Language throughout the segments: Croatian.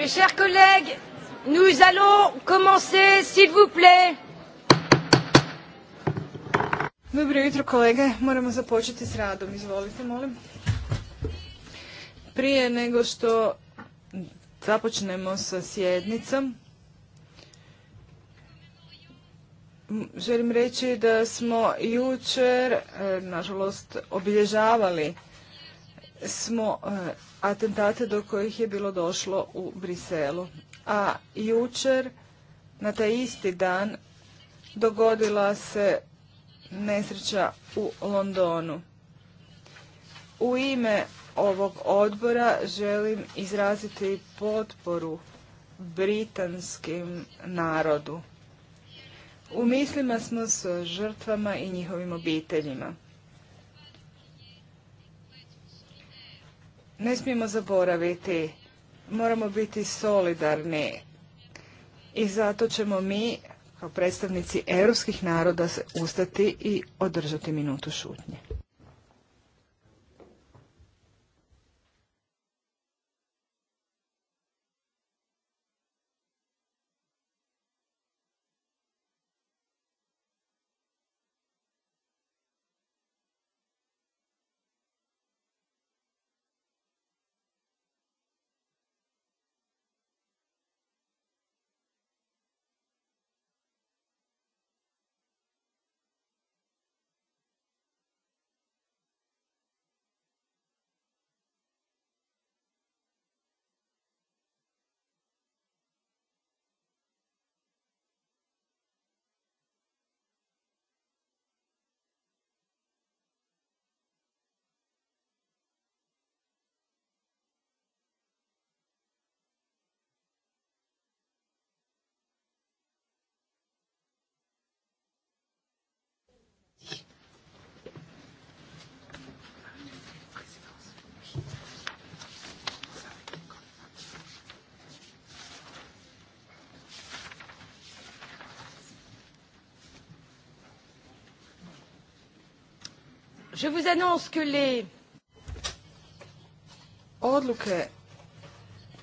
Mes chers collègues, nous allons commencer, s'il vous plaît. Dobro jutro kolege, moramo započeti s radom, izvolite molim. Prije nego što započnemo sa sjednicom, želim reći da smo jučer, e, nažalost, obilježavali smo e, atentate do kojih je bilo došlo u Briselu. A jučer, na taj isti dan, dogodila se nesreća u Londonu. U ime ovog odbora želim izraziti potporu britanskim narodu. U mislima smo s žrtvama i njihovim obiteljima. Ne smijemo zaboraviti, moramo biti solidarni i zato ćemo mi kao predstavnici europskih naroda ustati i održati minutu šutnje. Je vous annonce que Odluke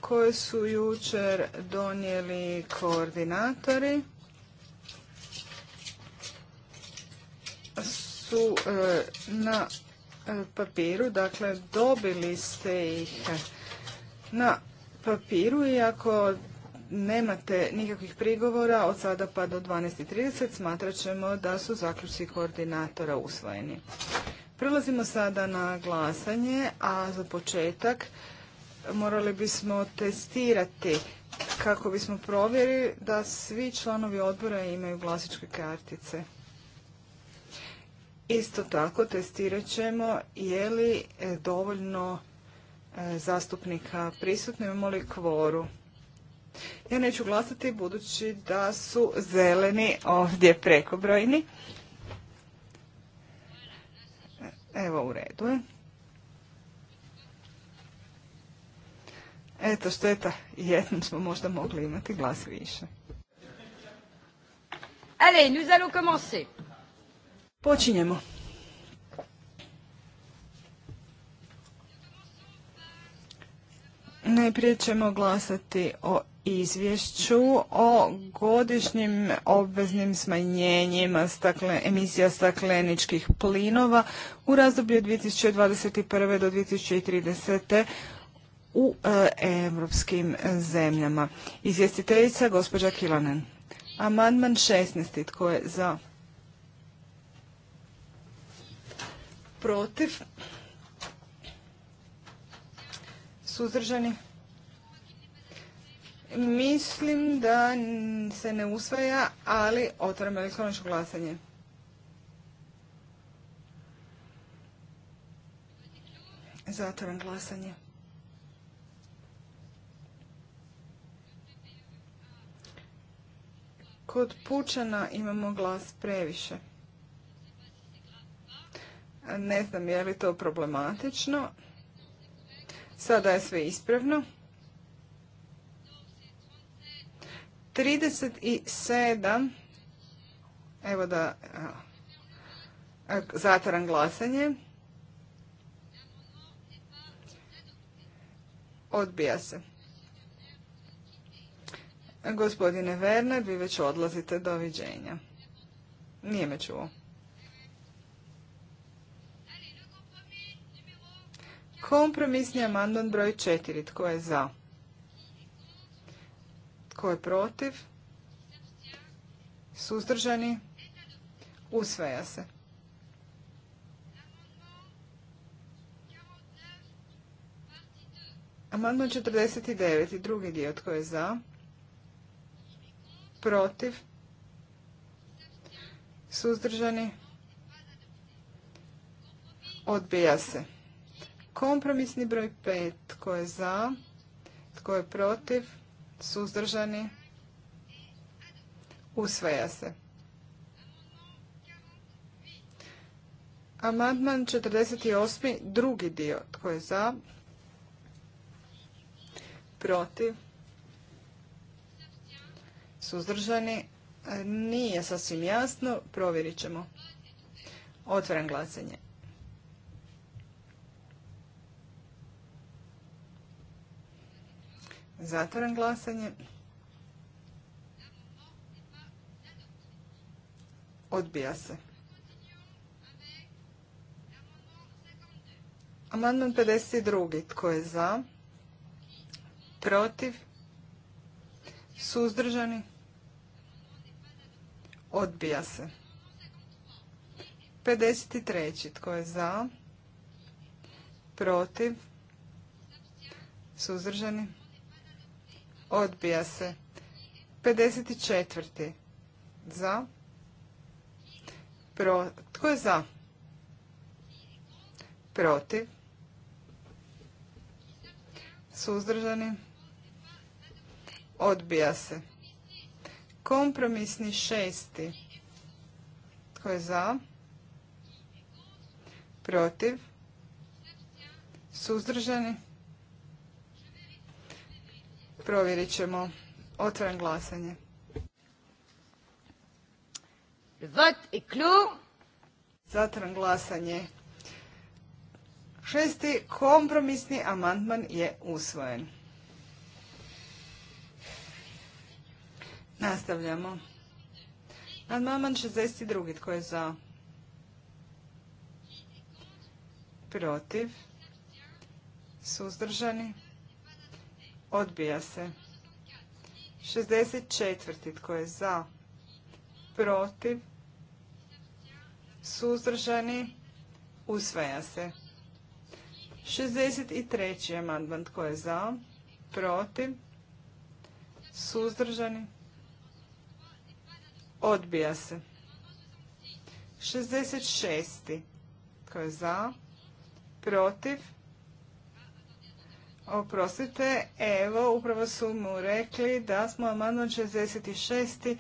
koje su jučer donijeli koordinatori su e, na e, papiru, dakle dobili ste ih na papiru i ako nemate nikakvih prigovora od sada pa do 12.30 smatrat ćemo da su zaključci koordinatora usvojeni. Prelazimo sada na glasanje, a za početak morali bismo testirati kako bismo provjerili da svi članovi odbora imaju glasičke kartice. Isto tako testirat ćemo je li e, dovoljno e, zastupnika prisutno, imamo li kvoru. Ja neću glasati budući da su zeleni ovdje prekobrojni. Evo u redu je. Eto, šteta, jednom smo možda mogli imati glas više. Allez, nous allons commencer. Počinjemo. Najprije ćemo glasati o izvješću o godišnjim obveznim smanjenjima stakle, emisija stakleničkih plinova u razdoblju 2021. do 2030. u e, europskim zemljama. Izvjestiteljica gospođa Kilanen. Amandman 16. Tko je za? Protiv? Suzdržani? Mislim da se ne usvaja, ali otvaram elektroničko glasanje. Zatvaram glasanje. Kod pučana imamo glas previše. Ne znam je li to problematično. Sada je sve ispravno. 37. Evo da zatvaram glasanje. Odbija se. Gospodine Werner, vi već odlazite. Doviđenja. Nije me čuo. Kompromisni amandman broj 4. Tko je za? Tko je protiv? Suzdržani? Usvaja se. Amandman 49 drugi dio tko je za? Protiv? Suzdržani? Odbija se. Kompromisni broj 5. Tko je za? Tko je protiv? suzdržani, usvaja se. Amandman 48. drugi dio. Tko je za? Protiv? Suzdržani? Nije sasvim jasno. Provjerit ćemo. Otvaram glasanje. Zatvoren glasanje. Odbija se. Amandman 52. Tko je za? Protiv? Suzdržani? Odbija se. 53. Tko je za? Protiv? Suzdržani? Odbija se. 54. Za. Pro, tko je za? Protiv. Suzdržani. Odbija se. Kompromisni šesti. Tko je za? Protiv. Suzdržani provjerit ćemo. Otvaram glasanje. Vot i klju. Zatvaram glasanje. Šesti kompromisni amandman je usvojen. Nastavljamo. Amandman 62. Tko je za? Protiv. Suzdržani. Odbija se. 64. Tko je za? Protiv? Suzdržani? Usvaja se. 63. amandman. Tko je za? Protiv? Suzdržani? Odbija se. 66. Tko je za? Protiv? Oprostite, evo, upravo su mu rekli da smo amandman 66.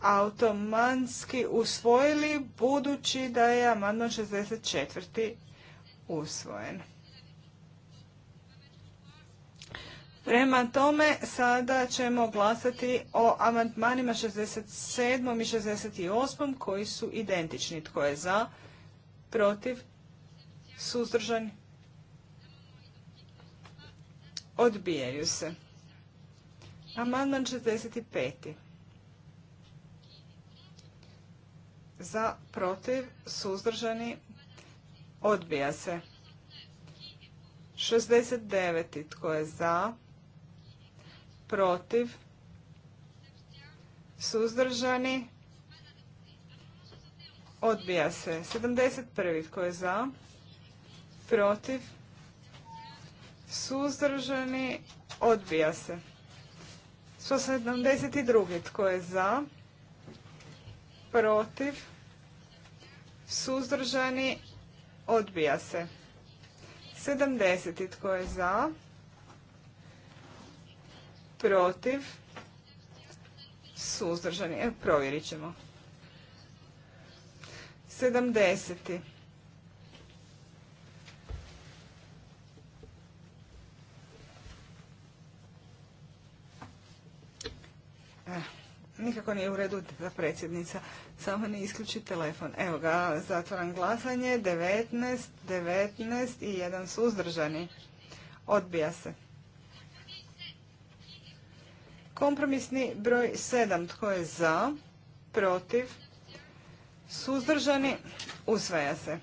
automanski usvojili, budući da je amandman 64. usvojen. Prema tome, sada ćemo glasati o amandmanima 67. i 68. koji su identični. Tko je za? Protiv? Suzdržan? Odbijaju se. Amandman 65. Za, protiv, suzdržani, odbija se. 69. Tko je za, protiv, suzdržani, odbija se. 71. Tko je za, protiv, suzdržani, odbija se. 172. Tko je za? Protiv? Suzdržani? Odbija se. 70. Tko je za? Protiv? Suzdržani? E, provjerit ćemo. 70. nikako nije u redu da predsjednica. Samo ne isključi telefon. Evo ga, zatvoran glasanje, 19, 19 i jedan suzdržani. Odbija se. Kompromisni broj 7. Tko je za? Protiv? Suzdržani? Usvaja se.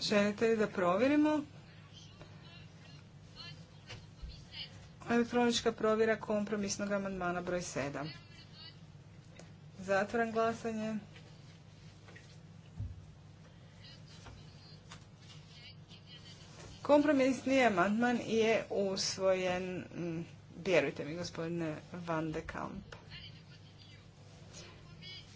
Želite li da provjerimo? Elektronička provjera kompromisnog amandmana broj 7. Zatvoram glasanje. Kompromisni amandman je usvojen, vjerujte mi gospodine Van de Kamp.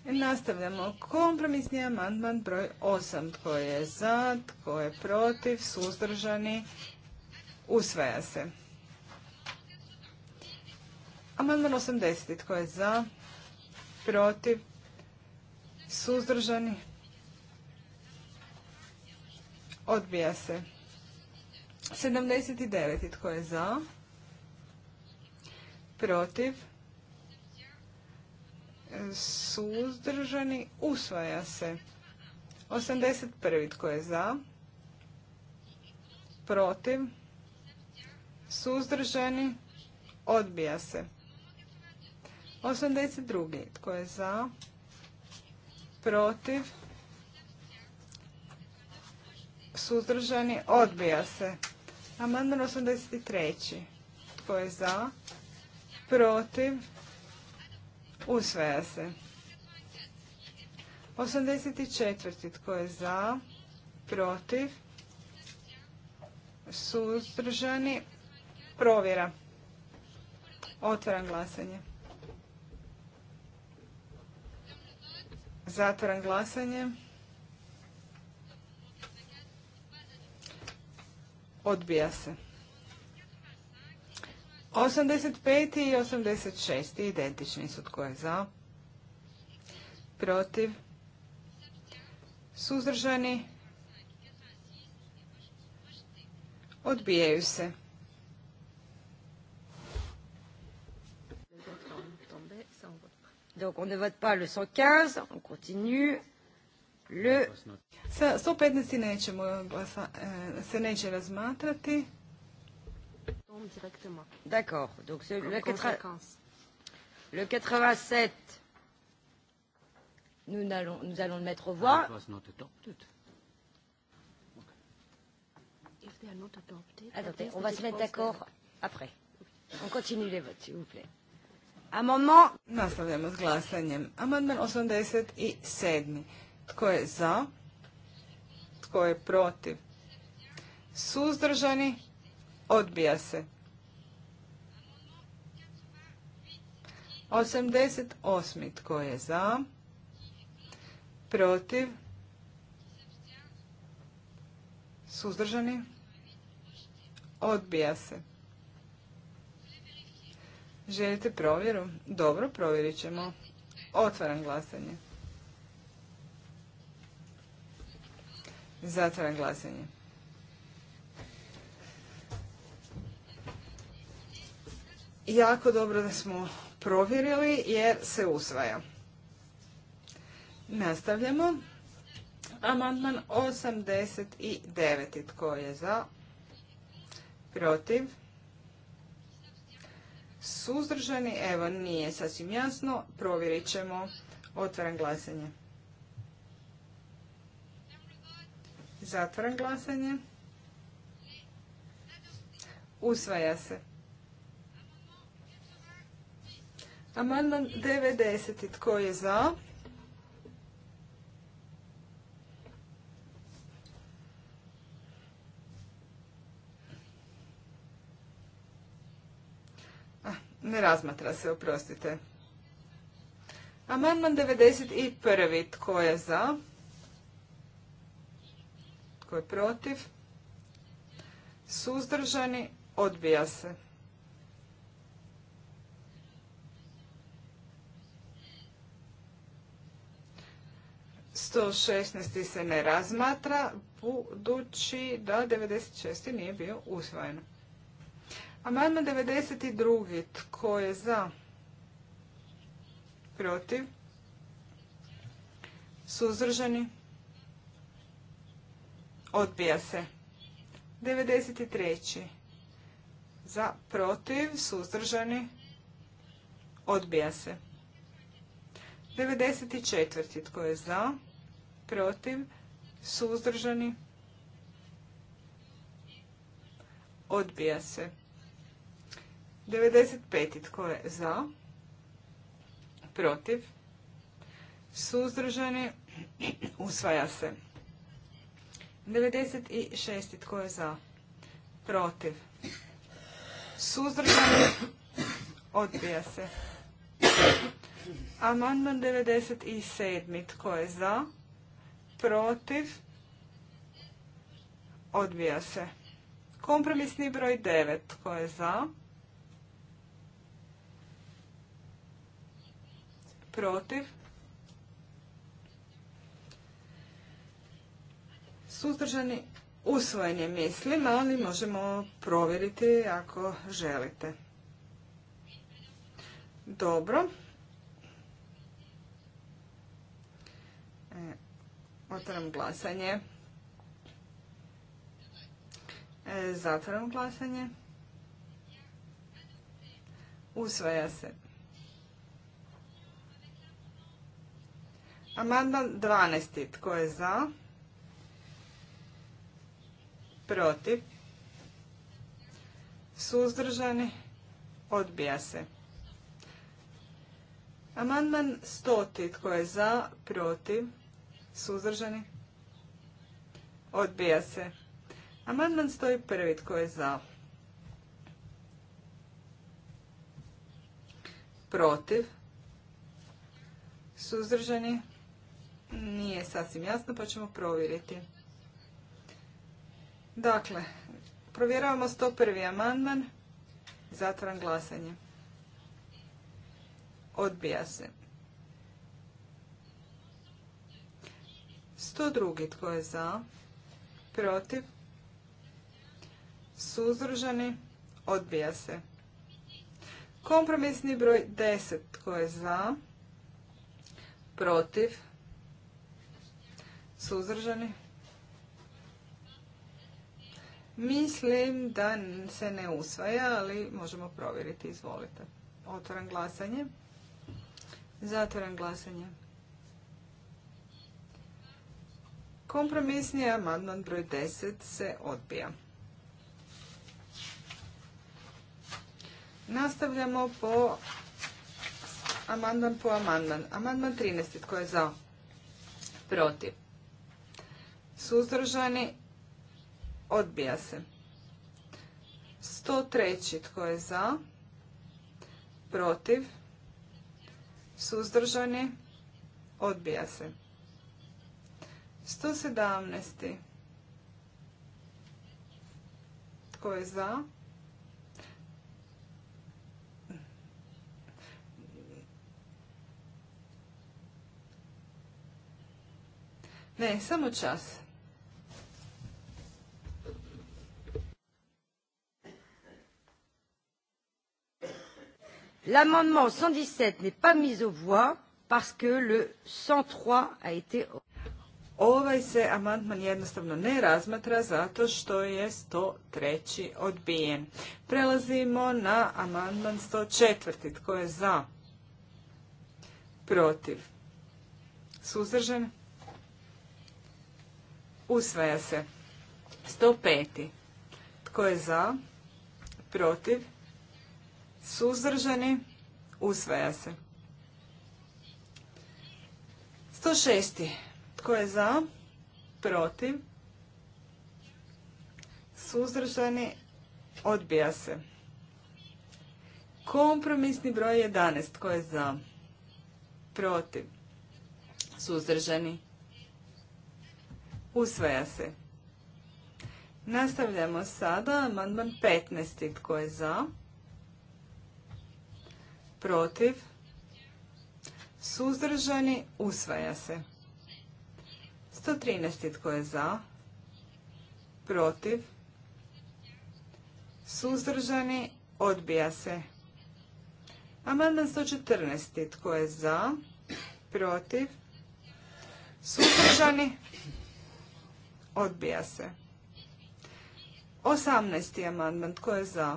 Nastavljamo. Kompromisni amandman broj 8. Tko je za, tko je protiv, suzdržani, usvaja se. Amandman 80. Tko je za? Protiv? Suzdržani? Odbija se. 79. Tko je za? Protiv? Suzdržani? Usvaja se. 81. Tko je za? Protiv? Suzdržani? Odbija se. 82. Tko je za? Protiv? Suzdržani? Odbija se. Amandman 83. Tko je za? Protiv? Usvaja se. 84. Tko je za? Protiv? Suzdržani? Provjera. Otvaram glasanje. Zatvaram glasanje. Odbija se. 85. i 86. identični su tko je za, protiv, suzdržani, odbijaju se. Donc on ne vote pas le 115, on continue. Le... Sa 115 nećemo, eh, se neće razmatrati. D'accord, donc c'est le, 80... le 87, nous allons, nous allons le mettre au voix. Attendez, on va se mettre d'accord après. On continue les votes, s'il vous plaît. Amandman. Nastavljamo s glasanjem. Amandman 87. Tko je za? Tko je protiv? Suzdržani? Odbija se. 88. Tko je za? Protiv? Suzdržani? Odbija se. Želite provjeru? Dobro, provjerit ćemo. Otvaram glasanje. Zatvaram glasanje. Jako dobro da smo provjerili jer se usvaja. Nastavljamo. Amandman 89. Tko je za? Protiv? suzdržani? Evo, nije sasvim jasno. Provjerit ćemo. Otvaram glasanje. Zatvaram glasanje. Usvaja se. Amandman 90. Tko je za? Ne razmatra se, oprostite. Amandman 91. Tko je za? Tko je protiv? Suzdržani? Odbija se. Sto šestnesti se ne razmatra, budući da 96. nije bio usvojen. Amandman 92. Tko je za? Protiv? Suzdržani? Odbija se. 93. Za, protiv, suzdržani, odbija se. 94. Tko je za, protiv, suzdržani, odbija se. 95. Tko je za? Protiv? Suzdržani? Usvaja se. 96. Tko je za? Protiv? Suzdržani? Odbija se. Amandman 97. Tko je za? Protiv? Odbija se. Kompromisni broj 9. Tko je za? protiv, suzdržani, usvojenje je mislim, ali možemo provjeriti ako želite. Dobro. E, otvaram glasanje. E, zatvaram glasanje. Usvaja se. Amandman 12. Tko je za? Protiv? Suzdržani? Odbija se. Amandman 100. Tko je za? Protiv? Suzdržani? Odbija se. Amandman 101. Tko je za? Protiv? Suzdržani? nije sasvim jasno pa ćemo provjeriti. Dakle, provjeravamo 101. amandman. Zatvaram glasanje. Odbija se. 102. Tko je za? Protiv? Suzdržani? Odbija se. Kompromisni broj 10. Tko je za? Protiv? Suzdržani? Mislim da se ne usvaja, ali možemo provjeriti. Izvolite. Otvoren glasanje. Zatvoren glasanje. Kompromisni amandman broj 10 se odbija. Nastavljamo po amandman po amandman. Amandman 13. Tko je za? Protiv suzdržani, odbija se. 103. tko je za, protiv, suzdržani, odbija se. 117. Tko je za? Ne, samo čas. L'amendement 117 n'est pas mis aux voix parce que le 103 a été... Ovaj se amandman jednostavno ne razmatra zato što je 103. odbijen. Prelazimo na amandman 104. Tko je za? Protiv. Suzdržan? Usvaja se. 105. Tko je za? Protiv? suzdržani, usvaja se. 106. Tko je za? Protiv. Suzdržani, odbija se. Kompromisni broj 11. Tko je za? Protiv. Suzdržani. Usvaja se. Nastavljamo sada. Amandman 15. Tko je za? protiv, suzdržani, usvaja se. 113. tko je za, protiv, suzdržani, odbija se. Amandman 114. tko je za, protiv, suzdržani, odbija se. 18. amandman tko je za,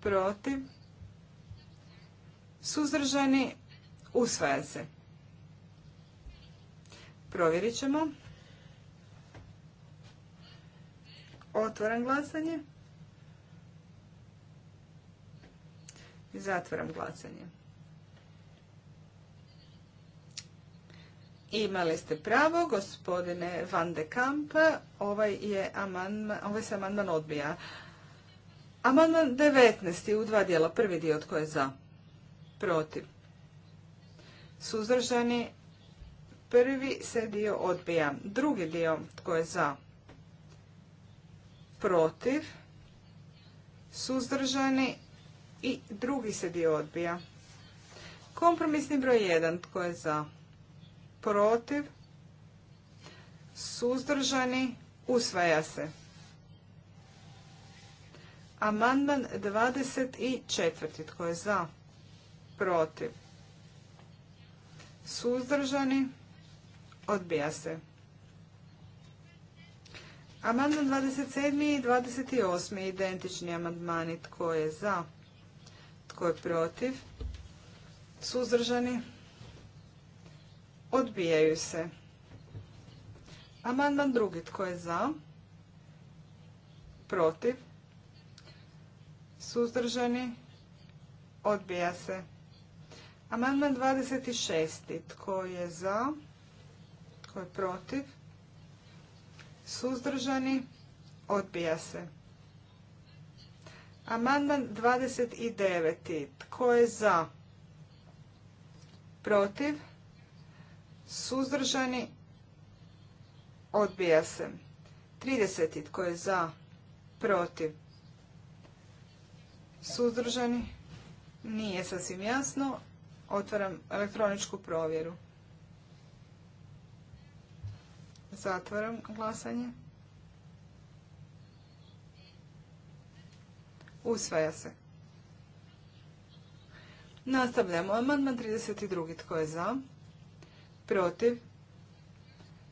protiv, suzdržani, usvaja se. Provjerit ćemo. Otvoram glasanje. Zatvoram glasanje. Imali ste pravo, gospodine Van de Kamp, ovaj, je ovaj se amandman odbija. Amandman 19. u dva dijela, prvi dio tko je za, protiv, suzdržani, prvi se dio odbija. Drugi dio tko je za, protiv, suzdržani i drugi se dio odbija. Kompromisni broj 1 tko je za, protiv, suzdržani, usvaja se. Amandman 24. Tko je za? protiv, suzdržani, odbija se. Amandman 27. i 28. identični amandmani. Tko je za? Tko je protiv? Suzdržani? Odbijaju se. Amandman drugi. Tko je za? Protiv? Suzdržani? Odbija se. Amandman 26. Tko je za? Tko je protiv? Suzdržani? Odbija se. Amandman 29. Tko je za? Protiv? Suzdržani? Odbija se. 30. Tko je za? Protiv? Suzdržani? Nije sasvim jasno. Otvaram elektroničku provjeru. Zatvaram glasanje. Usvaja se. Nastavljamo. Amandman 32. Tko je za? Protiv?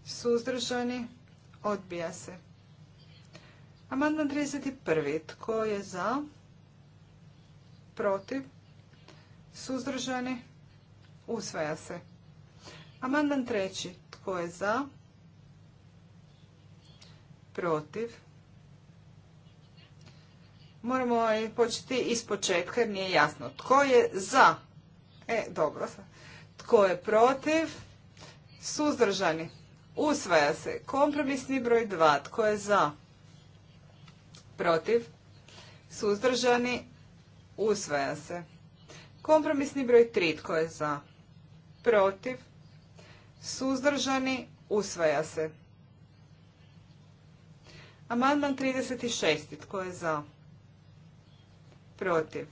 Suzdržani? Odbija se. Amandman 31. Tko je za? Protiv? Suzdržani? Usvaja se. Amandman treći. Tko je za? Protiv. Moramo početi početka jer nije jasno. Tko je za? E, dobro. Tko je protiv? Suzdržani. Usvaja se. Kompromisni broj 2. Tko je za? Protiv. Suzdržani. Usvaja se. Kompromisni broj 3. Tko je za? protiv, suzdržani, usvaja se. Amandman 36. Tko je za? Protiv.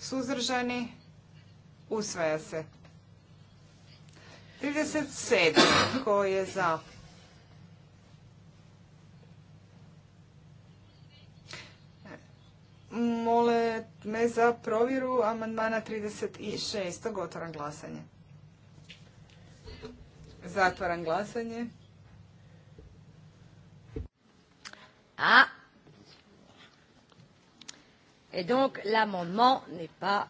Suzdržani, usvaja se. 37. Tko je za? mole me za provjeru amandmana 36. Otvaram glasanje. Zatvaram glasanje. A. Et donc l'amendement n'est pas...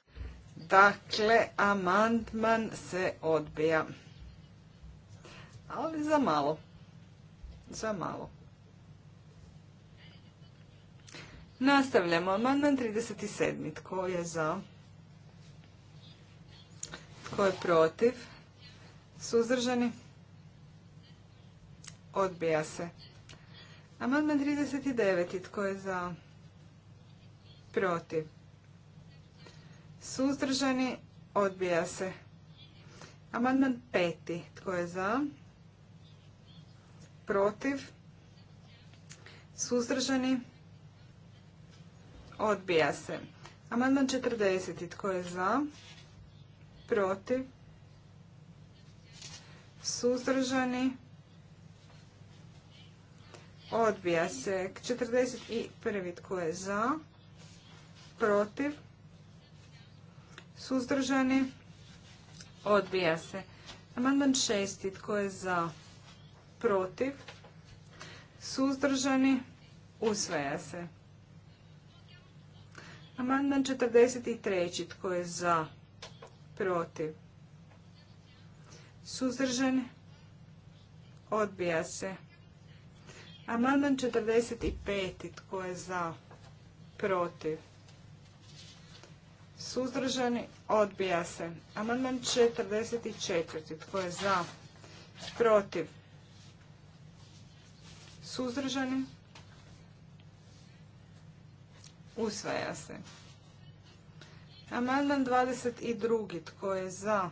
Dakle, amandman se odbija. Ali za malo. Za malo. Nastavljamo. Amandman 37. Tko je za? Tko je protiv? Suzdržani? Odbija se. Amandman 39. Tko je za? Protiv? Suzdržani? Odbija se. Amandman 5. Tko je za? Protiv? Suzdržani? Odbija se. Amandman 40. Tko je za? Protiv? Suzdržani? Odbija se. 41. Tko je za? Protiv? Suzdržani? Odbija se. Amandman 6. Tko je za? Protiv? Suzdržani? Usvaja se. Amandman 43. Tko je za? Protiv? Suzdržan? Odbija se. Amandman 45. Tko je za? Protiv? Suzdržani? Odbija se. Amandman 44. Tko je za? Protiv? Suzdržani? Usvaja se. Amandman 22. Tko je za?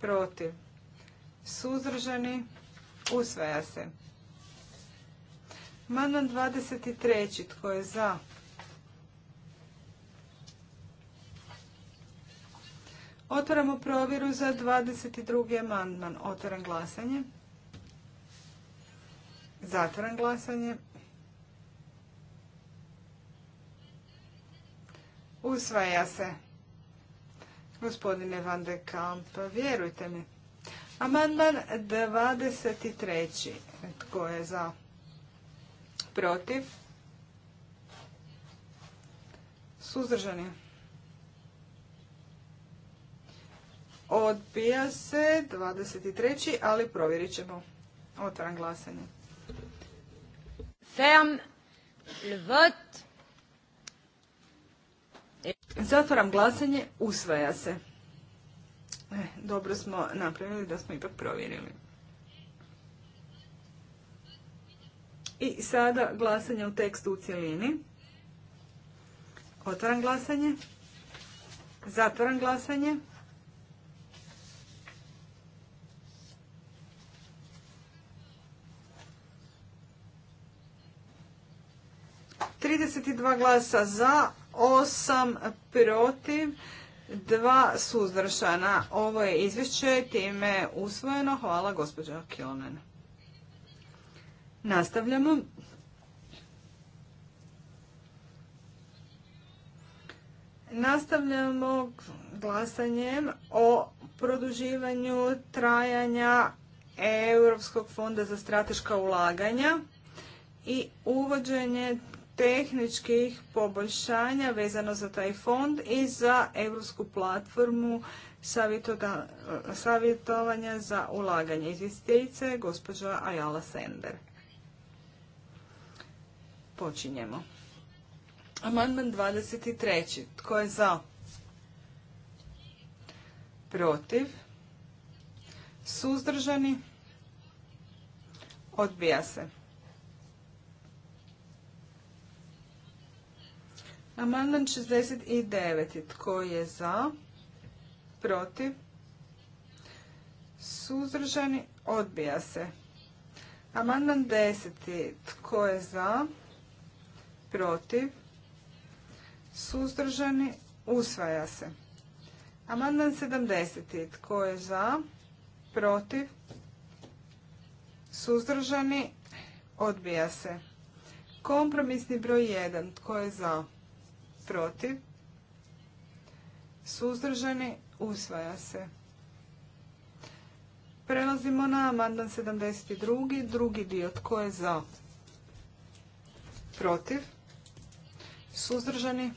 Protiv. Suzdržani. Usvaja se. Amandman 23. Tko je za? Otvaramo provjeru za 22. amandman. Otvaram glasanje. Zatvaram glasanje. Usvaja se. Gospodine Van de Kamp, vjerujte mi. Amandman 23. Tko je za? Protiv? Suzdržani? Odbija se 23. ali provjerit ćemo. Otvaram glasanje. Ferm le vote. Zatvaram glasanje, usvaja se. E, dobro smo napravili da smo ipak provjerili. I sada glasanje u tekstu u cjelini. Otvaram glasanje. Zatvaram glasanje. Trideset dva glasa za, 8 protiv, 2 suzdržana. Ovo je izvješće time usvojeno. Hvala gospođo Kjonen. Nastavljamo. Nastavljamo glasanjem o produživanju trajanja Europskog fonda za strateška ulaganja i uvođenje tehničkih poboljšanja vezano za taj fond i za europsku platformu savjetovanja za ulaganje. Izvjestiteljice gospođa Ayala Sender. Počinjemo. Amandman 23. Tko je za? Protiv? Suzdržani? Odbija se. Amandman 69. Tko je za? Protiv? Suzdržani? Odbija se. Amandman 10. Tko je za? Protiv? Suzdržani? Usvaja se. Amandman 70. Tko je za? Protiv? Suzdržani? Odbija se. Kompromisni broj 1. Tko je za? protiv, suzdržani, usvaja se. Prelazimo na amandman 72. Drugi dio. Tko je za? Protiv? Suzdržani?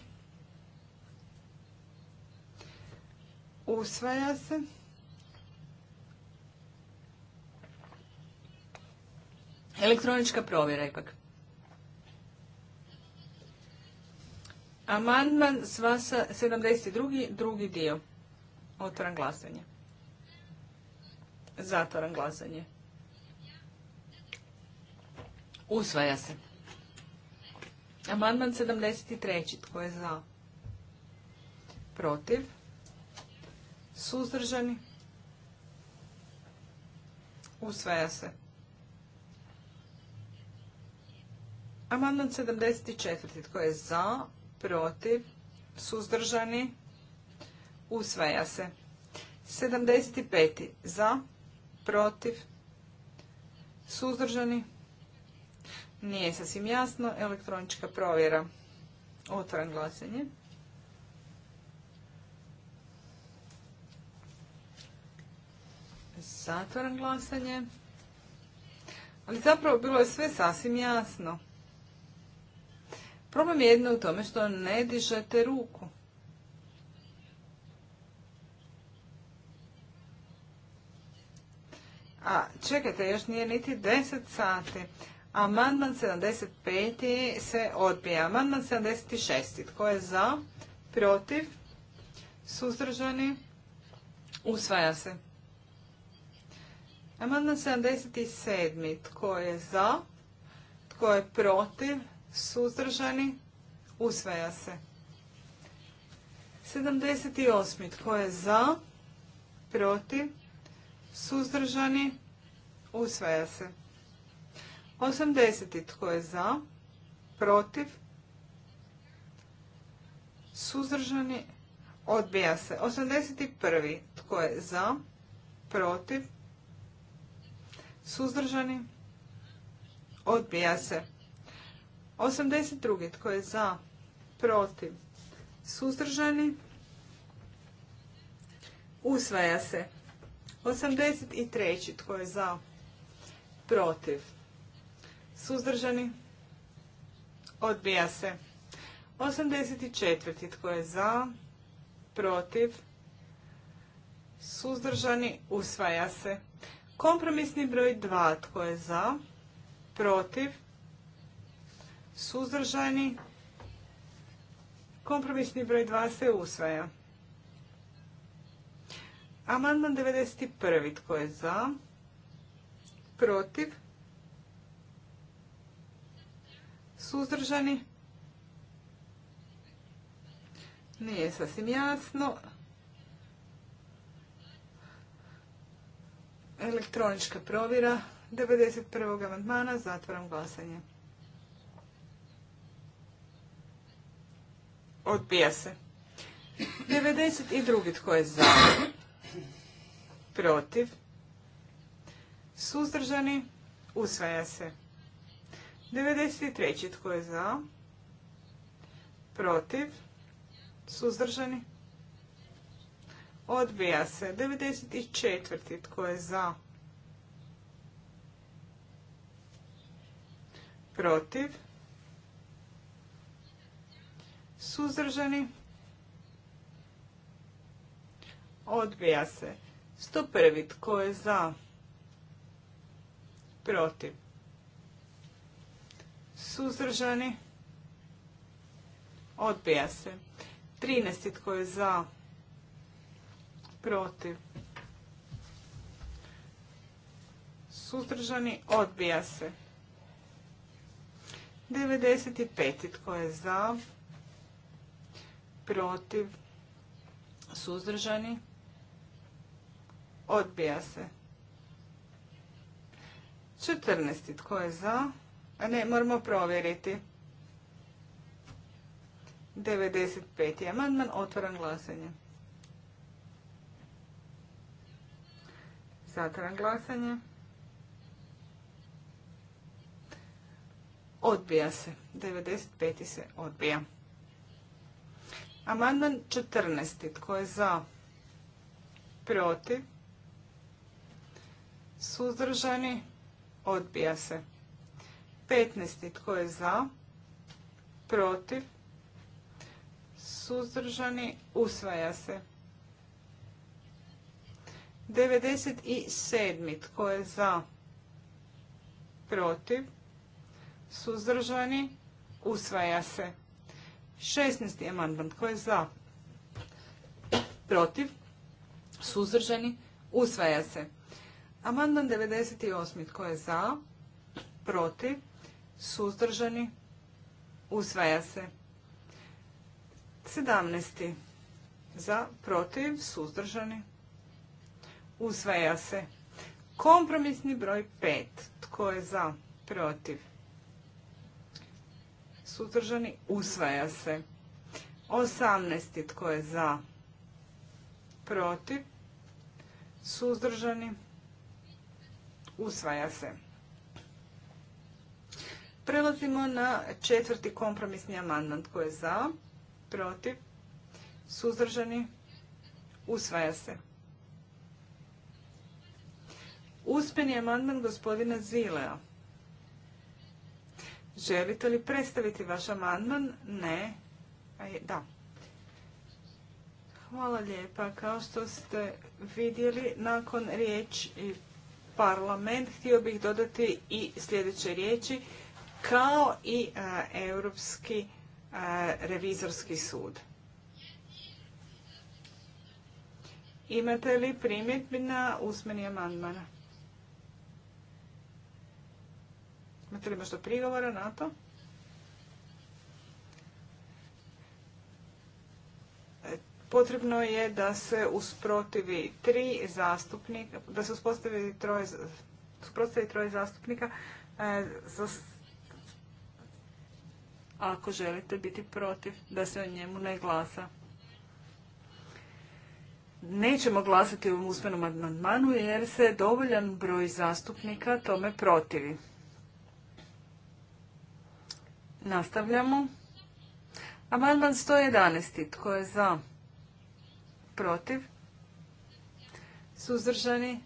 Usvaja se. Elektronička provjera ipak. Amandman sva 72. drugi dio. Otvoran glasanje. Zatvoran glasanje. Usvaja se. Amandman 73. Tko je za? Protiv? Suzdržani? Usvaja se. Amandman 74. Tko je za? protiv, suzdržani, usvaja se. 75. za, protiv, suzdržani, nije sasvim jasno, elektronička provjera. otvoran glasanje. zatvoran glasanje. Ali zapravo bilo je sve sasvim jasno. Problem je jedno u tome što ne dižete ruku. A čekajte, još nije niti 10 sati. Amandman 75. se odbija. Amandman 76. Tko je za? Protiv? Suzdržani? Usvaja se. Amandman 77. Tko je za? Tko je protiv? suzdržani, usvaja se. 78. Tko je za, protiv, suzdržani, usvaja se. 80. Tko je za, protiv, suzdržani, odbija se. 81. Tko je za, protiv, suzdržani, odbija se. 82. Tko je za? Protiv? Suzdržani? Usvaja se. 83. Tko je za? Protiv? Suzdržani? Odbija se. 84. Tko je za? Protiv? Suzdržani? Usvaja se. Kompromisni broj 2. Tko je za? Protiv? suzdržani. Kompromisni broj 2 se usvaja. Amandman 91. Tko je za? Protiv? Suzdržani? Nije sasvim jasno. Elektronička provjera 91. amandmana. Zatvoram glasanje. Odbija se. 92. Tko je za? Protiv. Suzdržani. Usvaja se. 93. Tko je za? Protiv. Suzdržani. Odbija se. 94. Tko je za? Protiv suzdržani, odbija se. 101. tko je za, protiv, suzdržani, odbija se. 13. tko je za, protiv, suzdržani, odbija se. 95. Tko je za? protiv, suzdržani, odbija se. 14. tko je za? A ne, moramo provjeriti. 95. amandman, otvoran glasanje. Zatvoran glasanje. Odbija se. 95. se odbija. Amandman 14. Tko je za? Protiv? Suzdržani? Odbija se. 15. Tko je za? Protiv? Suzdržani? Usvaja se. 97. Tko je za? Protiv? Suzdržani? Usvaja se. 16. amandman. Tko je za? Protiv? Suzdržani? Usvaja se. Amandman 98. Tko je za? Protiv? Suzdržani? Usvaja se. 17. Za, protiv, suzdržani. Usvaja se. Kompromisni broj 5. Tko je za, protiv, suzdržani, usvaja se. 18. tko je za, protiv, suzdržani, usvaja se. Prelazimo na četvrti kompromisni amandman. Tko je za, protiv, suzdržani, usvaja se. Uspjeni amandman gospodina Zilea. Želite li predstaviti vaš amandman? Ne. Da. Hvala lijepa. Kao što ste vidjeli, nakon riječ parlament htio bih dodati i sljedeće riječi kao i Europski revizorski sud. Imate li primjetbi na usmeni amandmana? Imate li možda prigovora na to? E, potrebno je da se usprotivi tri zastupnika, da se uspostavi troje, troje zastupnika e, za, ako želite biti protiv, da se o njemu ne glasa. Nećemo glasati u usmenom amandmanu jer se dovoljan broj zastupnika tome protivi. Nastavljamo. Amandman 111. Tko je za? Protiv? Suzdržani?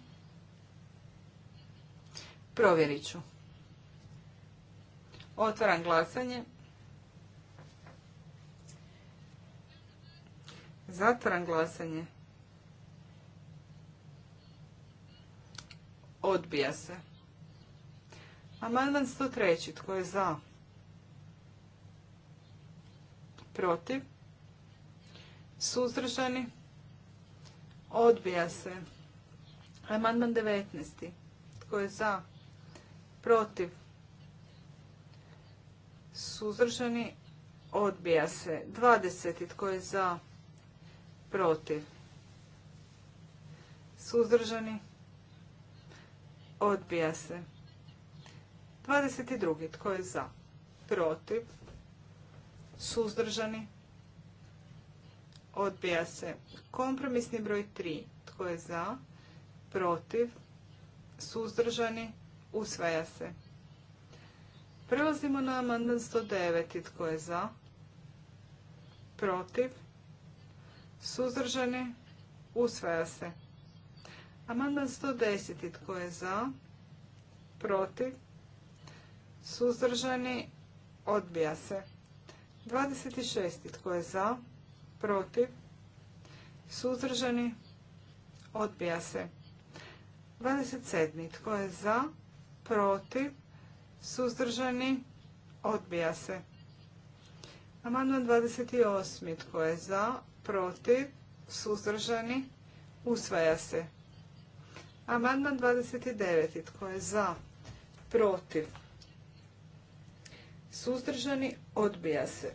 Provjerit ću. Otvaram glasanje. Zatvaram glasanje. Odbija se. Amandman 103. Tko je za? protiv, suzdržani, odbija se. Amandman 19. Tko je za, protiv, suzdržani, odbija se. 20. Tko je za, protiv, suzdržani, odbija se. 22. Tko je za, protiv, suzdržani, odbija se. Kompromisni broj 3, tko je za, protiv, suzdržani, usvaja se. Prelazimo na amandman 109, tko je za, protiv, suzdržani, usvaja se. Amandman 110, tko je za, protiv, suzdržani, odbija se. 26. Tko je za? Protiv? Suzdržani? Odbija se. 27. Tko je za? Protiv? Suzdržani? Odbija se. Amandman 28. Tko je za? Protiv? Suzdržani? Usvaja se. Amandman 29. Tko je za? Protiv? suzdržani, odbija se.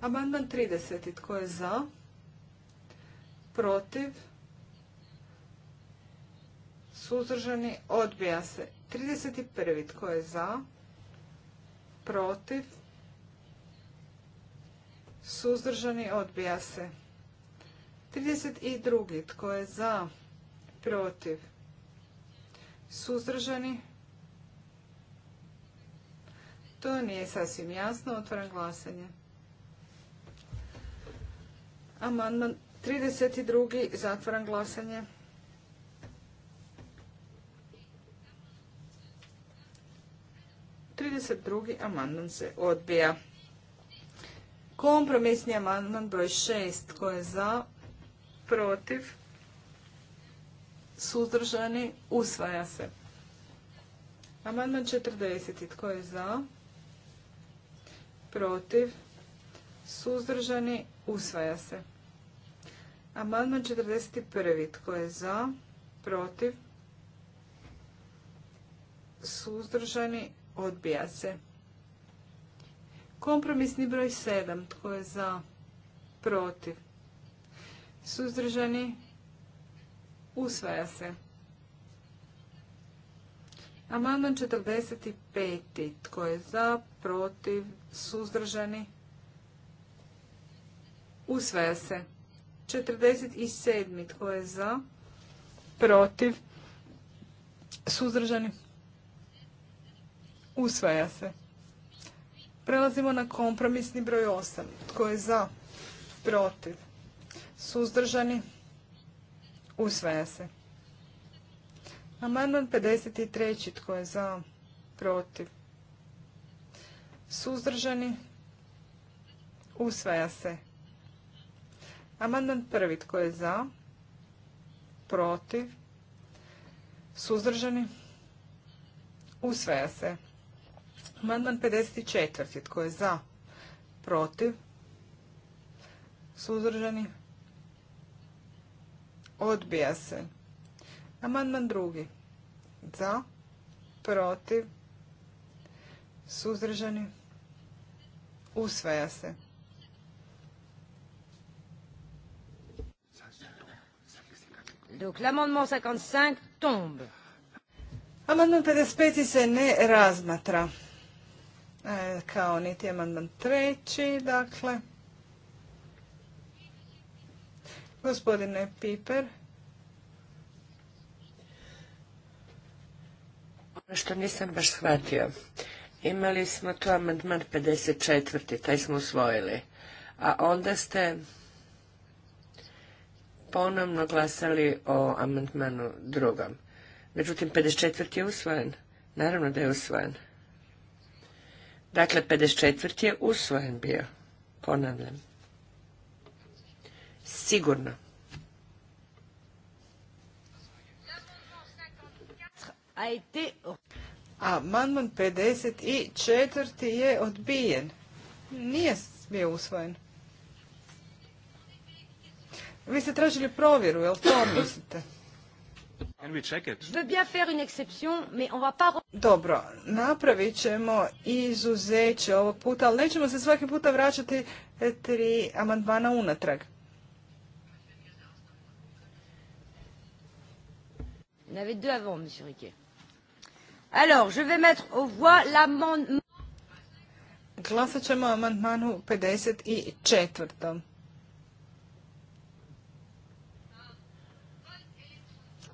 Amandman 30. Tko je za? Protiv? Suzdržani? Odbija se. 31. Tko je za? Protiv? Suzdržani? Odbija se. 32. Tko je za? Protiv? Suzdržani? To nije sasvim jasno. Otvaram glasanje. Amandman 32. Zatvaram glasanje. Trideset drugi amandman se odbija. Kompromisni amandman broj šest tko je za, protiv, suzdržani, usvaja se. Amandman 40. Tko je za? protiv, suzdržani, usvaja se. Amandman 41. Tko je za, protiv, suzdržani, odbija se. Kompromisni broj 7. Tko je za, protiv, suzdržani, usvaja se. Amandman 45. Tko je za, protiv, suzdržani? Usvaja se. 47. Tko je za, protiv, suzdržani? Usvaja se. Prelazimo na kompromisni broj 8. Tko je za, protiv, suzdržani? Usvaja se. Amandman 53. Tko je za? Protiv? Suzdržani? Usvaja se. Amandman prvi. Tko je za? Protiv? Suzdržani? Usvaja se. Amandman 54. Tko je za? Protiv? Suzdržani? Odbija se. Amandman drugi. Za, protiv, suzdržani, usvaja se. Donc l'amendement 55 tombe. Amandman 55 se ne razmatra. E, kao niti amandman treći, dakle. Gospodine Piper, što nisam baš shvatio. Imali smo tu amandman 54. Taj smo usvojili. A onda ste ponovno glasali o amandmanu drugom. Međutim, 54. je usvojen. Naravno da je usvojen. Dakle, 54. je usvojen bio. Ponavljam. Sigurno. a été... i 54. je odbijen. Nije bio usvojen. Vi ste tražili provjeru, jel to mislite? Dobro, napravit ćemo izuzeće ovog puta, ali nećemo se svaki puta vraćati e, tri amandmana unatrag. Il y deux avant, Alors, je vais mettre au voie l'amendement. Glasat ćemo o amandmanu 54.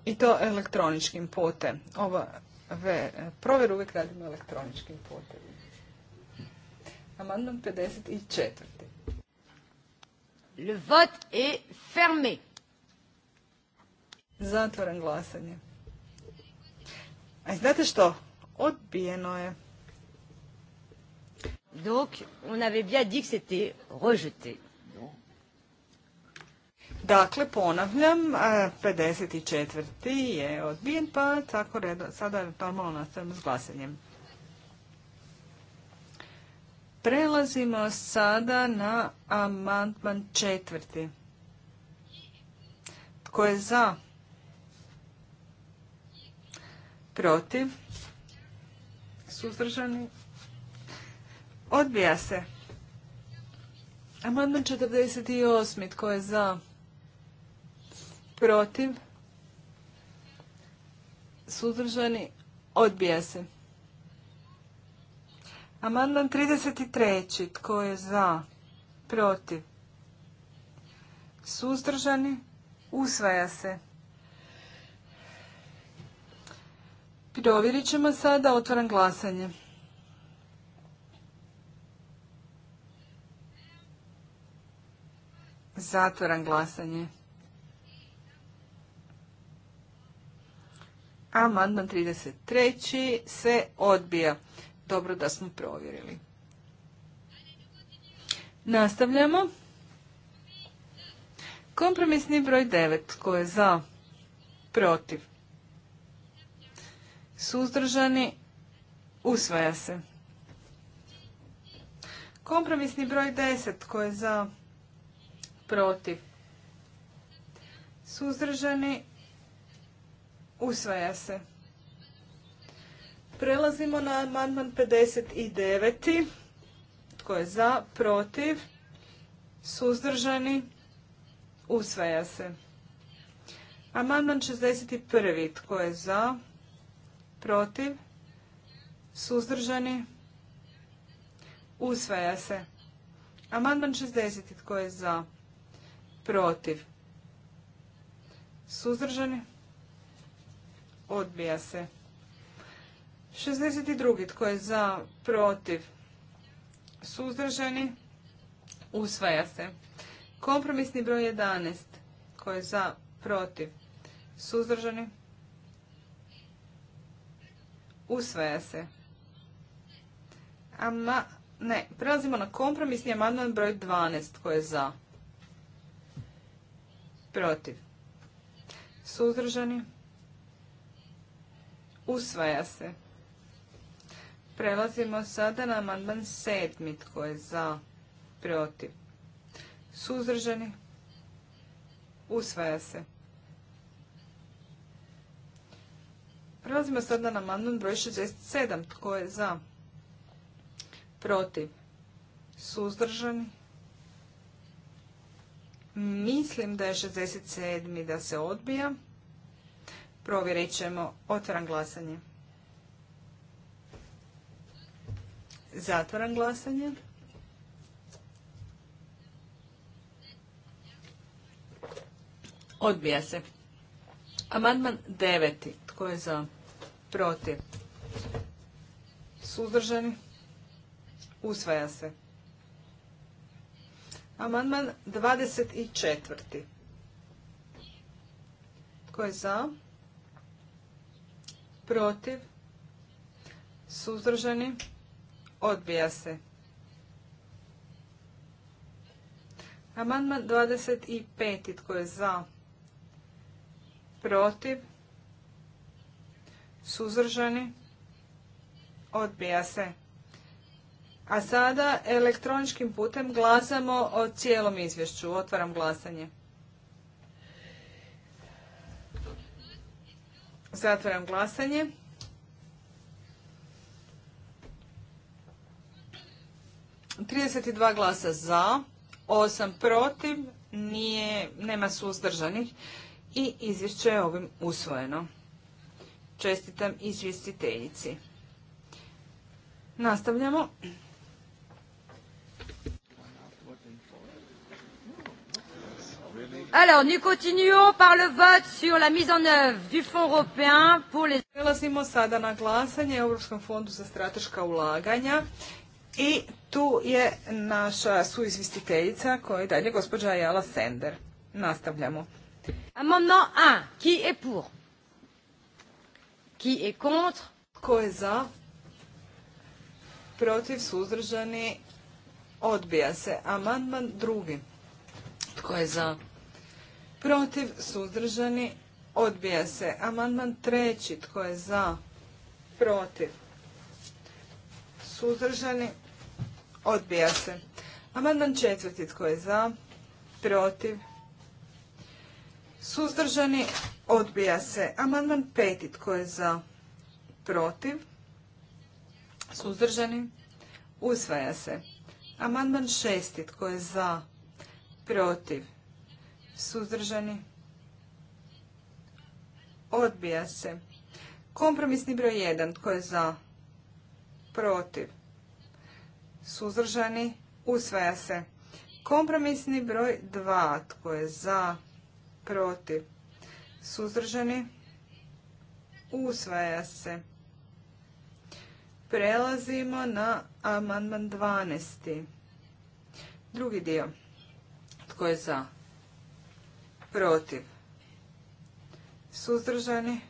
I to elektroničkim putem. Ova provjer uvijek radimo elektroničkim putem. Amandman 54. Le vote est fermé. Zatvoren glasanje. A znate što? Odbijeno je. Donc, on avait bien dit que c'était rejeté. Dakle, ponavljam, 54. E, je odbijen, pa tako redo, sada normalno nastavimo s glasanjem. Prelazimo sada na amantman četvrti. Tko je za? protiv, suzdržani, odbija se. Amandman 48. Tko je za? Protiv? Suzdržani? Odbija se. Amandman 33. Tko je za? Protiv? Suzdržani? Usvaja se. Provjerit ćemo sada, otvaram glasanje. Zatvaram glasanje. Amandman 33. se odbija. Dobro da smo provjerili. Nastavljamo. Kompromisni broj 9. Tko je za? Protiv suzdržani, usvaja se. Kompromisni broj 10 tko je za, protiv, suzdržani, usvaja se. Prelazimo na amandman 59. Tko je za, protiv, suzdržani, usvaja se. Amandman 61. Tko je za, protiv, suzdržani, usvaja se. Amandman 60. Tko je za? Protiv. Suzdržani? Odbija se. 62. Tko je za? Protiv. Suzdržani? Usvaja se. Kompromisni broj 11. Tko je za? Protiv. Suzdržani? Usvaja se. ne, prelazimo na kompromisni amandman broj 12. koji je za? Protiv. Suzdržani? Usvaja se. Prelazimo sada na amandman sedmi. Tko je za? Protiv. Suzdržani? Usvaja se. Prelazimo sad na amandman broj 67. Tko je za? Protiv? Suzdržani? Mislim da je 67. da se odbija. Provjerit ćemo. Otvaram glasanje. Zatvaram glasanje. Odbija se. Amandman deveti. Tko je za? protiv, suzdržani, usvaja se. Amandman 24. Tko je za? Protiv? Suzdržani? Odbija se. Amandman 25. Tko je za? Protiv? suzdržani, odbija se. A sada elektroničkim putem glasamo o cijelom izvješću. Otvaram glasanje. Zatvaram glasanje. Trideset dva glasa za, osam protiv, nije, nema suzdržanih i izvješće je ovim usvojeno. Čestitam izvjestiteljici. Nastavljamo. Alors, nous continuons par le vote sur la mise en œuvre du Fonds européen pour les... Prelazimo sada na glasanje Europskom fondu za strateška ulaganja i tu je naša suizvistiteljica koja je dalje gospođa Jala Sender. Nastavljamo. Amendement 1. Qui est pour? Qui est Tko je za? Protiv suzdržani odbija se. Amandman drugi. Tko je za? Protiv suzdržani odbija se. Amandman treći. Tko je za? Protiv suzdržani odbija se. Amandman četvrti. Tko je za? Protiv suzdržani Odbija se. Amandman peti. Tko je za? Protiv? Suzdržani? Usvaja se. Amandman šesti. Tko je za? Protiv? Suzdržani? Odbija se. Kompromisni broj 1. Tko je za? Protiv? Suzdržani? Usvaja se. Kompromisni broj 2. Tko je za? Protiv? suzdržani, usvaja se. Prelazimo na amandman 12. Drugi dio. Tko je za? Protiv. Suzdržani.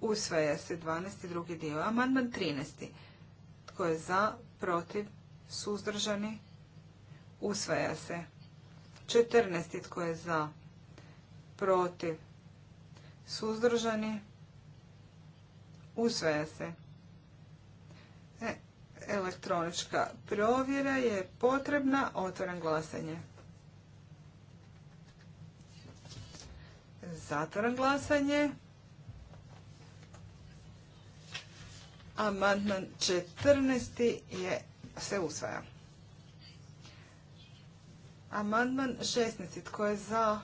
Usvaja se 12. drugi dio. Amandman 13. Tko je za? Protiv. Suzdržani. Usvaja se. 14. Tko je za? protiv, suzdržani, usvaja se. E, elektronička provjera je potrebna, otvoren glasanje. Zatvoren glasanje. Amandman 14. je se usvaja. Amandman 16. Tko je za?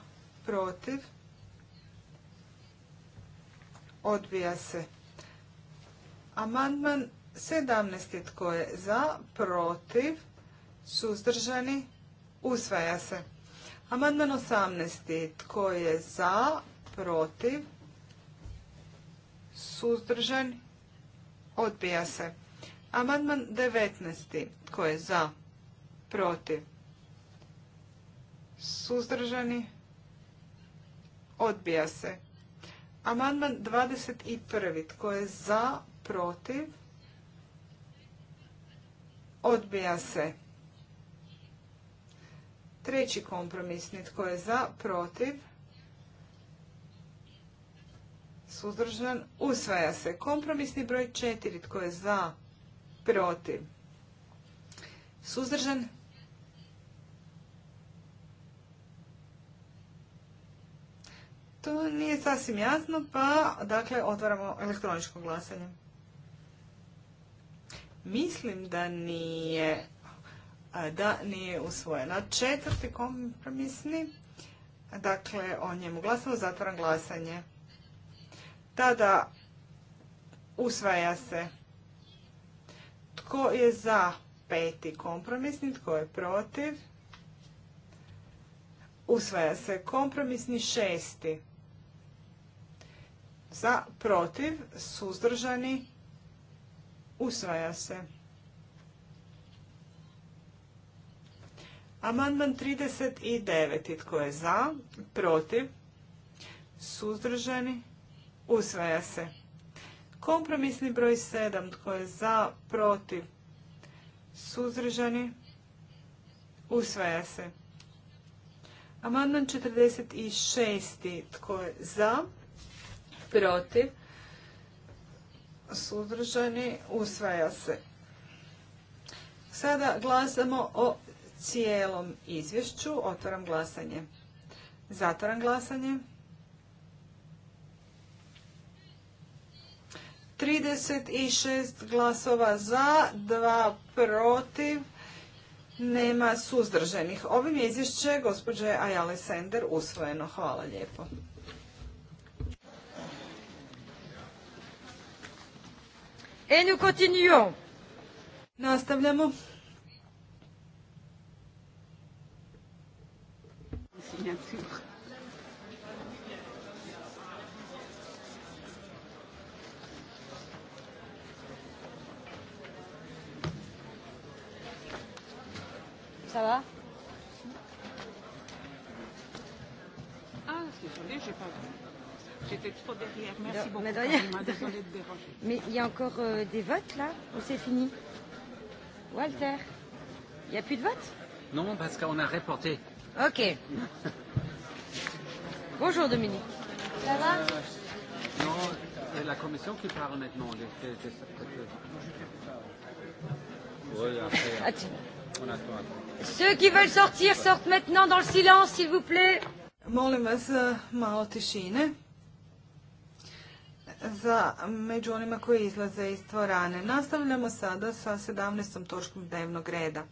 protiv, odbija se. Amandman 17. tko je za, protiv, suzdržani, usvaja se. Amandman 18. tko je za, protiv, suzdržan, odbija se. Amandman 19. tko je za, protiv, suzdržani, Odbija se. Amandman 21. Tko je za? Protiv? Odbija se. Treći kompromisni. Tko je za? Protiv? Suzdržan? Usvaja se. Kompromisni broj 4. Tko je za? Protiv? Suzdržan? To nije sasvim jasno, pa dakle otvaramo elektroničko glasanje. Mislim da nije da nije usvojena. Četvrti kompromisni, dakle o njemu glasamo, zatvaram glasanje. Tada usvaja se tko je za peti kompromisni, tko je protiv. Usvaja se kompromisni šesti za, protiv, suzdržani, usvaja se. Amandman 39. Tko je za, protiv, suzdržani, usvaja se. Kompromisni broj 7. Tko je za, protiv, suzdržani, usvaja se. Amandman 46. Tko je za, protiv, suzdržani, usvaja se. Sada glasamo o cijelom izvješću. Otvaram glasanje. Zatvaram glasanje. 36 glasova za, 2 protiv, nema suzdržanih. Ovim je izvješće gospođe Ajale Sender usvojeno. Hvala lijepo. Et nous continuons. Nastavljamo. Ça va Ah, c'est joli, j'ai pas vu. J'étais trop derrière. Merci beaucoup. Mais il y a encore euh, des votes là ou c'est fini Walter, il n'y a plus de vote Non, parce qu'on a reporté. Ok. Bonjour Dominique. Ça va euh, Non, c'est la commission qui parle maintenant. Oui, après, euh, après. On attend. Ceux qui veulent sortir sortent maintenant dans le silence, s'il vous plaît. Molim vas euh, malo tišine za među onima koji izlaze iz dvorane. Nastavljamo sada sa 17. točkom dnevnog reda.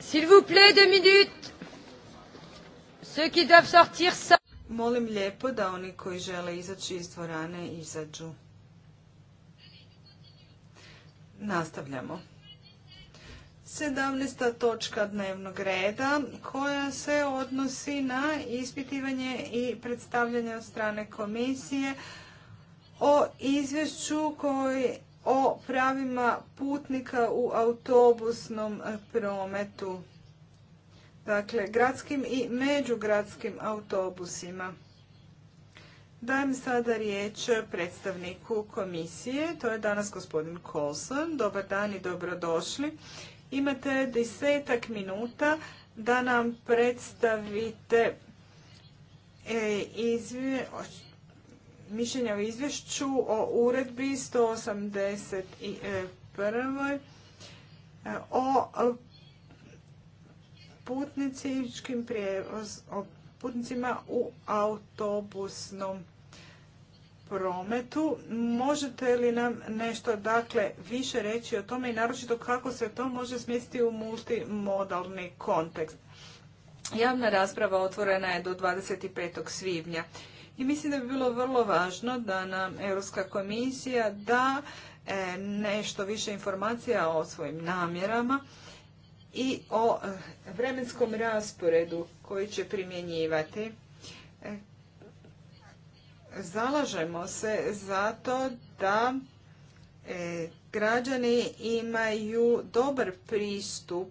S'il vous plaît, deux minutes. Ceux qui doivent sortir Molim lijepo da oni koji žele izaći iz dvorane izađu. Nastavljamo. 17. točka dnevnog reda koja se odnosi na ispitivanje i predstavljanje od strane komisije o izvješću koji o pravima putnika u autobusnom prometu. Dakle, gradskim i međugradskim autobusima. Dajem sada riječ predstavniku komisije, to je danas gospodin Kolson. Dobar dan i dobrodošli. Imate desetak minuta da nam predstavite e, mišljenje mišljenja o izvješću o uredbi 181. E, o o putnicima u autobusnom prometu. Možete li nam nešto dakle više reći o tome i naročito kako se to može smjestiti u multimodalni kontekst? Javna rasprava otvorena je do 25. svibnja i mislim da bi bilo vrlo važno da nam Europska komisija da e, nešto više informacija o svojim namjerama i o e, vremenskom rasporedu koji će primjenjivati e, zalažemo se zato da e, građani imaju dobar pristup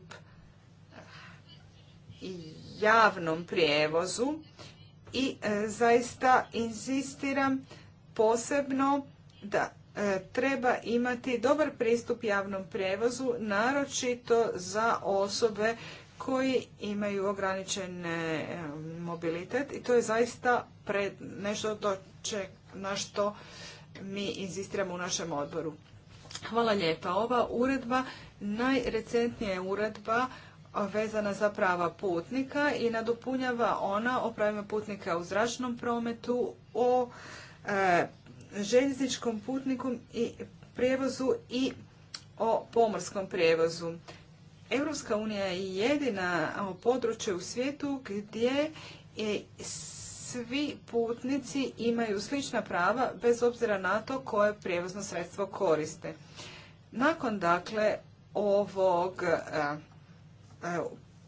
javnom prijevozu i e, zaista insistiram posebno da e, treba imati dobar pristup javnom prijevozu, naročito za osobe koji imaju ograničen mobilitet i to je zaista nešto na što mi inzistiramo u našem odboru. Hvala lijepa. Ova uredba najrecentnija je uredba vezana za prava putnika i nadopunjava ona o pravima putnika u zračnom prometu, o e, željezničkom putnikom i prijevozu i o pomorskom prijevozu. Europska unija je jedina područje u svijetu gdje je svi putnici imaju slična prava bez obzira na to koje prijevozno sredstvo koriste. Nakon dakle ovog e, e,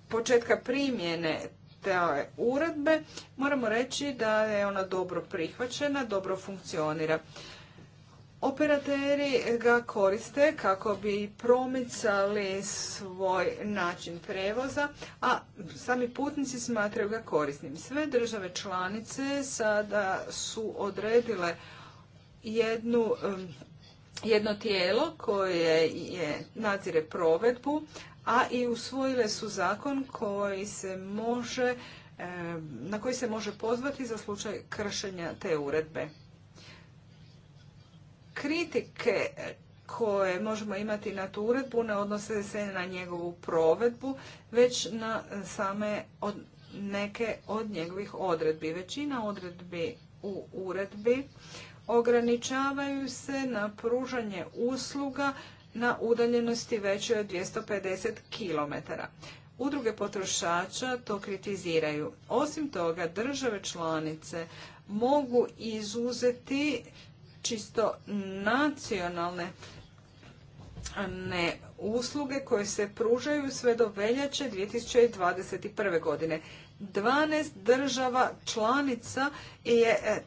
početka primjene te uredbe moramo reći da je ona dobro prihvaćena, dobro funkcionira. Operateri ga koriste kako bi promicali svoj način prevoza, a sami putnici smatraju ga korisnim. Sve države članice sada su odredile jednu, jedno tijelo koje je nadzire provedbu, a i usvojile su zakon koji se može, na koji se može pozvati za slučaj kršenja te uredbe kritike koje možemo imati na tu uredbu ne odnose se na njegovu provedbu, već na same neke od njegovih odredbi. Većina odredbi u uredbi ograničavaju se na pružanje usluga na udaljenosti većoj od 250 km. Udruge potrošača to kritiziraju. Osim toga, države članice mogu izuzeti čisto nacionalne usluge koje se pružaju sve do veljače 2021. godine. 12 država članica je e,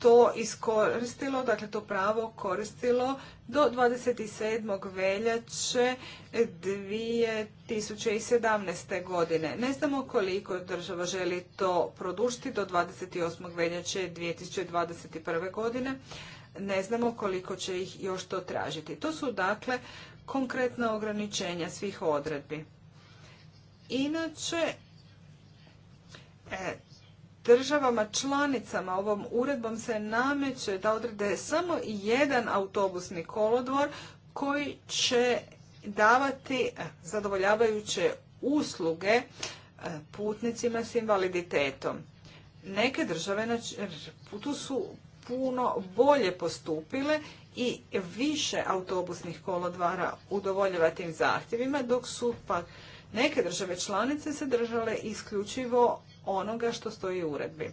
to iskoristilo, dakle to pravo koristilo do 27. veljače 2017. godine. Ne znamo koliko država želi to produžiti do 28. veljače 2021. godine. Ne znamo koliko će ih još to tražiti. To su dakle konkretna ograničenja svih odredbi. Inače, e, državama članicama ovom uredbom se nameće da odrede samo jedan autobusni kolodvor koji će davati zadovoljavajuće usluge e, putnicima s invaliditetom. Neke države putu su puno bolje postupile i više autobusnih kolodvara udovoljava tim zahtjevima, dok su pak neke države članice se držale isključivo onoga što stoji u uredbi.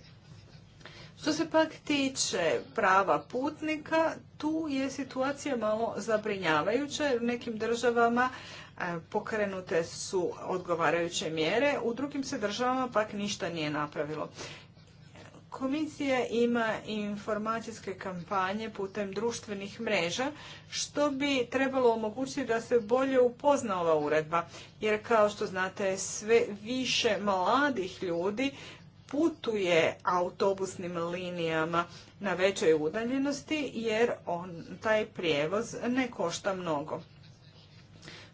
Što se pak tiče prava putnika, tu je situacija malo zabrinjavajuća. U nekim državama e, pokrenute su odgovarajuće mjere, u drugim se državama pak ništa nije napravilo. Komisija ima informacijske kampanje putem društvenih mreža, što bi trebalo omogućiti da se bolje upozna ova uredba, jer kao što znate sve više mladih ljudi putuje autobusnim linijama na većoj udaljenosti jer on, taj prijevoz ne košta mnogo.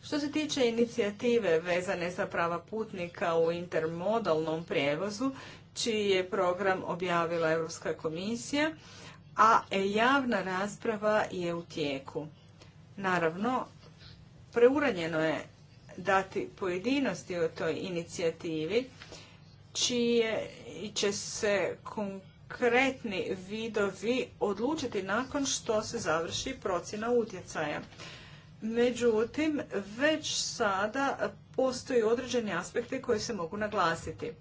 Što se tiče inicijative vezane za prava putnika u intermodalnom prijevozu, čiji je program objavila Europska komisija, a e, javna rasprava je u tijeku. Naravno, preuranjeno je dati pojedinosti o toj inicijativi, čije će se konkretni vidovi odlučiti nakon što se završi procjena utjecaja. Međutim, već sada postoji određeni aspekti koji se mogu naglasiti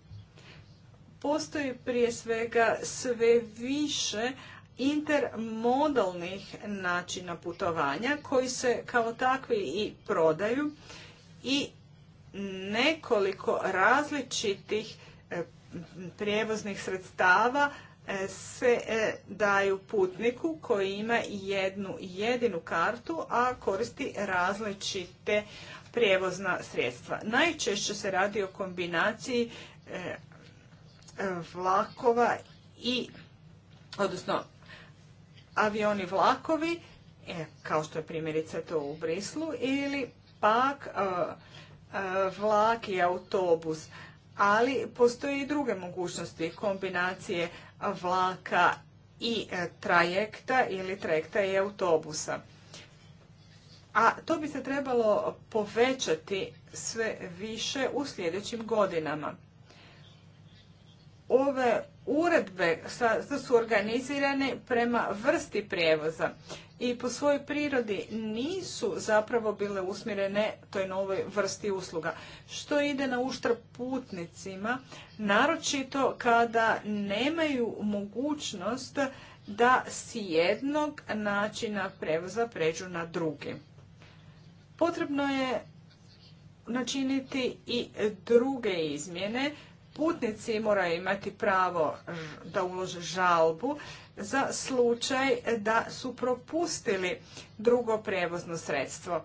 postoji prije svega sve više intermodalnih načina putovanja koji se kao takvi i prodaju i nekoliko različitih e, prijevoznih sredstava e, se e, daju putniku koji ima jednu jedinu kartu, a koristi različite prijevozna sredstva. Najčešće se radi o kombinaciji vlakova i, odnosno avioni vlakovi, e, kao što je primjerice to u Brislu, ili pak e, e, vlak i autobus. Ali postoje i druge mogućnosti kombinacije vlaka i trajekta ili trajekta i autobusa. A to bi se trebalo povećati sve više u sljedećim godinama ove uredbe su organizirane prema vrsti prijevoza i po svojoj prirodi nisu zapravo bile usmjerene toj novoj vrsti usluga, što ide na uštrb putnicima, naročito kada nemaju mogućnost da s jednog načina prevoza pređu na drugi. Potrebno je načiniti i druge izmjene Putnici moraju imati pravo da ulože žalbu za slučaj da su propustili drugo prevozno sredstvo.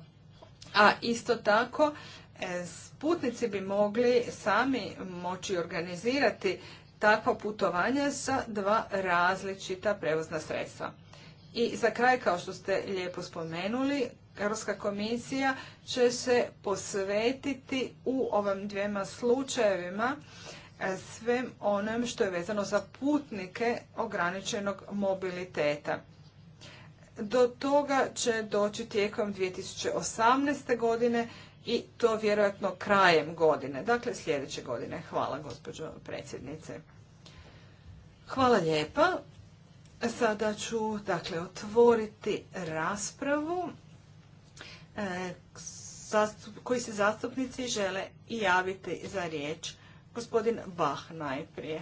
A isto tako, e, putnici bi mogli sami moći organizirati takvo putovanje sa dva različita prevozna sredstva. I za kraj, kao što ste lijepo spomenuli, Europska komisija će se posvetiti u ovim dvijema slučajevima svem onom što je vezano za putnike ograničenog mobiliteta. Do toga će doći tijekom 2018. godine i to vjerojatno krajem godine, dakle sljedeće godine. Hvala gospođo predsjednice. Hvala lijepa. Sada ću dakle otvoriti raspravu e, koji se zastupnici žele i javiti za riječ. Gospodin Bach najprije.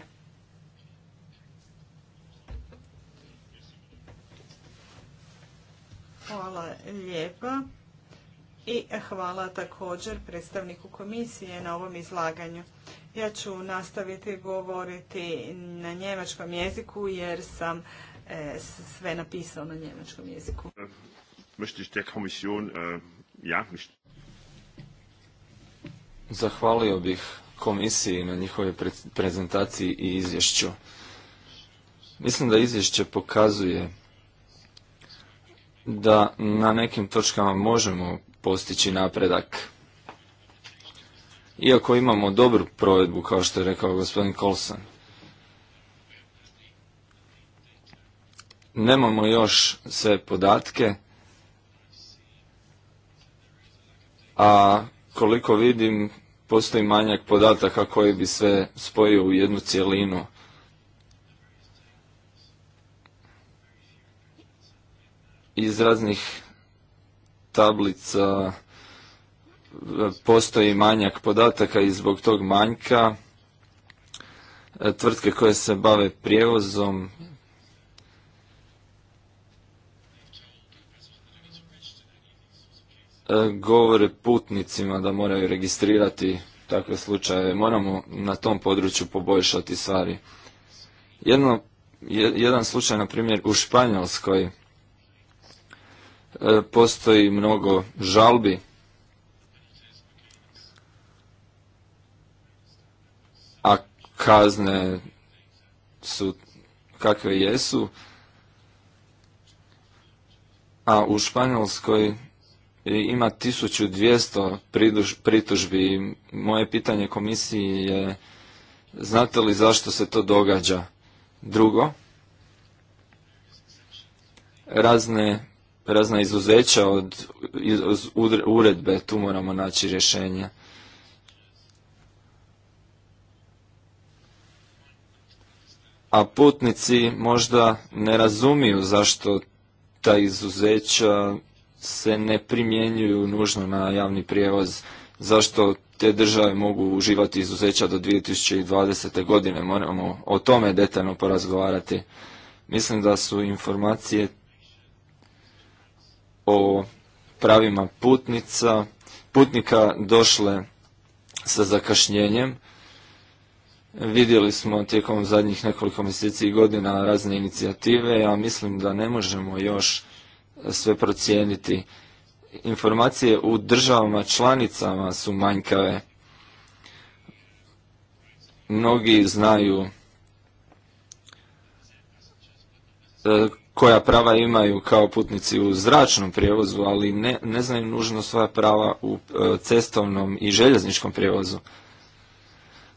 Hvala lijepa i hvala također predstavniku komisije na ovom izlaganju. Ja ću nastaviti govoriti na njemačkom jeziku jer sam e, sve napisao na njemačkom jeziku. Äh, Zahvalio bih komisiji na njihovoj prezentaciji i izvješću. Mislim da izvješće pokazuje da na nekim točkama možemo postići napredak. Iako imamo dobru provedbu, kao što je rekao gospodin Kolson. nemamo još sve podatke, a koliko vidim, postoji manjak podataka koji bi sve spojio u jednu cjelinu. Iz raznih tablica e, postoji manjak podataka i zbog tog manjka e, tvrtke koje se bave prijevozom E, govore putnicima da moraju registrirati takve slučaje. Moramo na tom području poboljšati stvari. Jedno, jedan slučaj, na primjer, u Španjolskoj e, postoji mnogo žalbi a kazne su kakve jesu, a u Španjolskoj ima 1200 pritužbi. Moje pitanje komisiji je znate li zašto se to događa? Drugo, razne, razna izuzeća od uredbe, tu moramo naći rješenje. A putnici možda ne razumiju zašto ta izuzeća se ne primjenjuju nužno na javni prijevoz, zašto te države mogu uživati izuzeća do 2020. godine. Moramo o tome detaljno porazgovarati. Mislim da su informacije o pravima putnica, putnika došle sa zakašnjenjem. Vidjeli smo tijekom zadnjih nekoliko mjeseci i godina razne inicijative, a mislim da ne možemo još sve procijeniti. Informacije u državama članicama su manjkave. Mnogi znaju e, koja prava imaju kao putnici u zračnom prijevozu, ali ne, ne znaju nužno svoja prava u e, cestovnom i željezničkom prijevozu.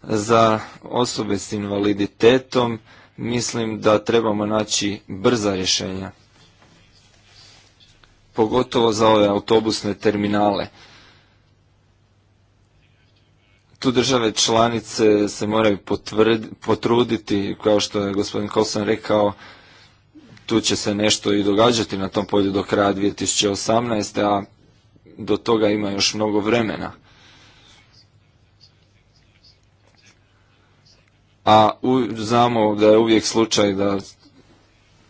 Za osobe s invaliditetom mislim da trebamo naći brza rješenja pogotovo za ove autobusne terminale. Tu države članice se moraju potruditi, kao što je gospodin Kolson rekao, tu će se nešto i događati na tom polju do kraja 2018. a do toga ima još mnogo vremena. A u, znamo da je uvijek slučaj da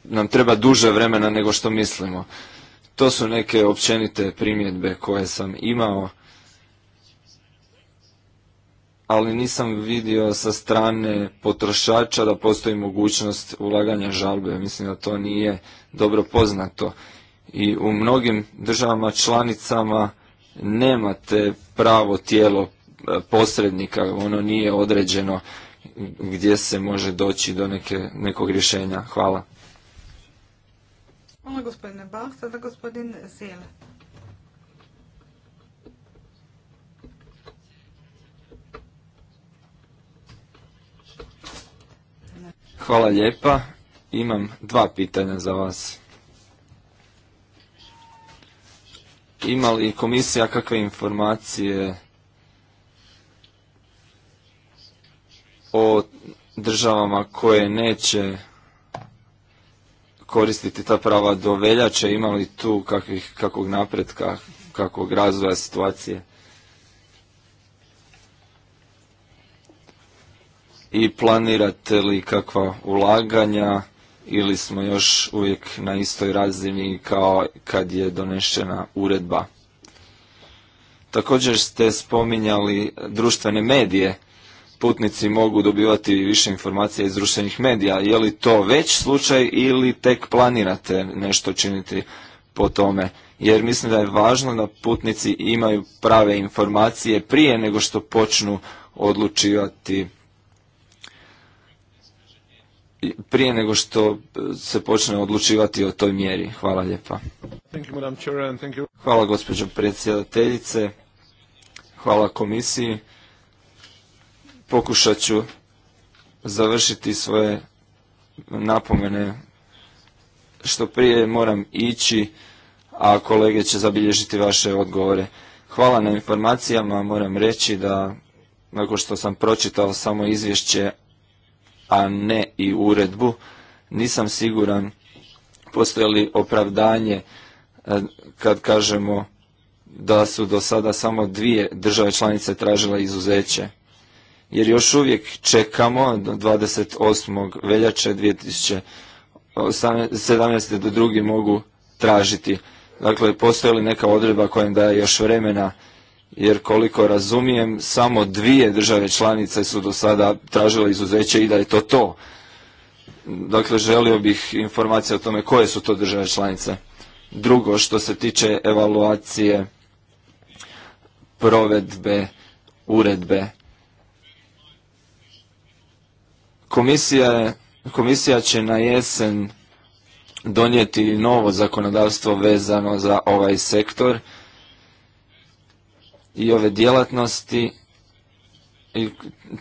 nam treba duže vremena nego što mislimo. To su neke općenite primjedbe koje sam imao, ali nisam vidio sa strane potrošača da postoji mogućnost ulaganja žalbe. Mislim da to nije dobro poznato. I u mnogim državama članicama nemate pravo tijelo e, posrednika, ono nije određeno gdje se može doći do neke, nekog rješenja. Hvala. Hvala gospodine Bach, sada gospodin Sijela. Hvala lijepa. Imam dva pitanja za vas. Ima li komisija kakve informacije o državama koje neće koristiti ta prava do veljače, imali tu kakvih, kakvog napretka, kakvog razvoja situacije? I planirate li kakva ulaganja ili smo još uvijek na istoj razini kao kad je donešena uredba? Također ste spominjali društvene medije putnici mogu dobivati više informacija iz društvenih medija. Je li to već slučaj ili tek planirate nešto činiti po tome? Jer mislim da je važno da putnici imaju prave informacije prije nego što počnu odlučivati prije nego što se počne odlučivati o toj mjeri. Hvala lijepa. Hvala gospođo predsjedateljice. Hvala komisiji. Pokušat ću završiti svoje napomene što prije moram ići, a kolege će zabilježiti vaše odgovore. Hvala na informacijama, moram reći da nakon što sam pročitao samo izvješće, a ne i uredbu, nisam siguran postoje li opravdanje e, kad kažemo da su do sada samo dvije države članice tražile izuzeće jer još uvijek čekamo 28. veljače 2017. do drugi mogu tražiti. Dakle, postoji li neka odredba koja im daje još vremena, jer koliko razumijem, samo dvije države članice su do sada tražile izuzeće i da je to to. Dakle, želio bih informacije o tome koje su to države članice. Drugo, što se tiče evaluacije provedbe uredbe, Komisija, će na jesen donijeti novo zakonodavstvo vezano za ovaj sektor i ove djelatnosti i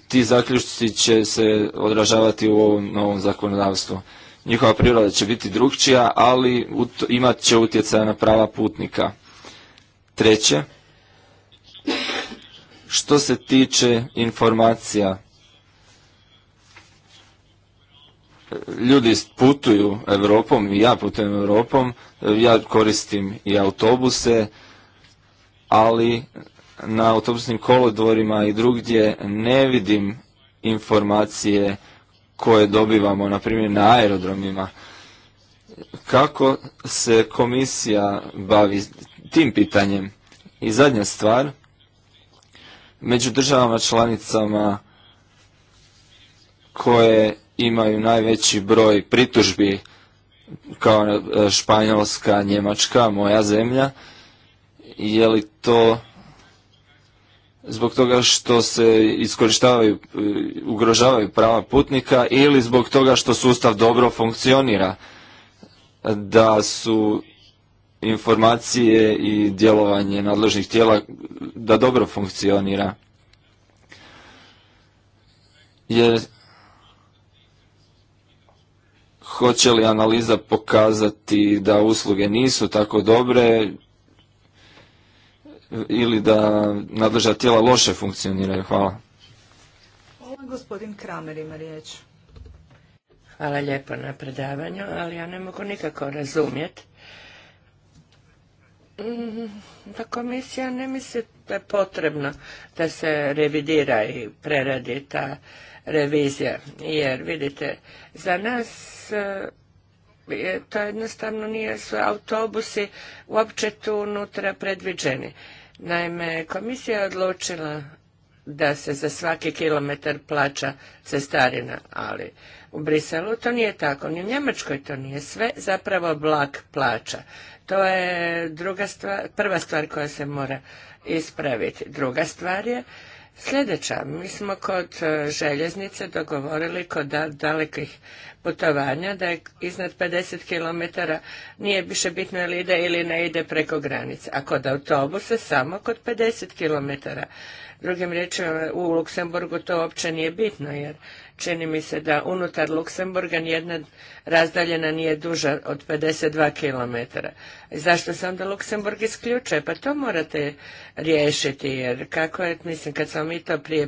ti zaključci će se odražavati u ovom novom zakonodavstvu. Njihova priroda će biti drugčija, ali imat će utjecaja na prava putnika. Treće, što se tiče informacija ljudi putuju Europom i ja putujem Europom, ja koristim i autobuse, ali na autobusnim kolodvorima i drugdje ne vidim informacije koje dobivamo, na primjer na aerodromima. Kako se komisija bavi tim pitanjem? I zadnja stvar, među državama članicama koje imaju najveći broj pritužbi kao e, Španjolska, Njemačka, moja zemlja. Je li to zbog toga što se iskorištavaju, e, ugrožavaju prava putnika ili zbog toga što sustav dobro funkcionira, da su informacije i djelovanje nadležnih tijela da dobro funkcionira. Jer Hoće li analiza pokazati da usluge nisu tako dobre ili da nadležna tijela loše funkcioniraju? Hvala. Hvala gospodin Kramer ima riječ. Hvala lijepo na predavanju, ali ja ne mogu nikako razumjeti mm, da komisija ne misli da je potrebno da se revidira i preradi ta revizija. Jer vidite, za nas e, to jednostavno nije su autobusi uopće tu unutra predviđeni. Naime, komisija je odlučila da se za svaki kilometar plaća cestarina, ali u Briselu to nije tako, ni u Njemačkoj to nije. Sve zapravo blag plaća. To je druga stvar, prva stvar koja se mora ispraviti. Druga stvar je Sljedeća, mi smo kod e, željeznice dogovorili kod dalekih putovanja da je iznad 50 km nije više bitno ili ide ili ne ide preko granice, a kod autobuse samo kod 50 km. Drugim riječima, u Luksemburgu to uopće nije bitno jer čini mi se da unutar Luksemburga nijedna razdaljena nije duža od 52 km. Zašto se onda Luksemburg isključuje? Pa to morate riješiti, jer kako je, mislim, kad smo mi to prije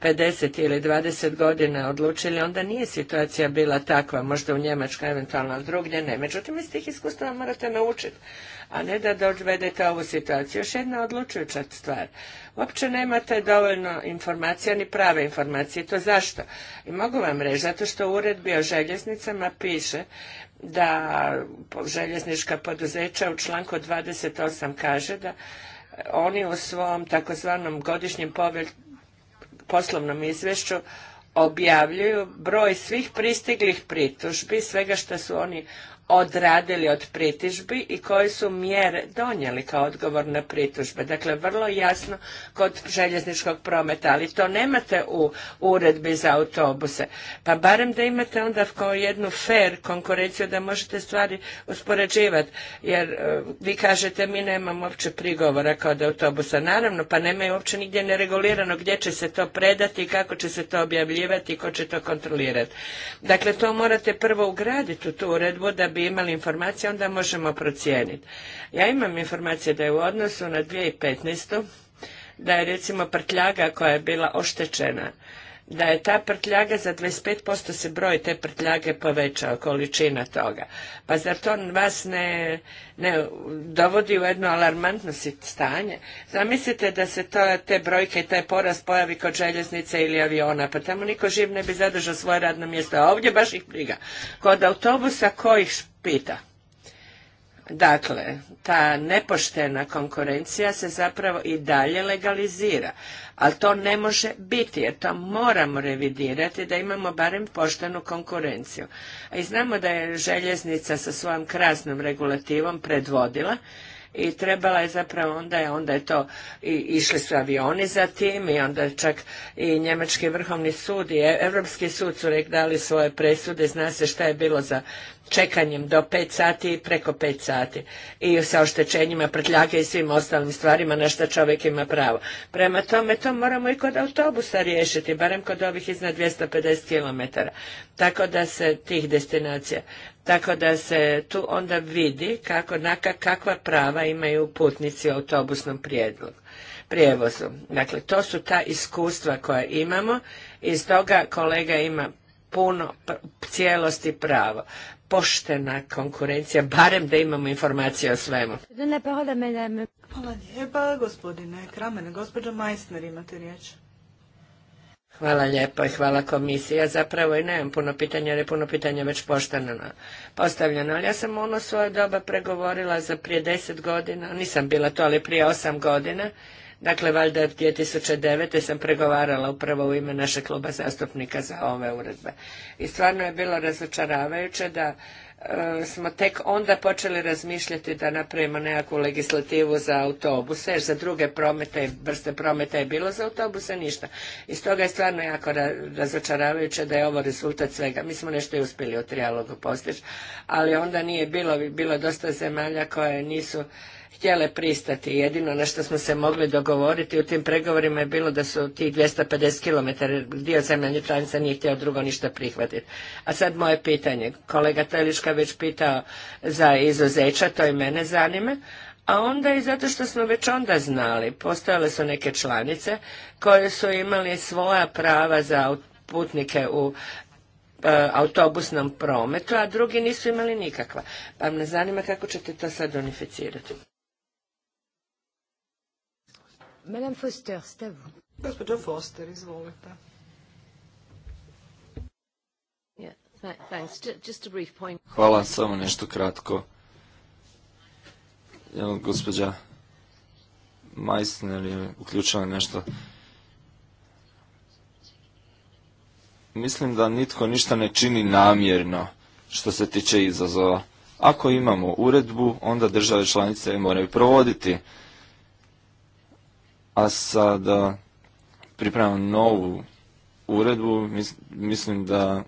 50 ili 20 godina odlučili, onda nije situacija bila takva, možda u Njemačkoj eventualno, drugdje ne. Međutim, iz tih iskustava morate naučiti a ne da dovedete ovu situaciju. Još jedna odlučujuća stvar. Uopće nemate dovoljno informacija, ni prave informacije. To zašto? I mogu vam reći, zato što u uredbi o željeznicama piše piše da željeznička poduzeća u članku 28 kaže da oni u svom takozvanom godišnjem poslovnom izvješću objavljuju broj svih pristiglih pritužbi, svega što su oni odradili od pritužbi i koje su mjere donijeli kao odgovor na pritužbe. Dakle, vrlo jasno kod željezničkog prometa, ali to nemate u uredbi za autobuse. Pa barem da imate onda kao jednu fer konkurenciju da možete stvari uspoređivati, jer e, vi kažete mi nemamo uopće prigovora kod autobusa. Naravno, pa nemaju uopće nigdje neregulirano gdje će se to predati i kako će se to objavljivati i ko će to kontrolirati. Dakle, to morate prvo ugraditi u tu uredbu da bi bi imali informacije, onda možemo procijeniti. Ja imam informacije da je u odnosu na 2015. da je recimo prtljaga koja je bila oštećena, da je ta prtljaga za 25% se broj te prtljage povećao, količina toga. Pa zar to vas ne, dovodi u jedno alarmantno stanje? Zamislite da se to, te brojke i taj porast pojavi kod željeznice ili aviona, pa tamo niko živ ne bi zadržao svoje radno mjesto, a ovdje baš ih briga. Kod autobusa kojih pita? Dakle, ta nepoštena konkurencija se zapravo i dalje legalizira, ali to ne može biti jer to moramo revidirati da imamo barem poštenu konkurenciju. A i znamo da je željeznica sa svojom krasnom regulativom predvodila i trebala je zapravo onda je, onda je to i, išli su avioni za tim i onda čak i njemački vrhovni sud i e, europski sud su dali svoje presude zna se šta je bilo za čekanjem do 5 sati i preko 5 sati i sa oštećenjima prtljake i svim ostalim stvarima na što čovjek ima pravo. Prema tome to moramo i kod autobusa riješiti, barem kod ovih iznad 250 km. Tako da se tih destinacija, tako da se tu onda vidi kako, naka, kakva prava imaju putnici u autobusnom prijedlogu prijevozu. Dakle, to su ta iskustva koja imamo i stoga kolega ima puno cijelosti pravo poštena konkurencija, barem da imamo informacije o svemu. Hvala lijepa, gospodine Kramen. Gospođo Majsner, imate riječ. Hvala lijepo i hvala komisija. Zapravo i nemam puno pitanja, jer je puno pitanja već pošteno postavljeno. Ali ja sam ono svoje doba pregovorila za prije deset godina, nisam bila to, ali prije osam godina, Dakle, valjda 2009. sam pregovarala upravo u ime našeg kluba zastupnika za ove uredbe. I stvarno je bilo razočaravajuće da e, smo tek onda počeli razmišljati da napravimo nekakvu legislativu za autobuse, jer za druge promete, vrste prometa je bilo za autobuse ništa. I stoga je stvarno jako razočaravajuće da je ovo rezultat svega. Mi smo nešto i uspjeli u trijalogu postići, ali onda nije bilo, bilo dosta zemalja koje nisu htjele pristati. Jedino na što smo se mogli dogovoriti u tim pregovorima je bilo da su tih 250 km dio zemljanja članica nije htio drugo ništa prihvatiti. A sad moje pitanje. Kolega Teliška već pitao za izuzeća, to i mene zanima. A onda i zato što smo već onda znali, postojale su neke članice koje su imali svoja prava za putnike u e, autobusnom prometu, a drugi nisu imali nikakva. Pa me zanima kako ćete to sad unificirati. Madame Foster, Foster, izvolite. Hvala, samo nešto kratko. Evo, gospođa Meissner je uključila nešto. Mislim da nitko ništa ne čini namjerno što se tiče izazova. Ako imamo uredbu, onda države članice moraju provoditi a sada pripremam novu uredbu. Mislim da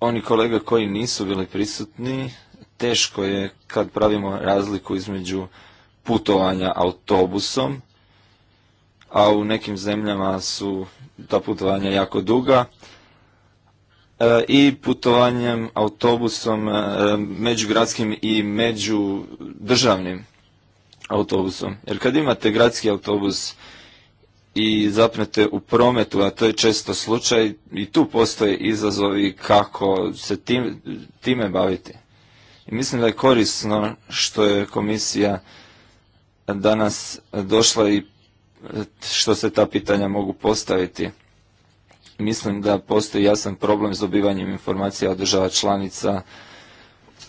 oni kolega koji nisu bili prisutni, teško je kad pravimo razliku između putovanja autobusom, a u nekim zemljama su ta putovanja jako duga, e, i putovanjem autobusom e, međugradskim i međudržavnim autobusom. Jer kad imate gradski autobus i zapnete u prometu, a to je često slučaj, i tu postoje izazovi kako se tim, time baviti. I mislim da je korisno što je komisija danas došla i što se ta pitanja mogu postaviti. Mislim da postoji jasan problem s dobivanjem informacija od država članica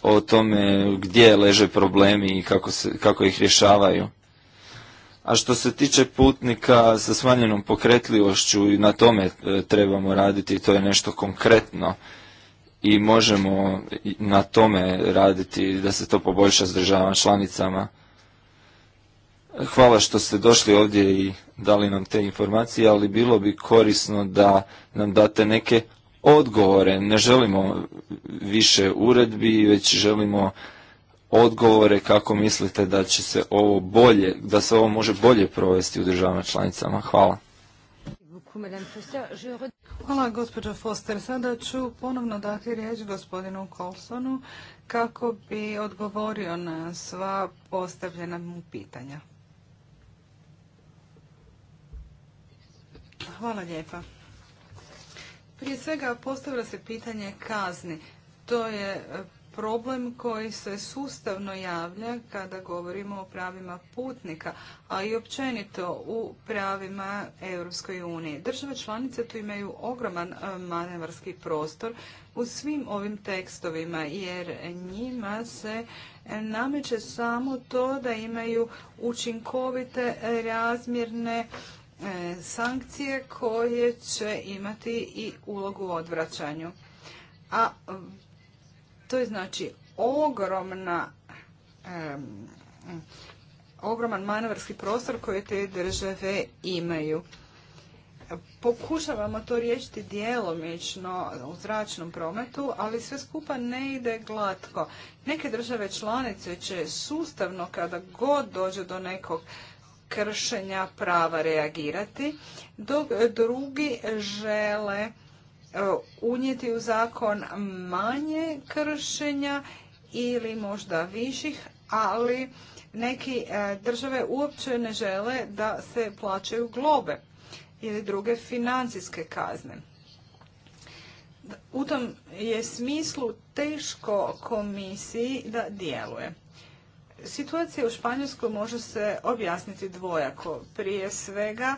o tome gdje leže problemi i kako, se, kako ih rješavaju. A što se tiče putnika sa smanjenom pokretljivošću i na tome e, trebamo raditi, to je nešto konkretno i možemo na tome raditi da se to poboljša s državama članicama. Hvala što ste došli ovdje i dali nam te informacije, ali bilo bi korisno da nam date neke odgovore. Ne želimo više uredbi, već želimo odgovore kako mislite da će se ovo bolje, da se ovo može bolje provesti u državama članicama. Hvala. Hvala gospođo Foster. Sada ću ponovno dati riječ gospodinu Colsonu kako bi odgovorio na sva postavljena mu pitanja. Hvala lijepa. Prije svega postavlja se pitanje kazni. To je e, problem koji se sustavno javlja kada govorimo o pravima putnika, a i općenito u pravima Europskoj uniji. Države članice tu imaju ogroman e, manevarski prostor u svim ovim tekstovima, jer njima se e, nameće samo to da imaju učinkovite, razmjerne E, sankcije koje će imati i ulogu u odvraćanju. A to je znači ogromna e, ogroman manevarski prostor koje te države imaju. Pokušavamo to riješiti djelomično u zračnom prometu, ali sve skupa ne ide glatko. Neke države članice će sustavno kada god dođe do nekog kršenja prava reagirati, dok drugi žele e, unijeti u zakon manje kršenja ili možda viših, ali neki e, države uopće ne žele da se plaćaju globe ili druge financijske kazne. U tom je smislu teško komisiji da djeluje. Situacija u Španjolskoj može se objasniti dvojako. Prije svega,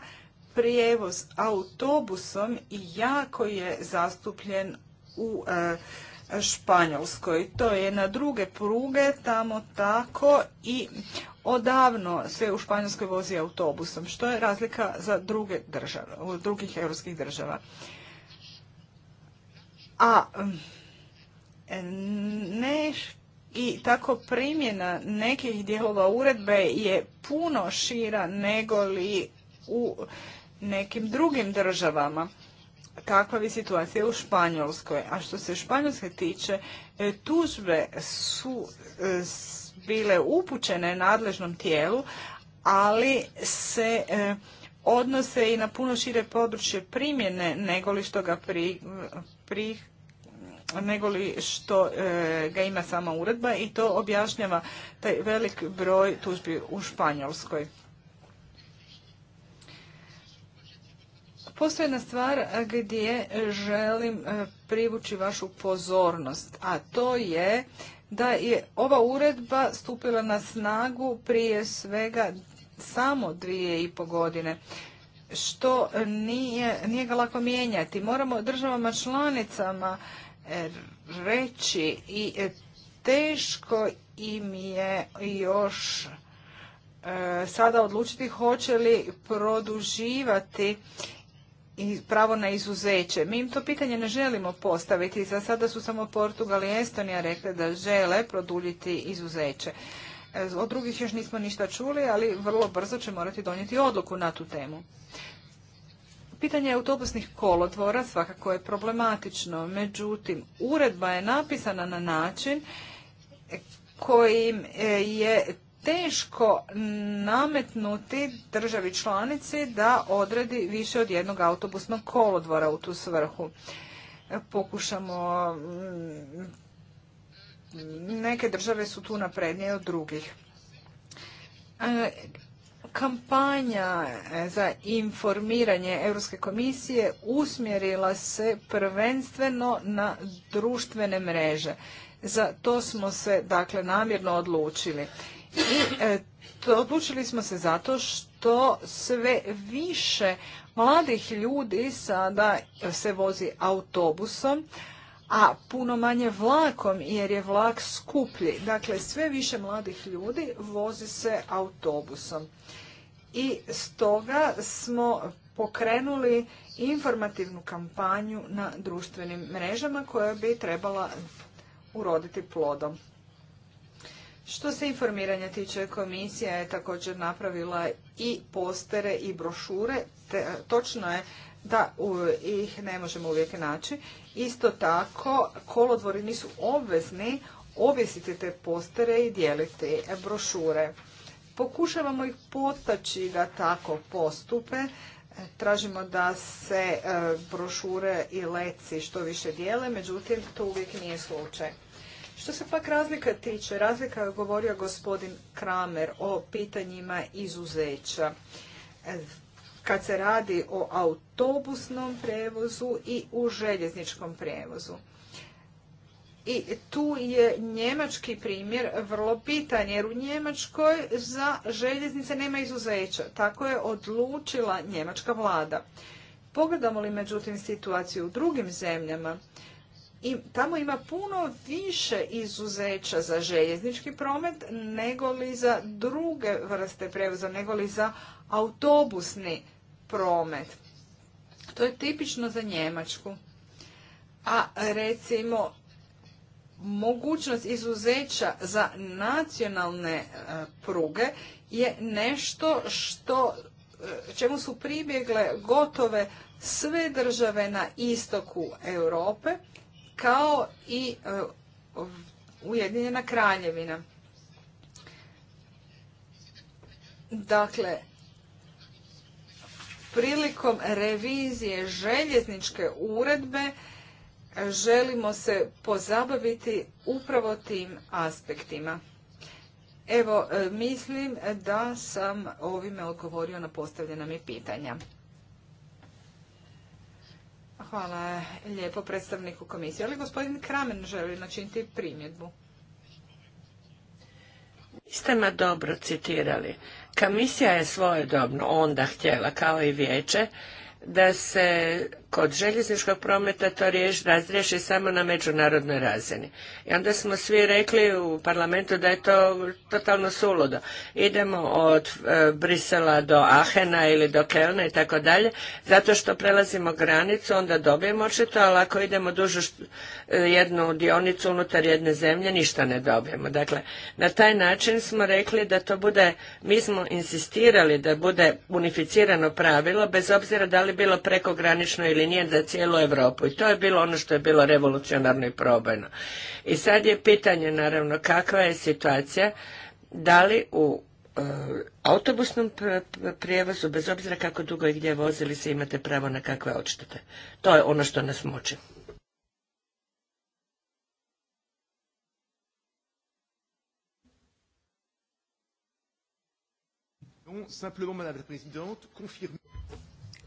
prijevoz autobusom i jako je zastupljen u e, Španjolskoj. To je na druge pruge tamo tako i odavno se u Španjolskoj vozi autobusom, što je razlika za druge države, drugih europskih država. A ne i tako primjena nekih dijelova uredbe je puno šira nego li u nekim drugim državama. kakva bi situacija u Španjolskoj. A što se Španjolske tiče, e, tužbe su e, bile upućene nadležnom tijelu, ali se e, odnose i na puno šire područje primjene nego li što ga nego li što e, ga ima sama uredba i to objašnjava taj velik broj tužbi u Španjolskoj. Postoje jedna stvar gdje želim e, privući vašu pozornost, a to je da je ova uredba stupila na snagu prije svega samo dvije i po godine, što nije, nije ga lako mijenjati. Moramo državama članicama reći i teško im je još e, sada odlučiti hoće li produživati pravo na izuzeće. Mi im to pitanje ne želimo postaviti. Za sada su samo Portugal i Estonija rekli da žele produljiti izuzeće. E, od drugih još nismo ništa čuli, ali vrlo brzo će morati donijeti odluku na tu temu. Pitanje autobusnih kolodvora svakako je problematično, međutim, uredba je napisana na način kojim e, je teško nametnuti državi članici da odredi više od jednog autobusnog kolodvora u tu svrhu. Pokušamo, mm, neke države su tu naprednije od drugih. E, kampanja e, za informiranje Europske komisije usmjerila se prvenstveno na društvene mreže. Za to smo se dakle namjerno odlučili. I e, odlučili smo se zato što sve više mladih ljudi sada se vozi autobusom, a puno manje vlakom jer je vlak skuplji. Dakle, sve više mladih ljudi vozi se autobusom. I stoga smo pokrenuli informativnu kampanju na društvenim mrežama koja bi trebala uroditi plodom. Što se informiranja tiče, komisija je također napravila i postere i brošure. točno je da ih ne možemo uvijek naći. Isto tako, kolodvori nisu obvezni objesiti te postere i dijeliti brošure. Pokušavamo ih potaći da tako postupe. Tražimo da se e, brošure i leci što više dijele, međutim to uvijek nije slučaj. Što se pak razlika tiče, razlika je govorio gospodin Kramer o pitanjima izuzeća. E, kad se radi o autobusnom prevozu i u željezničkom prevozu. I tu je njemački primjer vrlo bitan, jer u Njemačkoj za željeznice nema izuzeća. Tako je odlučila njemačka vlada. Pogledamo li međutim situaciju u drugim zemljama, i tamo ima puno više izuzeća za željeznički promet nego li za druge vrste prevoza, nego li za autobusni promet. To je tipično za Njemačku. A recimo, mogućnost izuzeća za nacionalne e, pruge je nešto što e, čemu su pribjegle gotove sve države na istoku Europe kao i e, Ujedinjena kraljevina. Dakle, prilikom revizije željezničke uredbe e, želimo se pozabaviti upravo tim aspektima. Evo, e, mislim da sam ovime odgovorio na postavljena mi pitanja. Hvala lijepo predstavniku komisije. Ali gospodin Kramen želi načiniti primjedbu. Niste me dobro citirali. Komisija je svojedobno onda htjela, kao i vijeće, da se kod željezničkog prometa to riješ, razriješi samo na međunarodnoj razini. I onda smo svi rekli u parlamentu da je to totalno suludo. Idemo od e, Brisela do Ahena ili do Kelna i tako dalje, zato što prelazimo granicu, onda dobijemo očito, ali ako idemo dužu e, jednu dionicu unutar jedne zemlje, ništa ne dobijemo. Dakle, na taj način smo rekli da to bude, mi smo insistirali da bude unificirano pravilo, bez obzira da li bilo prekogranično ili nije za cijelu Europu i to je bilo ono što je bilo revolucionarno i probajno. I sad je pitanje naravno kakva je situacija, da li u e, autobusnom prijevozu, bez obzira kako dugo i gdje vozili se, imate pravo na kakve odštete. To je ono što nas muči. simplement, Madame la Présidente,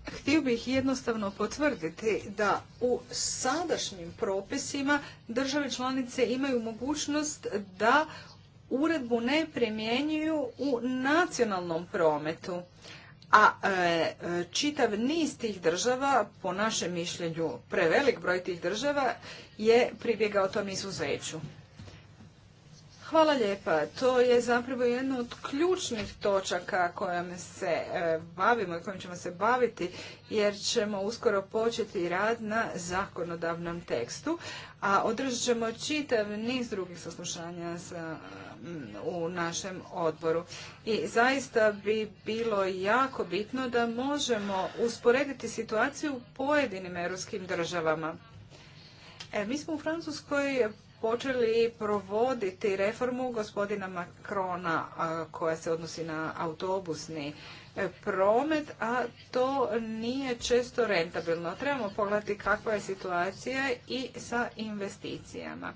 Htio bih jednostavno potvrditi da u sadašnjim propisima države članice imaju mogućnost da uredbu ne primjenjuju u nacionalnom prometu. A e, čitav niz tih država, po našem mišljenju prevelik broj tih država, je pribjegao tom izuzeću. Hvala lijepa. To je zapravo jedna od ključnih točaka kojom se e, bavimo i kojom ćemo se baviti jer ćemo uskoro početi rad na zakonodavnom tekstu, a održat ćemo čitav niz drugih saslušanja mm, u našem odboru. I zaista bi bilo jako bitno da možemo usporediti situaciju u pojedinim europskim državama. E, mi smo u Francuskoj počeli provoditi reformu gospodina Makrona koja se odnosi na autobusni e, promet, a to nije često rentabilno. Trebamo pogledati kakva je situacija i sa investicijama.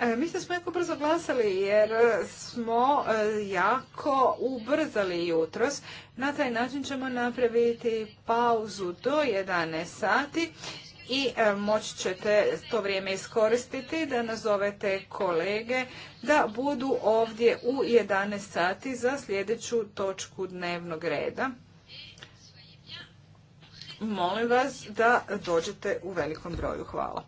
E, mi smo jako brzo glasali jer smo e, jako ubrzali jutros. Na taj način ćemo napraviti pauzu do 11 sati i e, moći ćete to vrijeme iskoristiti da nazovete kolege da budu ovdje u 11 sati za sljedeću točku dnevnog reda. Molim vas da dođete u velikom broju. Hvala.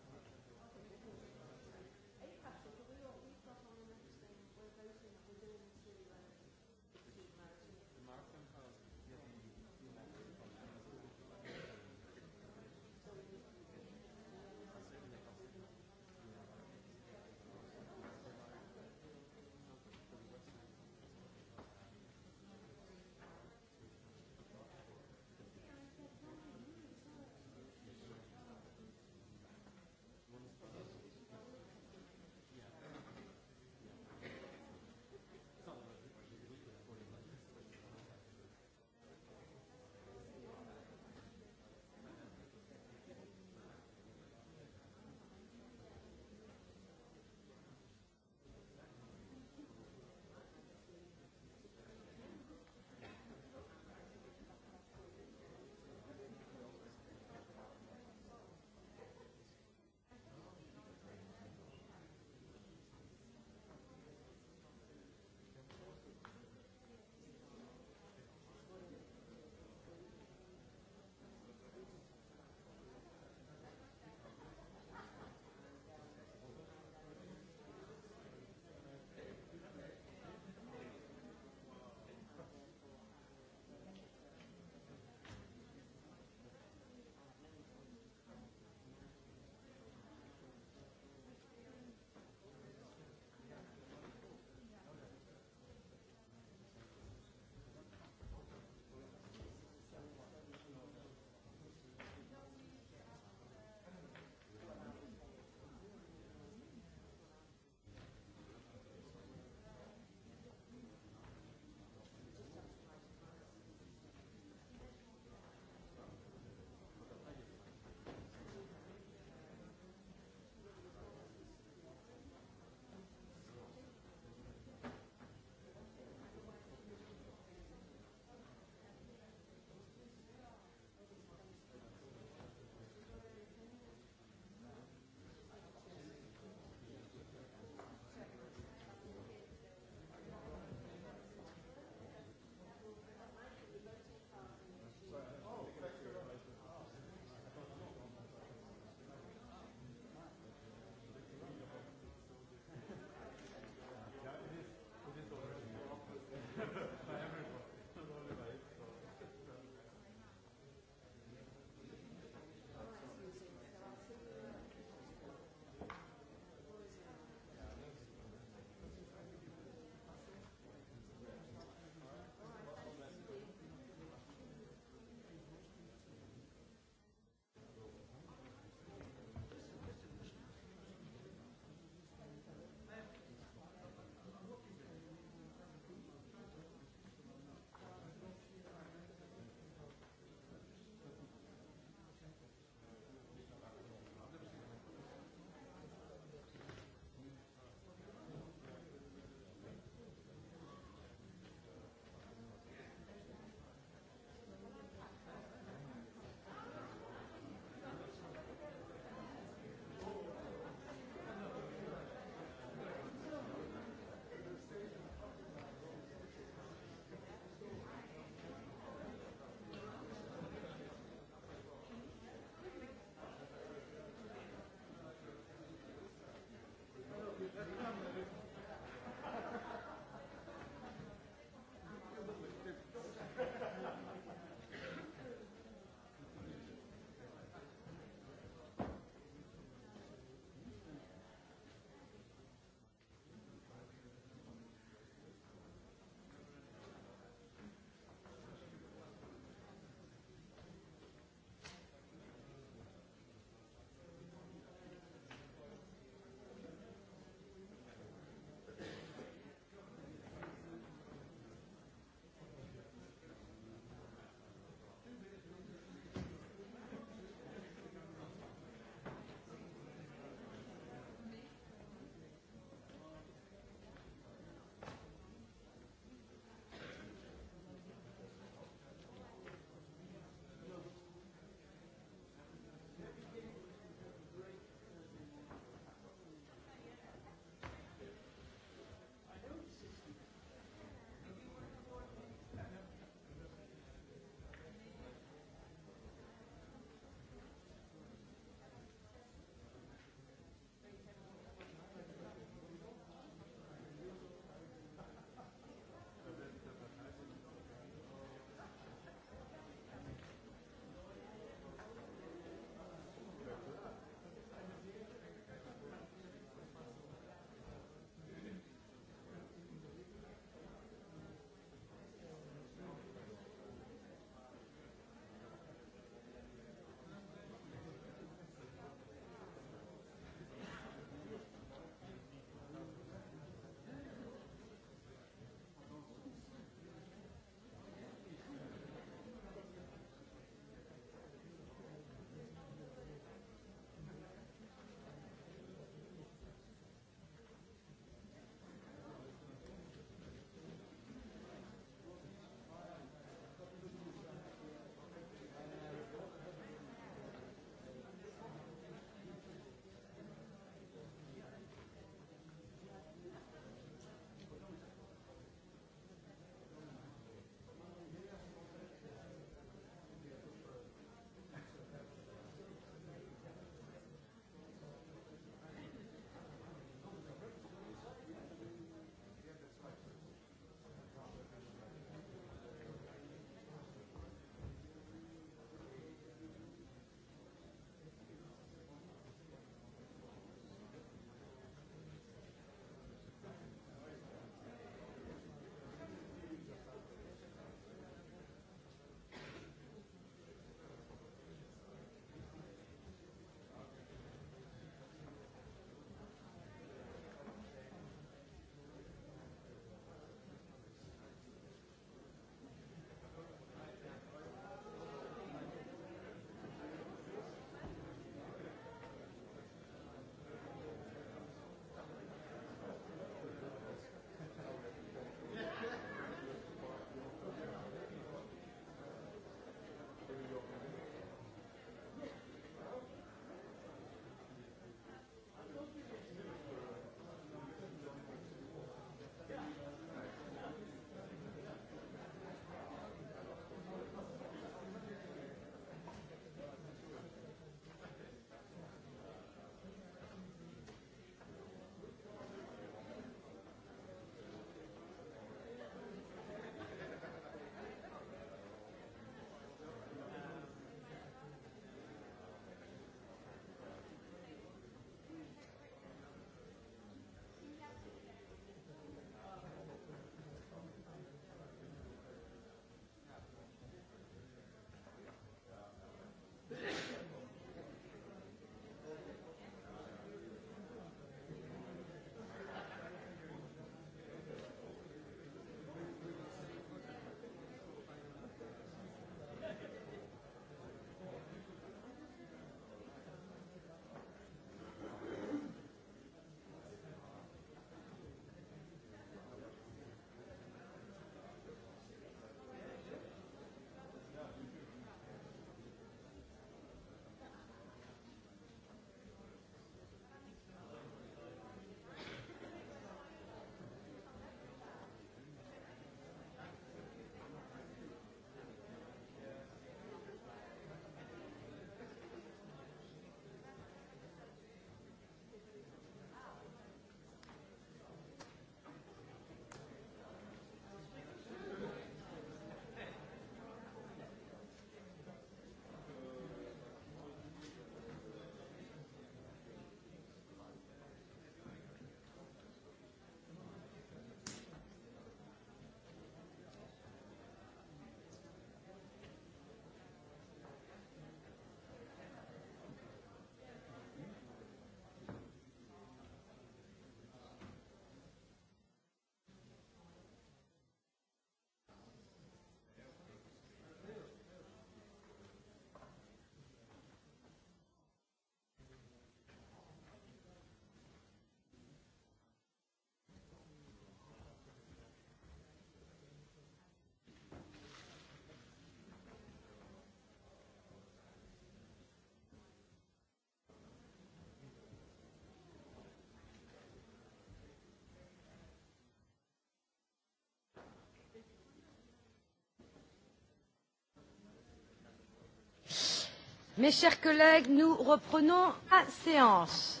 Mes chers collègues, nous reprenons la séance.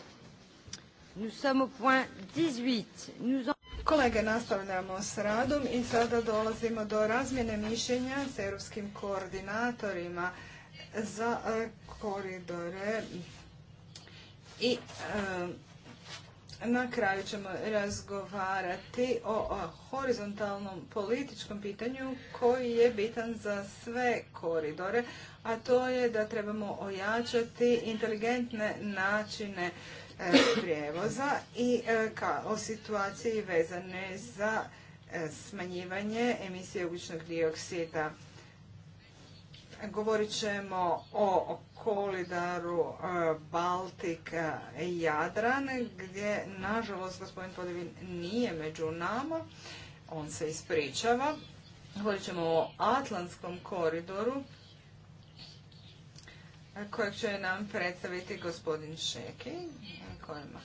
Nous sommes au point 18. Nous Kolege, nastavljamo s radom i sada dolazimo do razmjene mišljenja s europskim koordinatorima za e, koridore i e, na kraju ćemo razgovarati o horizontalnom političkom pitanju koji je bitan za sve koridore, a to je da trebamo ojačati inteligentne načine e, prijevoza i e, ka, o situaciji vezane za e, smanjivanje emisije ugljičnog dioksida. Govorit ćemo o kolidaru Baltik Jadran gdje nažalost gospodin Podivin nije među nama. On se ispričava. Govorit ćemo o Atlantskom koridoru kojeg će nam predstaviti gospodin Šeki,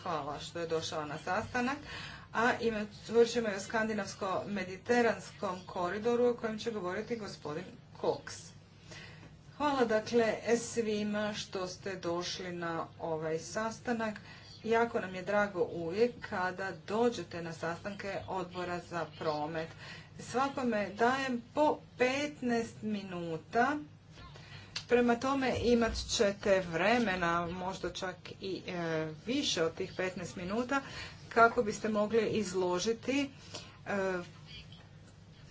hvala što je došao na sastanak. A vršimo ćemo i o skandinavsko-mediteranskom koridoru o kojem će govoriti gospodin Koks Hvala dakle svima što ste došli na ovaj sastanak. Jako nam je drago uvijek kada dođete na sastanke odbora za promet. Svakome dajem po 15 minuta Prema tome imat ćete vremena, možda čak i e, više od tih 15 minuta, kako biste mogli izložiti e,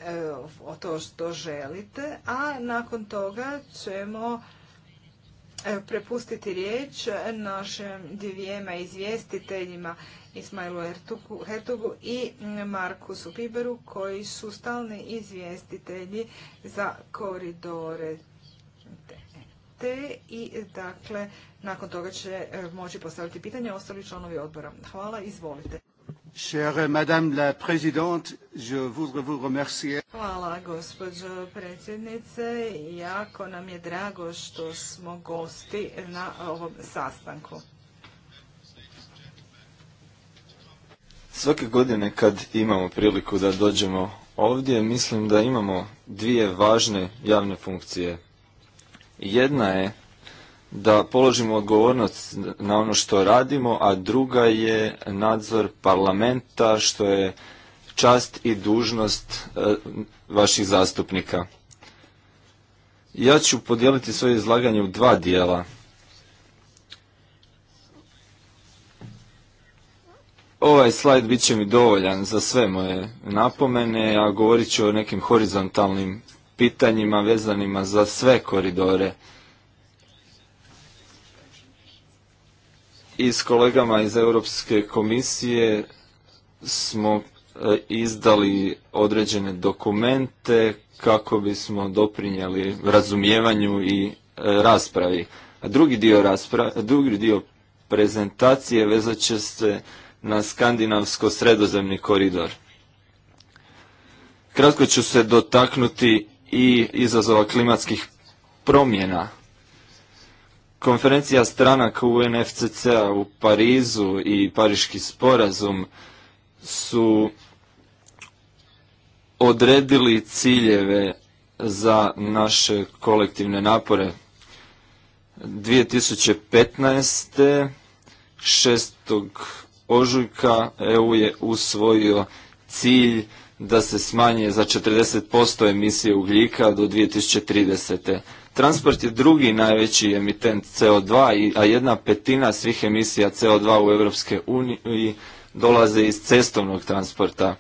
e, o to što želite, a nakon toga ćemo prepustiti riječ našim dvijema izvjestiteljima Ismailu Hertugu i Markusu Piberu koji su stalni izvjestitelji za koridore te i dakle nakon toga će e, moći postaviti pitanje ostali članovi odbora. Hvala, izvolite. Chère Madame la Présidente, je voudrais vous remercier. Hvala gospođo predsjednice, jako nam je drago što smo gosti na ovom sastanku. Svake godine kad imamo priliku da dođemo ovdje, mislim da imamo dvije važne javne funkcije. Jedna je da položimo odgovornost na ono što radimo, a druga je nadzor parlamenta što je čast i dužnost e, vaših zastupnika. Ja ću podijeliti svoje izlaganje u dva dijela. Ovaj slajd bit će mi dovoljan za sve moje napomene, a govorit ću o nekim horizontalnim pitanjima vezanima za sve koridore. I s kolegama iz Europske komisije smo e, izdali određene dokumente kako bismo doprinjeli razumijevanju i e, raspravi. A drugi dio, rasprave, drugi dio prezentacije vezat će se na skandinavsko sredozemni koridor. Kratko ću se dotaknuti i izazova klimatskih promjena. Konferencija stranaka unfcc u Parizu i Pariški sporazum su odredili ciljeve za naše kolektivne napore. 2015. 6. ožujka EU je usvojio cilj da se smanje za 40% emisije ugljika do 2030. Transport je drugi najveći emitent CO2, a jedna petina svih emisija CO2 u EU uniji dolaze iz cestovnog transporta.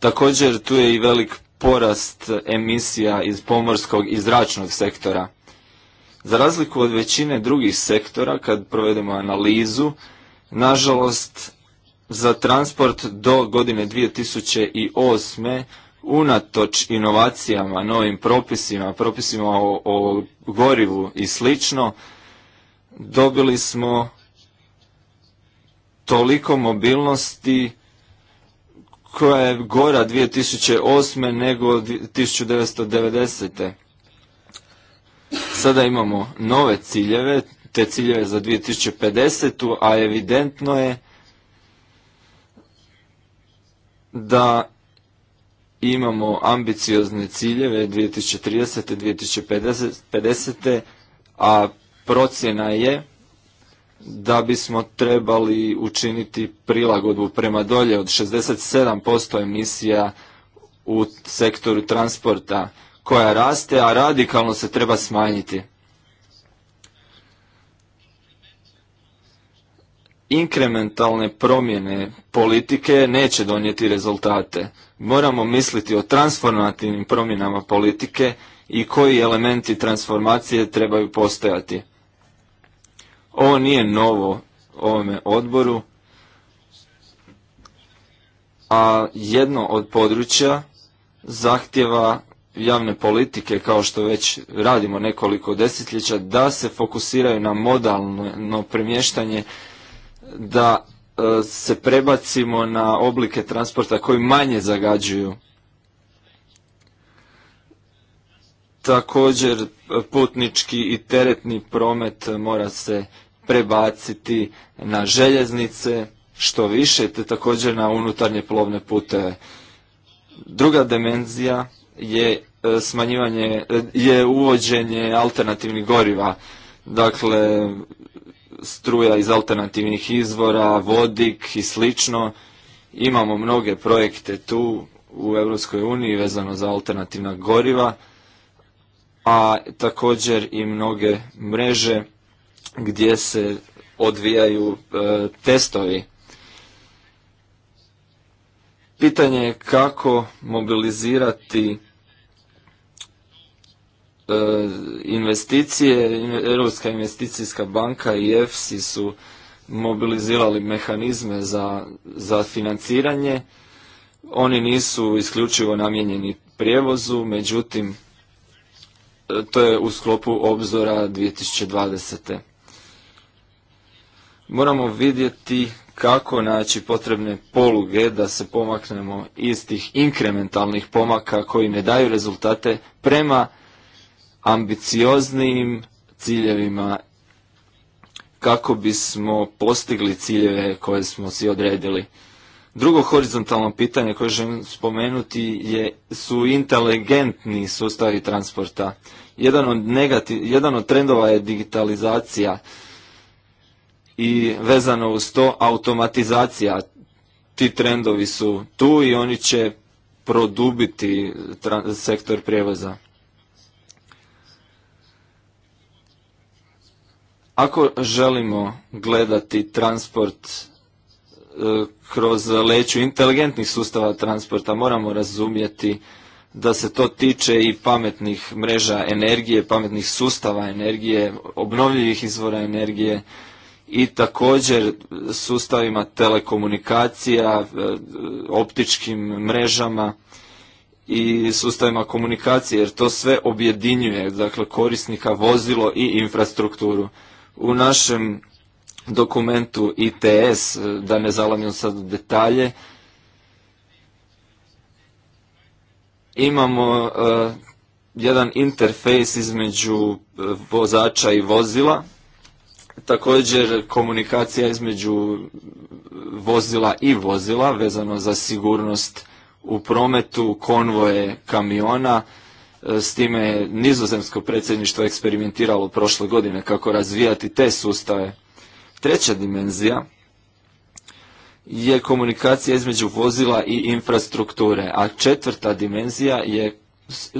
Također tu je i velik porast emisija iz pomorskog i zračnog sektora. Za razliku od većine drugih sektora, kad provedemo analizu, nažalost za transport do godine 2008. unatoč inovacijama, novim propisima, propisima o, gorivu i slično, dobili smo toliko mobilnosti koja je gora 2008. nego 1990. Sada imamo nove ciljeve, te ciljeve za 2050. a evidentno je da imamo ambiciozne ciljeve 2030. 2050. a procjena je da bismo trebali učiniti prilagodbu prema dolje od 67% emisija u sektoru transporta koja raste, a radikalno se treba smanjiti. inkrementalne promjene politike neće donijeti rezultate. Moramo misliti o transformativnim promjenama politike i koji elementi transformacije trebaju postojati. Ovo nije novo ovome odboru, a jedno od područja zahtjeva javne politike, kao što već radimo nekoliko desetljeća, da se fokusiraju na modalno premještanje da e, se prebacimo na oblike transporta koji manje zagađuju. Također putnički i teretni promet mora se prebaciti na željeznice što više, te također na unutarnje plovne puteve. Druga dimenzija je e, smanjivanje, e, je uvođenje alternativnih goriva. Dakle, struja iz alternativnih izvora, vodik i slično. Imamo mnoge projekte tu u Europskoj uniji vezano za alternativna goriva, a također i mnoge mreže gdje se odvijaju e, testovi. Pitanje je kako mobilizirati E, investicije, Europska investicijska banka i EFSI su mobilizirali mehanizme za, za financiranje. Oni nisu isključivo namijenjeni prijevozu, međutim, e, to je u sklopu obzora 2020. Moramo vidjeti kako naći potrebne poluge da se pomaknemo iz tih inkrementalnih pomaka koji ne daju rezultate prema ambicioznijim ciljevima kako bismo postigli ciljeve koje smo si odredili. Drugo horizontalno pitanje koje želim spomenuti je, su inteligentni sustavi transporta. Jedan od, negativ, jedan od trendova je digitalizacija i vezano uz to automatizacija. Ti trendovi su tu i oni će produbiti sektor prijevoza. Ako želimo gledati transport e, kroz leću inteligentnih sustava transporta, moramo razumjeti da se to tiče i pametnih mreža energije, pametnih sustava energije, obnovljivih izvora energije i također sustavima telekomunikacija, e, optičkim mrežama i sustavima komunikacije, jer to sve objedinjuje, dakle, korisnika, vozilo i infrastrukturu. U našem dokumentu ITS, e, da ne zalamim sad detalje, imamo e, jedan interfejs između e, vozača i vozila, također komunikacija između vozila i vozila vezano za sigurnost u prometu, konvoje kamiona, s time je nizozemsko predsjedništvo eksperimentiralo prošle godine kako razvijati te sustave. Treća dimenzija je komunikacija između vozila i infrastrukture, a četvrta dimenzija je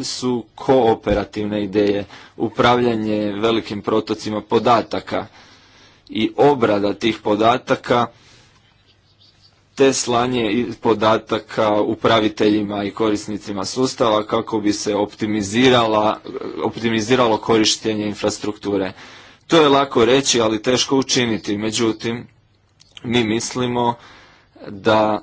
su kooperativne ideje, upravljanje velikim protocima podataka i obrada tih podataka te slanje podataka upraviteljima i korisnicima sustava kako bi se optimiziralo korištenje infrastrukture. To je lako reći, ali teško učiniti. Međutim, mi mislimo da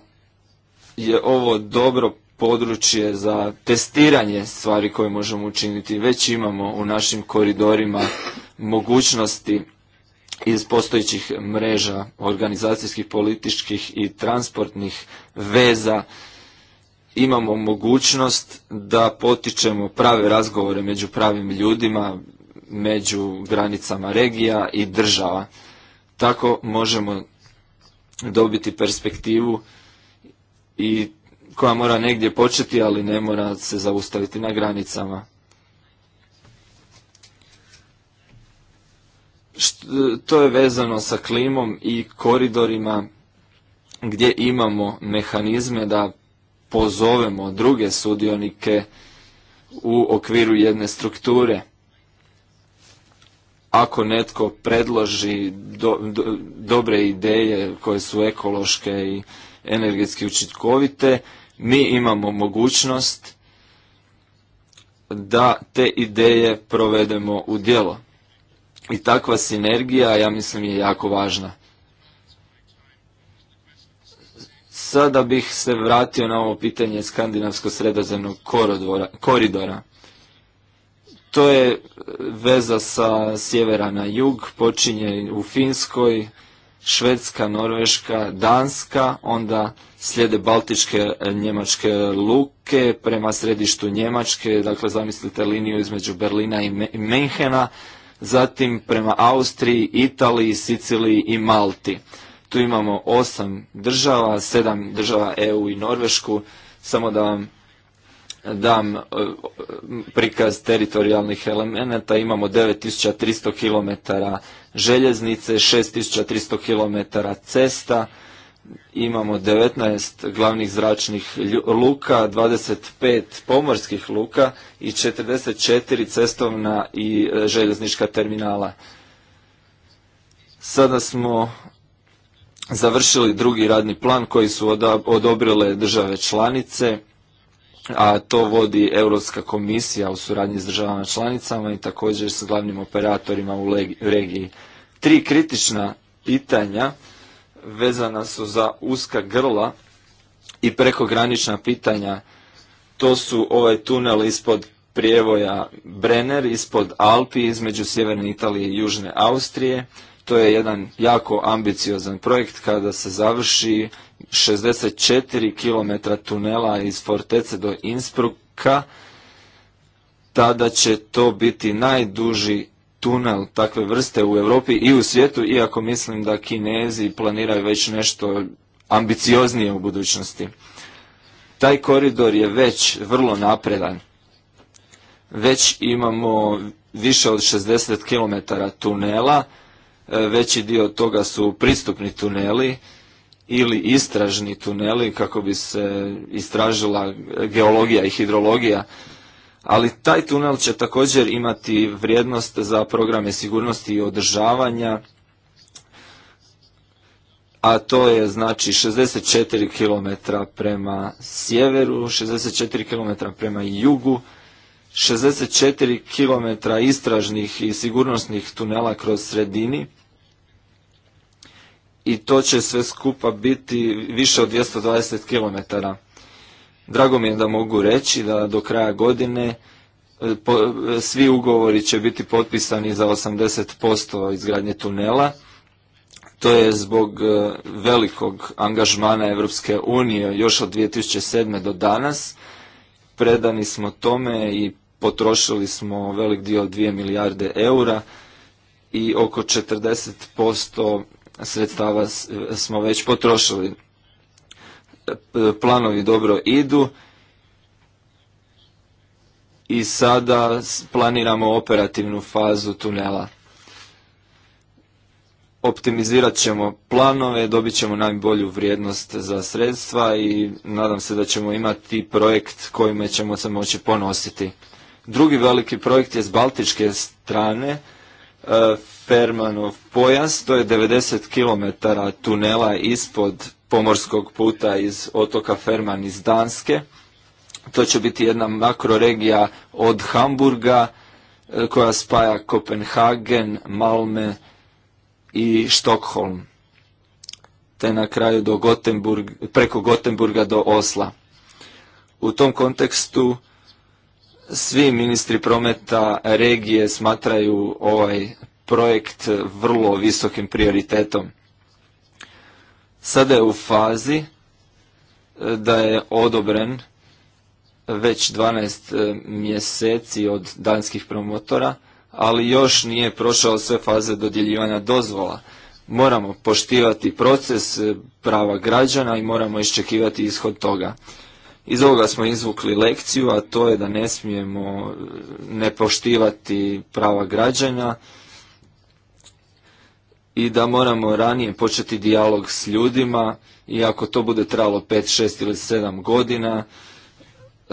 je ovo dobro područje za testiranje stvari koje možemo učiniti. Već imamo u našim koridorima mogućnosti iz postojećih mreža organizacijskih, političkih i transportnih veza imamo mogućnost da potičemo prave razgovore među pravim ljudima, među granicama regija i država. Tako možemo dobiti perspektivu i koja mora negdje početi, ali ne mora se zaustaviti na granicama. E, to je vezano sa klimom i koridorima gdje imamo mehanizme da pozovemo druge sudionike u okviru jedne strukture. Ako netko predloži dobre ideje koje su ekološke i energetski učitkovite, mi imamo mogućnost da te ideje provedemo u djelo i takva sinergija, ja mislim, je jako važna. Sada bih se vratio na ovo pitanje skandinavsko-sredozemnog koridora. To je veza sa sjevera na jug, počinje u Finskoj, Švedska, Norveška, Danska, onda slijede Baltičke njemačke luke prema središtu Njemačke, dakle zamislite liniju između Berlina i Menhena, zatim prema Austriji, Italiji, Siciliji i Malti. Tu imamo osam država, sedam država EU i Norvešku, samo da vam dam e, prikaz teritorijalnih elemenata, imamo 9300 km željeznice, 6300 km cesta, imamo 19 glavnih zračnih luka, 25 pomorskih luka i 44 cestovna i e, željeznička terminala. Sada smo završili drugi radni plan koji su odobrile države članice, a to vodi Europska komisija u suradnji s državama članicama i također s glavnim operatorima u regiji. Tri kritična pitanja vezana su za uska grla i prekogranična pitanja. To su ovaj tunel ispod prijevoja Brenner, ispod Alpi, između Sjeverne Italije i Južne Austrije. To je jedan jako ambiciozan projekt kada se završi 64 km tunela iz Fortece do Innsbrucka. Tada će to biti najduži tunel takve vrste u Europi i u svijetu, iako mislim da Kinezi planiraju već nešto ambicioznije u budućnosti. Taj koridor je već vrlo napredan. Već imamo više od 60 km tunela, e, veći dio toga su pristupni tuneli ili istražni tuneli kako bi se istražila geologija i hidrologija ali taj tunel će također imati vrijednost za programe sigurnosti i održavanja, a to je znači 64 km prema sjeveru, 64 km prema jugu, 64 km istražnih i sigurnosnih tunela kroz sredini i to će sve skupa biti više od 220 km. Drago mi je da mogu reći da do kraja godine e, e, svi ugovori će biti potpisani za 80% izgradnje tunela. To je zbog e, velikog angažmana Europske unije još od 2007. do danas. Predani smo tome i potrošili smo velik dio 2 milijarde eura i oko 40% sredstava smo već potrošili planovi dobro idu i sada planiramo operativnu fazu tunela. Optimizirat ćemo planove, dobit ćemo najbolju vrijednost za sredstva i nadam se da ćemo imati projekt kojima ćemo se moći ponositi. Drugi veliki projekt je s baltičke strane, e, Fermanov pojas, to je 90 km tunela ispod pomorskog puta iz otoka Ferman iz Danske. To će biti jedna makroregija od Hamburga e, koja spaja Kopenhagen, Malme i Štokholm. Te na kraju do Gotenburg, preko Gotenburga do Osla. U tom kontekstu svi ministri prometa regije smatraju ovaj projekt vrlo visokim prioritetom sada je u fazi e, da je odobren već 12 e, mjeseci od danskih promotora, ali još nije prošao sve faze dodjeljivanja dozvola. Moramo poštivati proces e, prava građana i moramo iščekivati ishod toga. Iz ovoga smo izvukli lekciju, a to je da ne smijemo ne poštivati prava građana, i da moramo ranije početi dijalog s ljudima i ako to bude trajalo 5, 6 ili 7 godina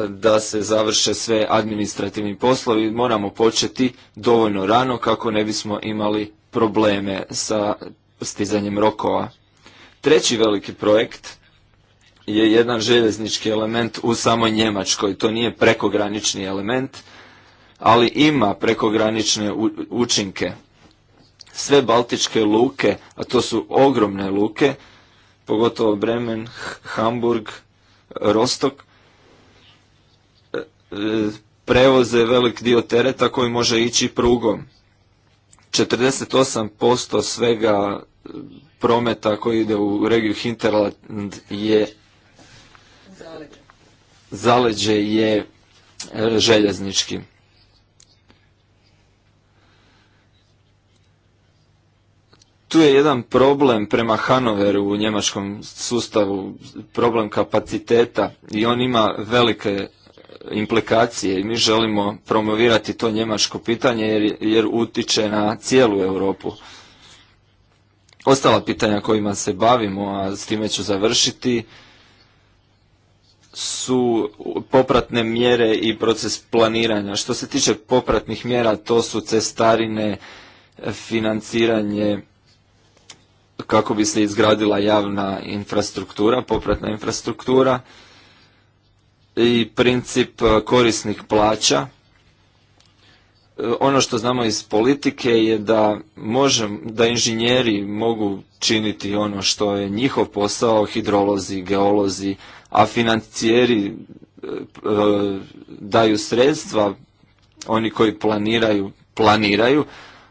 da se završe sve administrativni poslovi, moramo početi dovoljno rano kako ne bismo imali probleme sa stizanjem rokova. Treći veliki projekt je jedan željeznički element u samoj Njemačkoj. To nije prekogranični element, ali ima prekogranične učinke sve baltičke luke, a to su ogromne luke, pogotovo Bremen, Hamburg, Rostok, e, prevoze velik dio tereta koji može ići prugom. 48% svega e, prometa koji ide u regiju Hinterland je zaleđe je e, željeznički. tu je jedan problem prema Hanoveru u njemačkom sustavu, problem kapaciteta i on ima velike e, implikacije i mi želimo promovirati to njemačko pitanje jer, jer utiče na cijelu Europu. Ostala pitanja kojima se bavimo, a s time ću završiti, su popratne mjere i proces planiranja. Što se tiče popratnih mjera, to su cestarine, financiranje kako bi se izgradila javna infrastruktura, popratna infrastruktura i princip e, korisnih plaća. E, ono što znamo iz politike je da možem, da inženjeri mogu činiti ono što je njihov posao, hidrolozi, geolozi, a financijeri e, daju sredstva, oni koji planiraju, planiraju,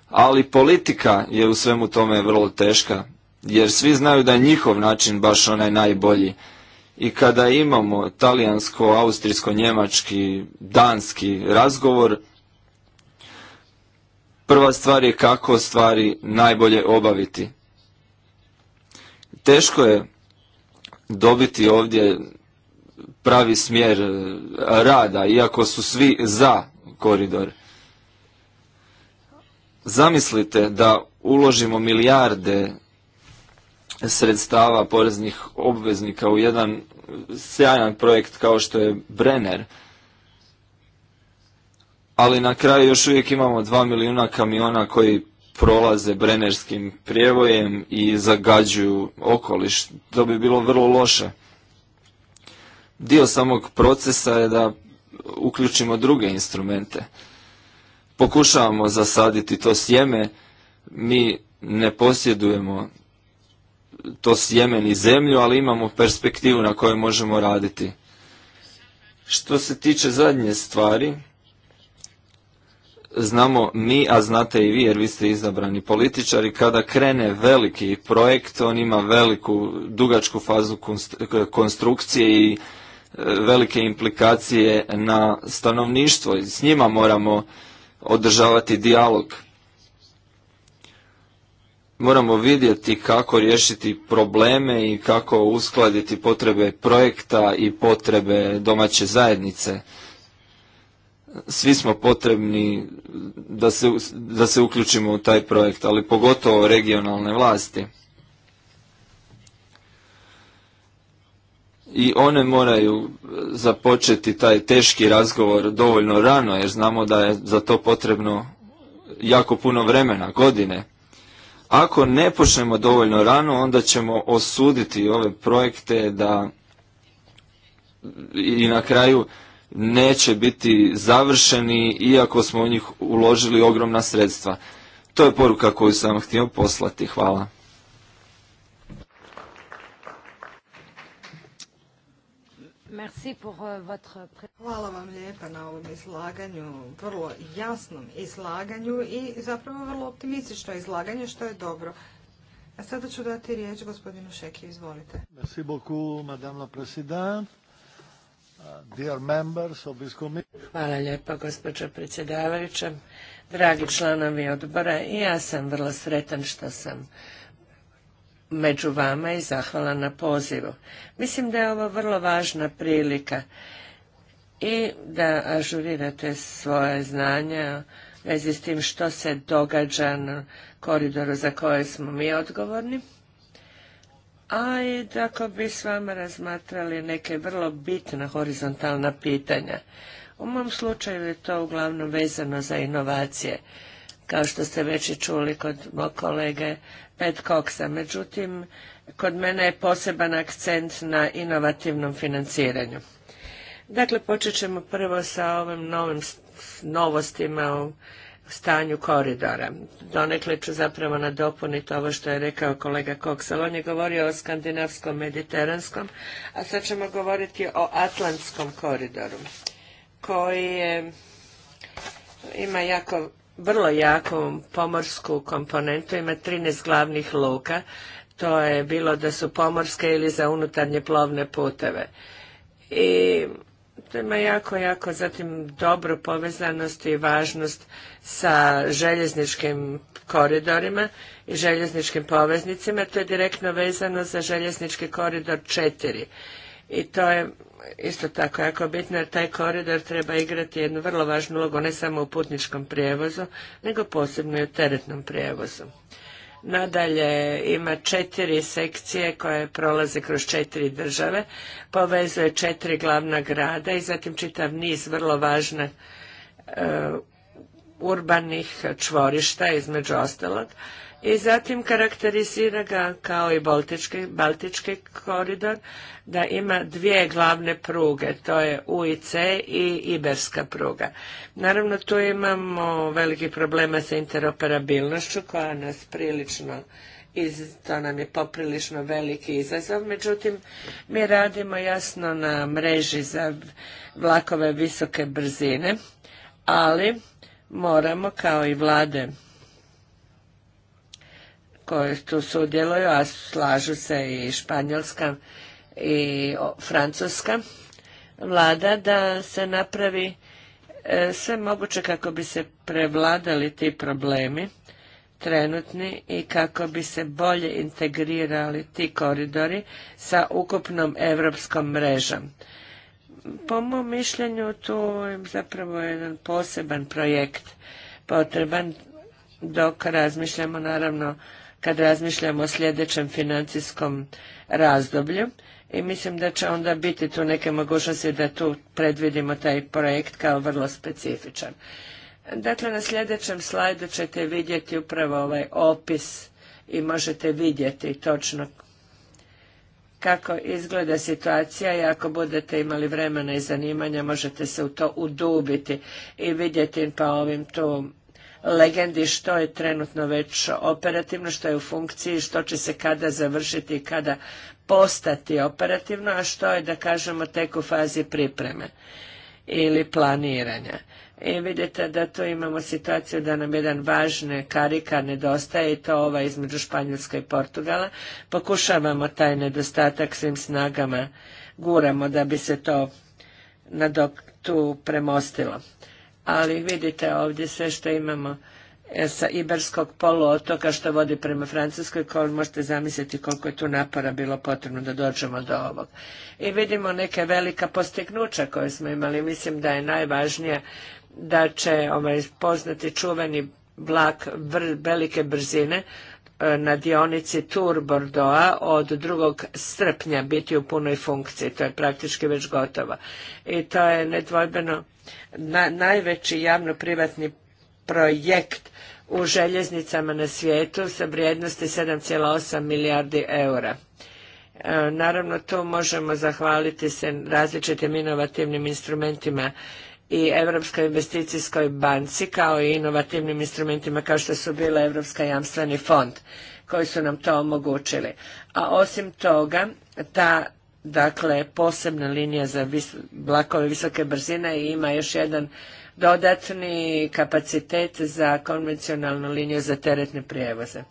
ali politika je u svemu tome vrlo teška jer svi znaju da je njihov način baš onaj najbolji. I kada imamo talijansko, austrijsko, njemački, danski razgovor, prva stvar je kako stvari najbolje obaviti. Teško je dobiti ovdje pravi smjer e, rada, iako su svi za koridor. Zamislite da uložimo milijarde sredstava poreznih obveznika u jedan sjajan projekt kao što je Brenner. Ali na kraju još uvijek imamo dva milijuna kamiona koji prolaze brenerskim prijevojem i zagađuju okoliš. To bi bilo vrlo loše. Dio samog procesa je da uključimo druge instrumente. Pokušavamo zasaditi to sjeme, mi ne posjedujemo to sjemen i zemlju, ali imamo perspektivu na kojoj možemo raditi. Što se tiče zadnje stvari, znamo mi, a znate i vi jer vi ste izabrani političari, kada krene veliki projekt, on ima veliku, dugačku fazu konstrukcije i e, velike implikacije na stanovništvo i s njima moramo održavati dijalog moramo vidjeti kako riješiti probleme i kako uskladiti potrebe projekta i potrebe domaće zajednice. Svi smo potrebni da se, da se uključimo u taj projekt, ali pogotovo regionalne vlasti. i one moraju započeti taj teški razgovor dovoljno rano jer znamo da je za to potrebno jako puno vremena, godine. Ako ne počnemo dovoljno rano, onda ćemo osuditi ove projekte da i na kraju neće biti završeni iako smo u njih uložili ogromna sredstva. To je poruka koju sam vam htio poslati. Hvala. Merci pour euh, Hvala vam lijepa na ovom izlaganju, vrlo jasnom izlaganju i zapravo vrlo optimistično izlaganje što je dobro. A sada ću dati riječ gospodinu Šeki, izvolite. Merci uh, members of this committee. Hvala lijepa gospođo predsjedavajuća, dragi članovi odbora i ja sam vrlo sretan što sam među vama i zahvala na pozivu. Mislim da je ovo vrlo važna prilika i da ažurirate svoje znanja vezi s tim što se događa na koridoru za koje smo mi odgovorni. A i ako bi s vama razmatrali neke vrlo bitna horizontalna pitanja. U mom slučaju je to uglavnom vezano za inovacije. Kao što ste već i čuli kod mog kolege Pet koksa. Međutim, kod mene je poseban akcent na inovativnom financiranju. Dakle, počet ćemo prvo sa ovim novim novostima u stanju koridora. Donekle ću zapravo nadopuniti ovo što je rekao kolega Koksal. On je govorio o skandinavskom, mediteranskom, a sad ćemo govoriti o atlantskom koridoru, koji je, ima jako vrlo jaku pomorsku komponentu, ima 13 glavnih luka, to je bilo da su pomorske ili za unutarnje plovne puteve. I to ima jako, jako zatim dobru povezanost i važnost sa željezničkim koridorima i željezničkim poveznicima. To je direktno vezano za željeznički koridor 4. I to je isto tako jako bitno, jer taj koridor treba igrati jednu vrlo važnu ulogu ne samo u putničkom prijevozu, nego posebno i u teretnom prijevozu. Nadalje ima četiri sekcije koje prolaze kroz četiri države, povezuje četiri glavna grada i zatim čitav niz vrlo važne e, urbanih čvorišta između ostalog i zatim karakterizira ga kao i Baltički, Baltički koridor da ima dvije glavne pruge, to je UIC i Iberska pruga. Naravno tu imamo veliki problema sa interoperabilnošću koja nas prilično iz, to nam je poprilično veliki izazov, međutim mi radimo jasno na mreži za vlakove visoke brzine, ali moramo kao i vlade koje tu sudjeluju, a slažu se i Španjolska i Francuska vlada, da se napravi e, sve moguće kako bi se prevladali ti problemi trenutni i kako bi se bolje integrirali ti koridori sa ukupnom evropskom mrežom. Po mom mišljenju tu je zapravo jedan poseban projekt potreban dok razmišljamo naravno kad razmišljamo o sljedećem financijskom razdoblju i mislim da će onda biti tu neke mogućnosti da tu predvidimo taj projekt kao vrlo specifičan. Dakle, na sljedećem slajdu ćete vidjeti upravo ovaj opis i možete vidjeti točno kako izgleda situacija i ako budete imali vremena i zanimanja možete se u to udubiti i vidjeti pa ovim tu legendi što je trenutno već operativno, što je u funkciji, što će se kada završiti i kada postati operativno, a što je da kažemo tek u fazi pripreme ili planiranja. I vidite da tu imamo situaciju da nam jedan važne karika nedostaje i to ova između Španjolska i Portugala. Pokušavamo taj nedostatak svim snagama guramo da bi se to nadok tu premostilo ali vidite ovdje sve što imamo e, sa Iberskog poluotoka što vodi prema Francuskoj, koli, možete zamisliti koliko je tu napora bilo potrebno da dođemo do ovog. I vidimo neke velika postignuća koje smo imali. Mislim da je najvažnije da će ovaj, poznati čuveni vlak velike brzine e, na dionici Tour Bordeaux od 2. srpnja biti u punoj funkciji. To je praktički već gotovo. I to je nedvojbeno na, najveći javno-privatni projekt u željeznicama na svijetu sa vrijednosti 7,8 milijardi eura. E, naravno, tu možemo zahvaliti se različitim inovativnim instrumentima i Europskoj investicijskoj banci kao i inovativnim instrumentima kao što su bile Europska jamstveni fond koji su nam to omogućili. A osim toga, ta dakle posebna linija za vlakove visoke brzine i ima još jedan dodatni kapacitet za konvencionalnu liniju za teretne prijevoze.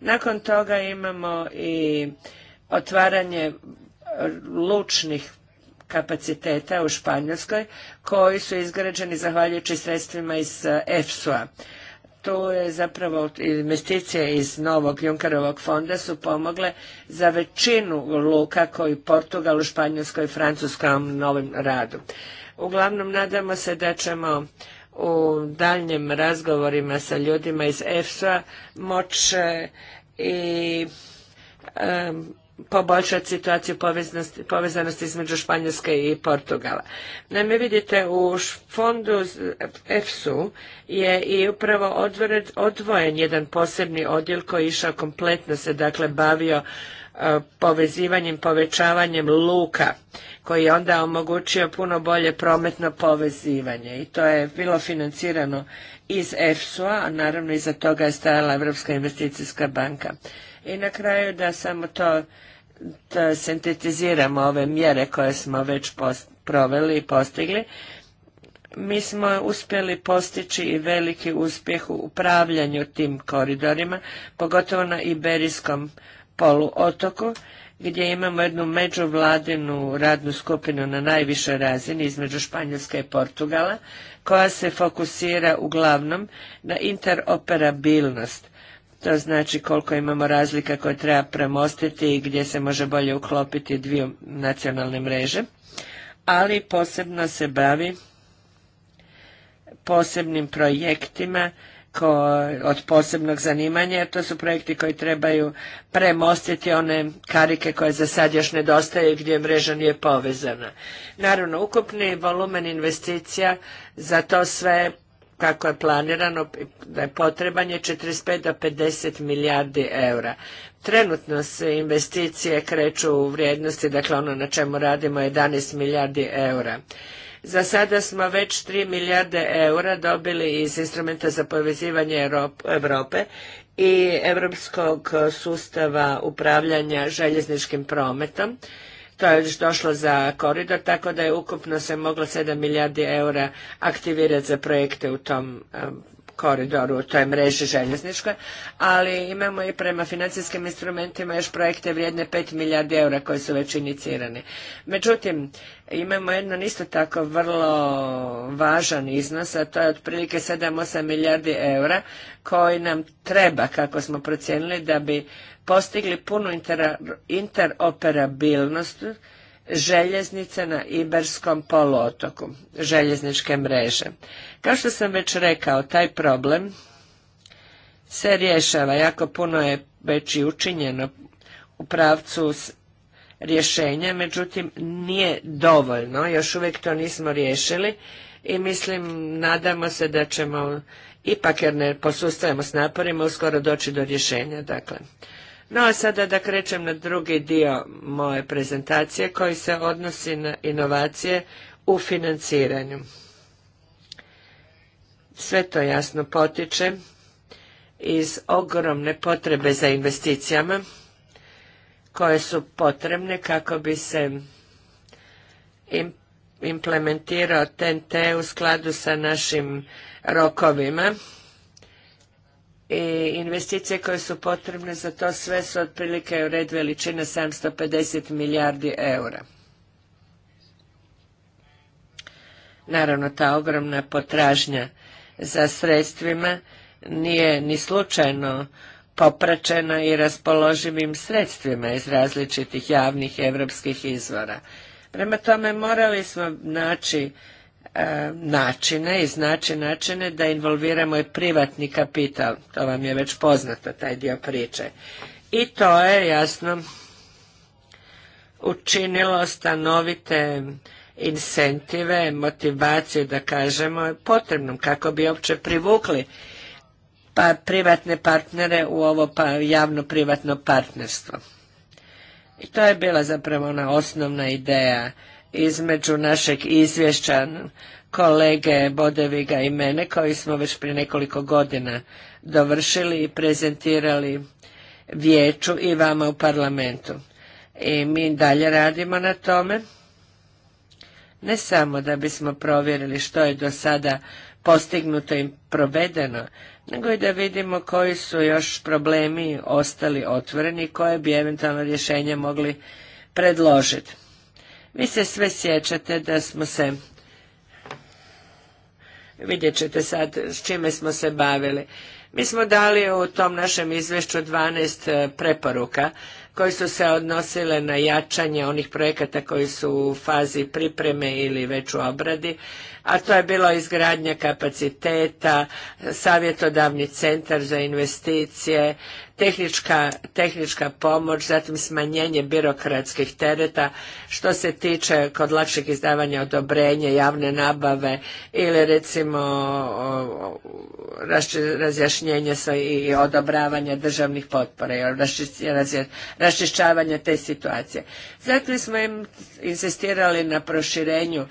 Nakon toga imamo i otvaranje lučnih kapaciteta u Španjolskoj koji su izgrađeni zahvaljujući sredstvima iz eh, EFSU-a tu je zapravo investicije iz novog Junkerovog fonda su pomogle za većinu luka koji Portugalu, Španjolskoj i Francuskom novim radu. Uglavnom nadamo se da ćemo u daljnjim razgovorima sa ljudima iz EFSA moći e, i poboljšati situaciju povezanosti između Španjolske i Portugala. Naime, vidite, u fondu EFSU je i upravo odvojen jedan posebni odjel koji je išao kompletno se dakle bavio e, povezivanjem, povećavanjem luka koji je onda omogućio puno bolje prometno povezivanje i to je bilo financirano iz EFSU-a, a naravno iza toga je stajala Europska investicijska banka. I na kraju da samo to da sintetiziramo ove mjere koje smo već proveli i postigli, mi smo uspjeli postići i veliki uspjeh u upravljanju tim koridorima, pogotovo na Iberijskom poluotoku, gdje imamo jednu međuvladinu radnu skupinu na najvišoj razini između Španjolske i Portugala, koja se fokusira uglavnom na interoperabilnost to znači koliko imamo razlika koje treba premostiti i gdje se može bolje uklopiti dvije nacionalne mreže, ali posebno se bavi posebnim projektima od posebnog zanimanja, to su projekti koji trebaju premostiti one karike koje za sad još nedostaje gdje mreža nije povezana. Naravno, ukupni volumen investicija za to sve kako je planirano da je potreban je 45 do 50 milijardi eura. Trenutno se investicije kreću u vrijednosti, dakle ono na čemu radimo 11 milijardi eura. Za sada smo već 3 milijarde eura dobili iz instrumenta za povezivanje Europe i Europskog sustava upravljanja željezničkim prometom to je već došlo za koridor, tako da je ukupno se moglo 7 milijardi eura aktivirati za projekte u tom koridoru, u toj mreži željezničkoj, ali imamo i prema financijskim instrumentima još projekte vrijedne 5 milijardi eura koji su već inicirani. Međutim, imamo jedan isto tako vrlo važan iznos, a to je otprilike 7-8 milijardi eura koji nam treba, kako smo procijenili, da bi postigli punu interoperabilnost željeznice na Iberskom poluotoku, željezničke mreže. Kao što sam već rekao, taj problem se rješava, jako puno je već i učinjeno u pravcu rješenja, međutim nije dovoljno, još uvijek to nismo riješili i mislim, nadamo se da ćemo ipak jer ne posustajemo s naporima uskoro doći do rješenja, dakle. No a sada da krećem na drugi dio moje prezentacije koji se odnosi na inovacije u financiranju. Sve to jasno potiče iz ogromne potrebe za investicijama koje su potrebne kako bi se implementirao TNT u skladu sa našim rokovima i investicije koje su potrebne za to sve su otprilike u red veličine 750 milijardi eura. Naravno, ta ogromna potražnja za sredstvima nije ni slučajno popraćena i raspoloživim sredstvima iz različitih javnih europskih izvora. Prema tome morali smo naći E, načine, znači načine da involviramo i privatni kapital. To vam je već poznato, taj dio priče. I to je jasno učinilo stanovite incentive, motivacije da kažemo potrebnom kako bi opće privukli pa privatne partnere u ovo pa javno-privatno partnerstvo. I to je bila zapravo ona osnovna ideja između našeg izvješća kolege Bodeviga i mene koji smo već prije nekoliko godina dovršili i prezentirali vijeću i vama u parlamentu. I mi dalje radimo na tome. Ne samo da bismo provjerili što je do sada postignuto i provedeno, nego i da vidimo koji su još problemi ostali otvoreni i koje bi eventualno rješenje mogli predložiti. Vi se sve sjećate da smo se vidjet ćete sad s čime smo se bavili. Mi smo dali u tom našem izvješću 12 e, preporuka koji su se odnosile na jačanje onih projekata koji su u fazi pripreme ili već u obradi, a to je bilo izgradnja kapaciteta, savjetodavni centar za investicije, tehnička, tehnička pomoć, zatim smanjenje birokratskih tereta što se tiče kod lakšeg izdavanja odobrenja, javne nabave ili recimo razjašnjenje i odobravanja državnih potpora i raščišćavanja te situacije. Zatim smo im insistirali na proširenju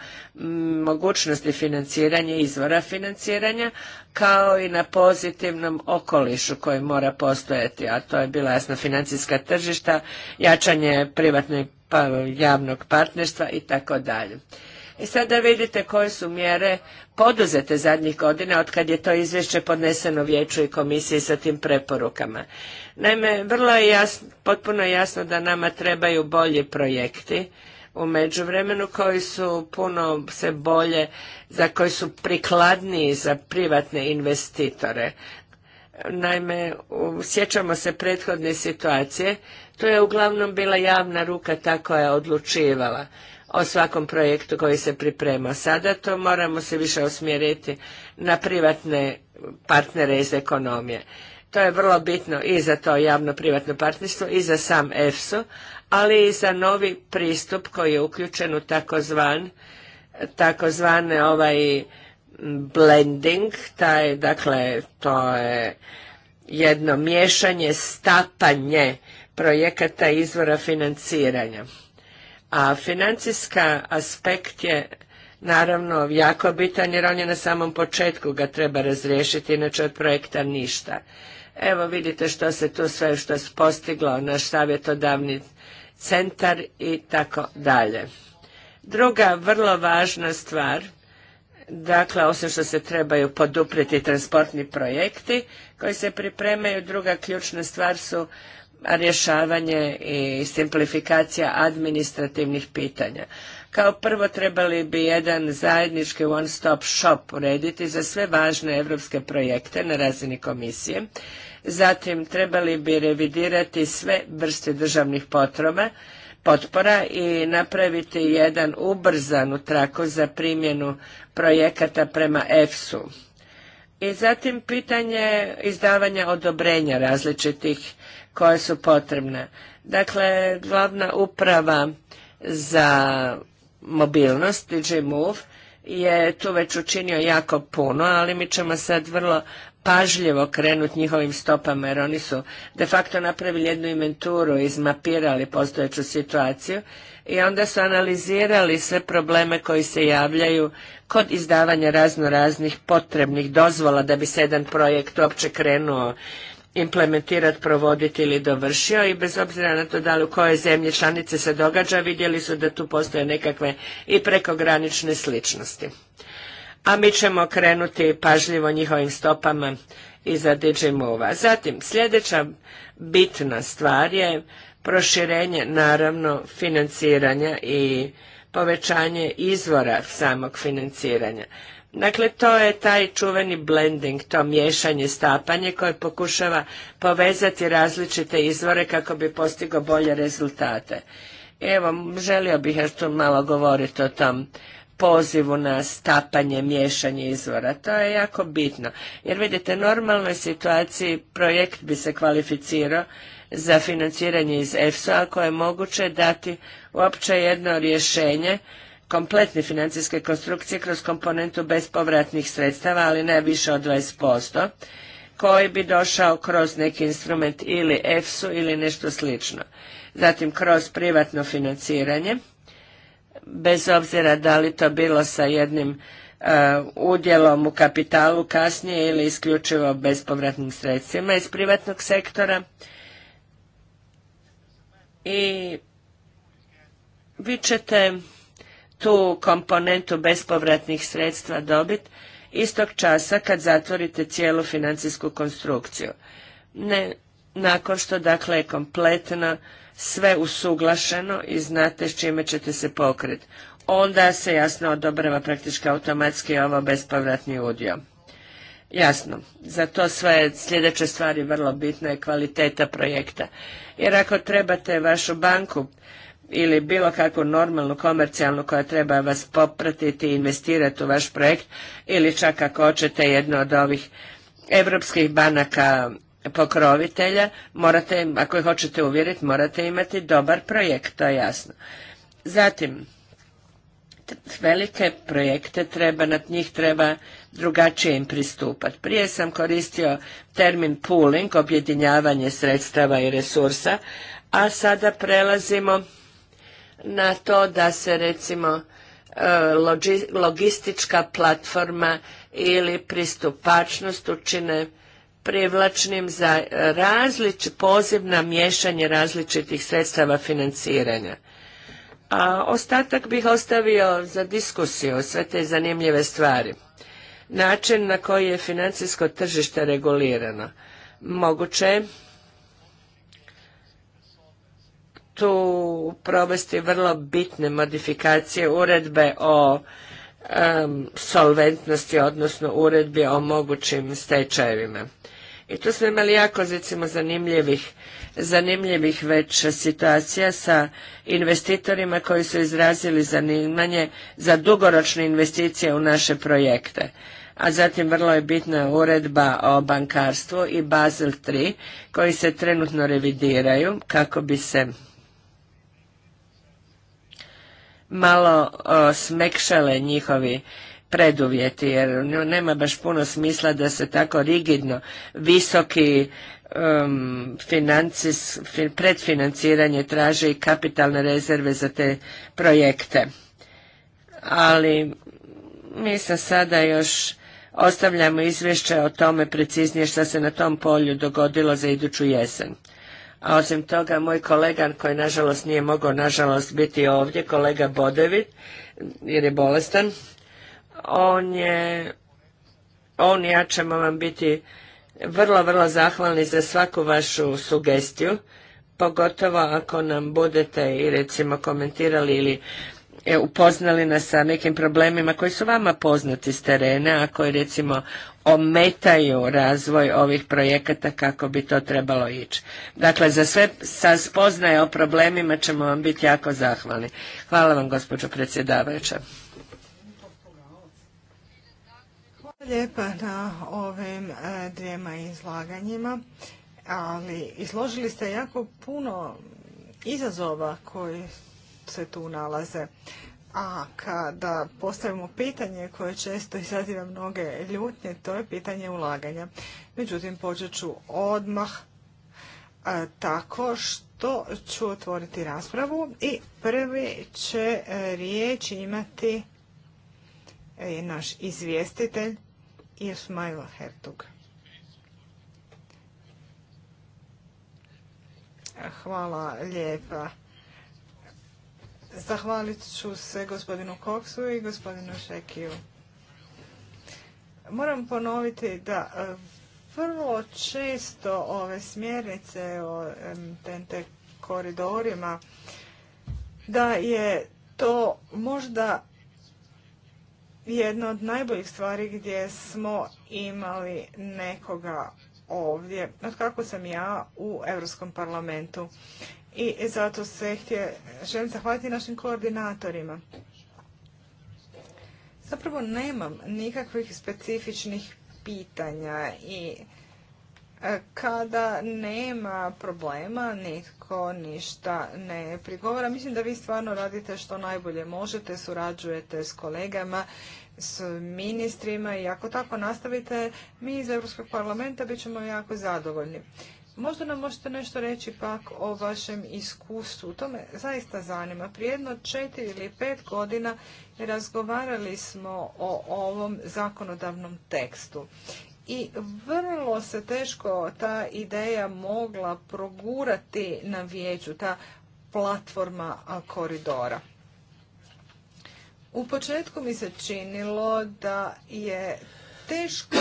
mogućnosti financiranja, izvora financiranja, kao i na pozitivnom okolišu koji mora postojati, a to je bila jasno financijska tržišta, jačanje privatnog pa, javnog partnerstva i tako dalje. I sada vidite koje su mjere poduzete zadnjih godina od kad je to izvješće podneseno vijeću i komisiji sa tim preporukama. Naime, vrlo je jasno, potpuno jasno da nama trebaju bolji projekti u međuvremenu koji su puno se bolje, za koji su prikladniji za privatne investitore. Naime, sjećamo se prethodne situacije, To je uglavnom bila javna ruka ta koja je odlučivala o svakom projektu koji se priprema. Sada to moramo se više osmjeriti na privatne partnere iz ekonomije. To je vrlo bitno i za to javno-privatno partnerstvo i za sam EFSO ali i za novi pristup koji je uključen u takozvan, takozvane ovaj blending, taj, dakle, to je jedno miješanje, stapanje projekata izvora financiranja. A financijska aspekt je naravno jako bitan jer on je na samom početku ga treba razriješiti, inače od projekta ništa. Evo vidite što se tu sve što je postiglo, naš savjetodavni centar i tako dalje. Druga vrlo važna stvar, dakle, osim što se trebaju poduprijeti transportni projekti koji se pripremaju, druga ključna stvar su rješavanje i simplifikacija administrativnih pitanja. Kao prvo trebali bi jedan zajednički one stop shop urediti za sve važne europske projekte na razini komisije. Zatim trebali bi revidirati sve vrste državnih potpora i napraviti jedan ubrzanu traku za primjenu projekata prema EFSU. I zatim pitanje izdavanja odobrenja različitih koje su potrebne. Dakle, glavna uprava za mobilnost, DJ Move, je tu već učinio jako puno, ali mi ćemo sad vrlo pažljivo krenuti njihovim stopama, jer oni su de facto napravili jednu inventuru, izmapirali postojeću situaciju i onda su analizirali sve probleme koji se javljaju kod izdavanja razno raznih potrebnih dozvola da bi se jedan projekt uopće krenuo implementirati, provoditi ili dovršio i bez obzira na to da li u koje zemlje članice se događa, vidjeli su da tu postoje nekakve i prekogranične sličnosti. A mi ćemo krenuti pažljivo njihovim stopama i za Digimove. Zatim, sljedeća bitna stvar je proširenje, naravno, financiranja i povećanje izvora samog financiranja. Dakle, to je taj čuveni blending, to miješanje, stapanje koje pokušava povezati različite izvore kako bi postigao bolje rezultate. Evo, želio bih još tu malo govoriti o tom pozivu na stapanje, miješanje izvora. To je jako bitno. Jer vidite, u normalnoj situaciji projekt bi se kvalificirao za financiranje iz EFSA, koje je moguće dati uopće jedno rješenje kompletne financijske konstrukcije kroz komponentu bespovratnih sredstava, ali ne više od 20%, koji bi došao kroz neki instrument ili EFSU ili nešto slično. Zatim kroz privatno financiranje, bez obzira da li to bilo sa jednim e, udjelom u kapitalu kasnije ili isključivo bespovratnim sredstvima iz privatnog sektora. I vi ćete tu komponentu bespovratnih sredstva dobit istog časa kad zatvorite cijelu financijsku konstrukciju. Ne, nakon što dakle je kompletno sve usuglašeno i znate s čime ćete se pokriti. Onda se jasno odobrava praktički automatski ovo bespovratni udio. Jasno, za to sve sljedeće stvari vrlo bitna je kvaliteta projekta. Jer ako trebate vašu banku ili bilo kakvu normalnu komercijalnu koja treba vas popratiti i investirati u vaš projekt ili čak ako hoćete jednu od ovih europskih banaka pokrovitelja, morate, ako ih hoćete uvjeriti, morate imati dobar projekt, to je jasno. Zatim, velike projekte treba, nad njih treba drugačije im pristupati. Prije sam koristio termin pooling, objedinjavanje sredstava i resursa, a sada prelazimo na to da se recimo e, logistička platforma ili pristupačnost učine privlačnim za različ, poziv na miješanje različitih sredstava financiranja. A ostatak bih ostavio za diskusiju, sve te zanimljive stvari. Način na koji je financijsko tržište regulirano. Moguće je tu provesti vrlo bitne modifikacije uredbe o solventnosti, odnosno uredbi o mogućim stečajevima. I tu smo imali jako, recimo, zanimljivih, zanimljivih već situacija sa investitorima koji su izrazili zanimanje za dugoročne investicije u naše projekte. A zatim vrlo je bitna uredba o bankarstvu i Basel 3 koji se trenutno revidiraju kako bi se malo smekšale njihovi preduvjeti, jer nema baš puno smisla da se tako rigidno visoki um, predfinanciranje traže i kapitalne rezerve za te projekte. Ali mi sada još ostavljamo izvješće o tome preciznije što se na tom polju dogodilo za iduću jesen a osim toga moj kolega koji nažalost nije mogao nažalost biti ovdje, kolega Bodevit, jer je bolestan, on je, on ja ćemo vam biti vrlo, vrlo zahvalni za svaku vašu sugestiju, pogotovo ako nam budete i recimo komentirali ili e, upoznali nas sa nekim problemima koji su vama poznati s terena, ako je recimo ometaju razvoj ovih projekata kako bi to trebalo ići. Dakle, za sve sa spoznaje o problemima ćemo vam biti jako zahvalni. Hvala vam, gospođo predsjedavajuća. Hvala lijepa na ovim e, dvijema izlaganjima, ali izložili ste jako puno izazova koji se tu nalaze. A kada postavimo pitanje koje često izaziva mnoge ljutnje, to je pitanje ulaganja. Međutim, počet ću odmah e, tako što ću otvoriti raspravu i prvi će e, riječ imati e, naš izvjestitelj Ismail Hertug. Hvala lijepa. Zahvalit ću se gospodinu Koksu i gospodinu Šekiju. Moram ponoviti da e, vrlo često ove smjernice o TNT koridorima da je to možda jedna od najboljih stvari gdje smo imali nekoga ovdje, od kako sam ja u Europskom parlamentu i zato se htje, želim zahvaliti našim koordinatorima. Zapravo nemam nikakvih specifičnih pitanja i e, kada nema problema, nitko ništa ne prigovara. Mislim da vi stvarno radite što najbolje možete, surađujete s kolegama, s ministrima i ako tako nastavite, mi iz Europskog parlamenta bit ćemo jako zadovoljni. Možda nam možete nešto reći pak o vašem iskustvu. To me zaista zanima. Prije jedno četiri ili pet godina razgovarali smo o ovom zakonodavnom tekstu. I vrlo se teško ta ideja mogla progurati na vijeću, ta platforma koridora. U početku mi se činilo da je teško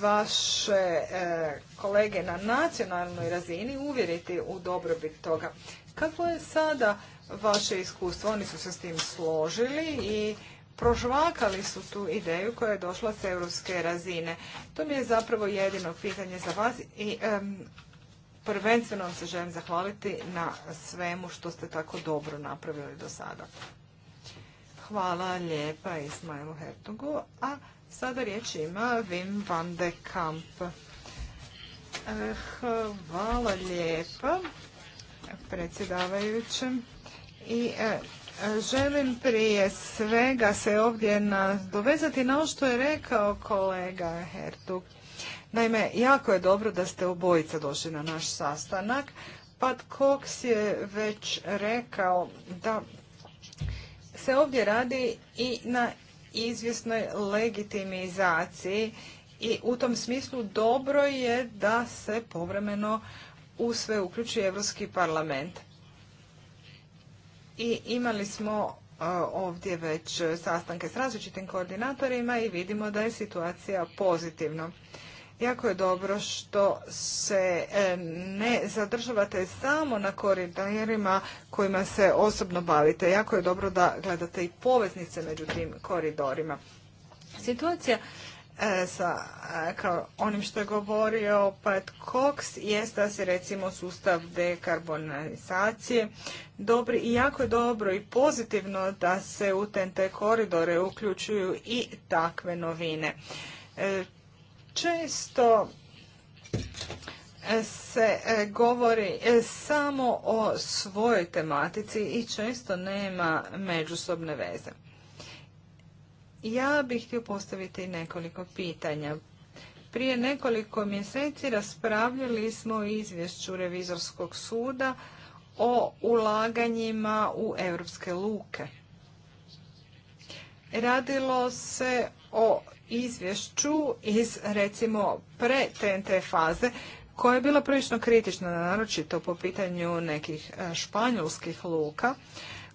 vaše e, kolege na nacionalnoj razini uvjeriti u dobrobit toga. Kako je sada vaše iskustvo? Oni su se s tim složili i prožvakali su tu ideju koja je došla s europske razine. To mi je zapravo jedino pitanje za vas i prvenstveno vam se želim zahvaliti na svemu što ste tako dobro napravili do sada. Hvala lijepa Ismailu Hertogu, a Sada riječ ima Wim van de Kamp. Eh, hvala lijepa predsjedavajućem. I eh, želim prije svega se ovdje dovezati na ovo što je rekao kolega Hertug. Naime, jako je dobro da ste obojica došli na naš sastanak. Pat Cox je već rekao da se ovdje radi i na izvjesnoj legitimizaciji i u tom smislu dobro je da se povremeno u sve uključi Europski parlament. I imali smo e, ovdje već sastanke s različitim koordinatorima i vidimo da je situacija pozitivna. Jako je dobro što se e, ne zadržavate samo na koridorima kojima se osobno bavite. Jako je dobro da gledate i poveznice među tim koridorima. Situacija e, sa e, kao onim što je govorio Pat Cox jest da se recimo sustav dekarbonizacije dobri i jako je dobro i pozitivno da se u TNT koridore uključuju i takve novine. Često e, se e, govori e, samo o svojoj tematici i često nema međusobne veze. Ja bih htio postaviti nekoliko pitanja. Prije nekoliko mjeseci raspravljali smo o izvješću Revizorskog suda o ulaganjima u europske luke. Radilo se o izvješću iz recimo pre TNT faze koja je bila prilično kritična, naročito po pitanju nekih e, španjolskih luka,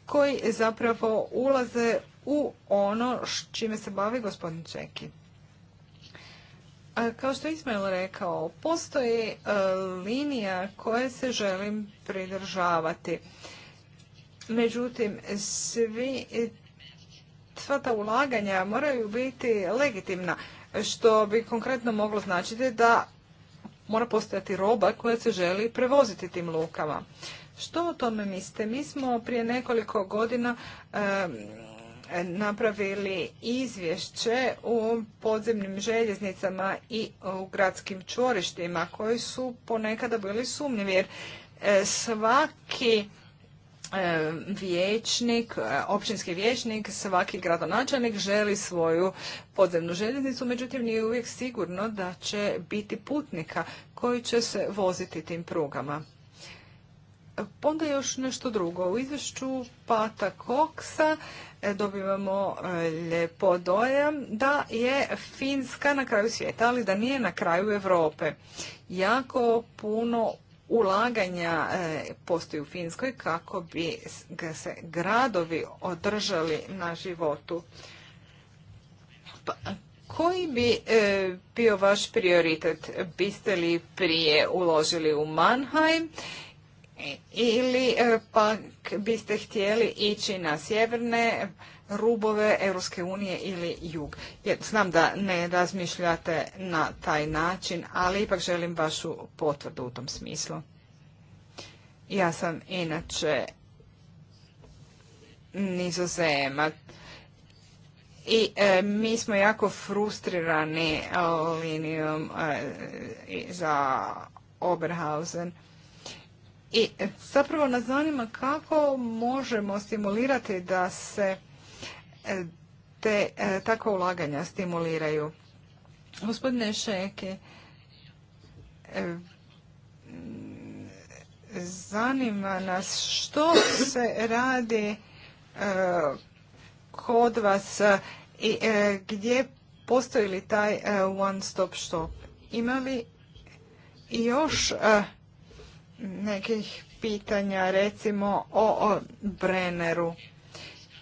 koji zapravo ulaze u ono čime se bavi gospodin Čeki. Kao što je Ismail rekao, postoji e, linija koje se želim pridržavati. Međutim, svi sva ta ulaganja moraju biti legitimna, što bi konkretno moglo značiti da mora postojati roba koja se želi prevoziti tim lukama. Što o tome mislite? Mi smo prije nekoliko godina napravili izvješće u podzemnim željeznicama i u gradskim čvorištima koji su ponekada bili sumnjivi jer e, svaki E, vijećnik, e, općinski vijećnik, svaki gradonačelnik želi svoju podzemnu željeznicu, međutim nije uvijek sigurno da će biti putnika koji će se voziti tim prugama. Pa onda još nešto drugo. U izvješću Pata Koksa e, dobivamo lijepo dojam da je Finska na kraju svijeta, ali da nije na kraju Europe. Jako puno ulaganja e, postoji u Finskoj kako bi se gradovi održali na životu. Pa, koji bi e, bio vaš prioritet? Biste li prije uložili u Mannheim ili e, pak biste htjeli ići na sjeverne rubove Europske unije ili jug. Jer znam da ne razmišljate na taj način, ali ipak želim vašu potvrdu u tom smislu. Ja sam inače nizozema. i e, mi smo jako frustrirani linijom e, za Oberhausen i zapravo nas zanima kako možemo stimulirati da se e, te e, takva ulaganja stimuliraju. Gospodine Šeke, e, zanima nas što se radi kod vas i gdje postoji li taj one stop shop. Ima li još nekih pitanja, recimo o, breneru. Brenneru.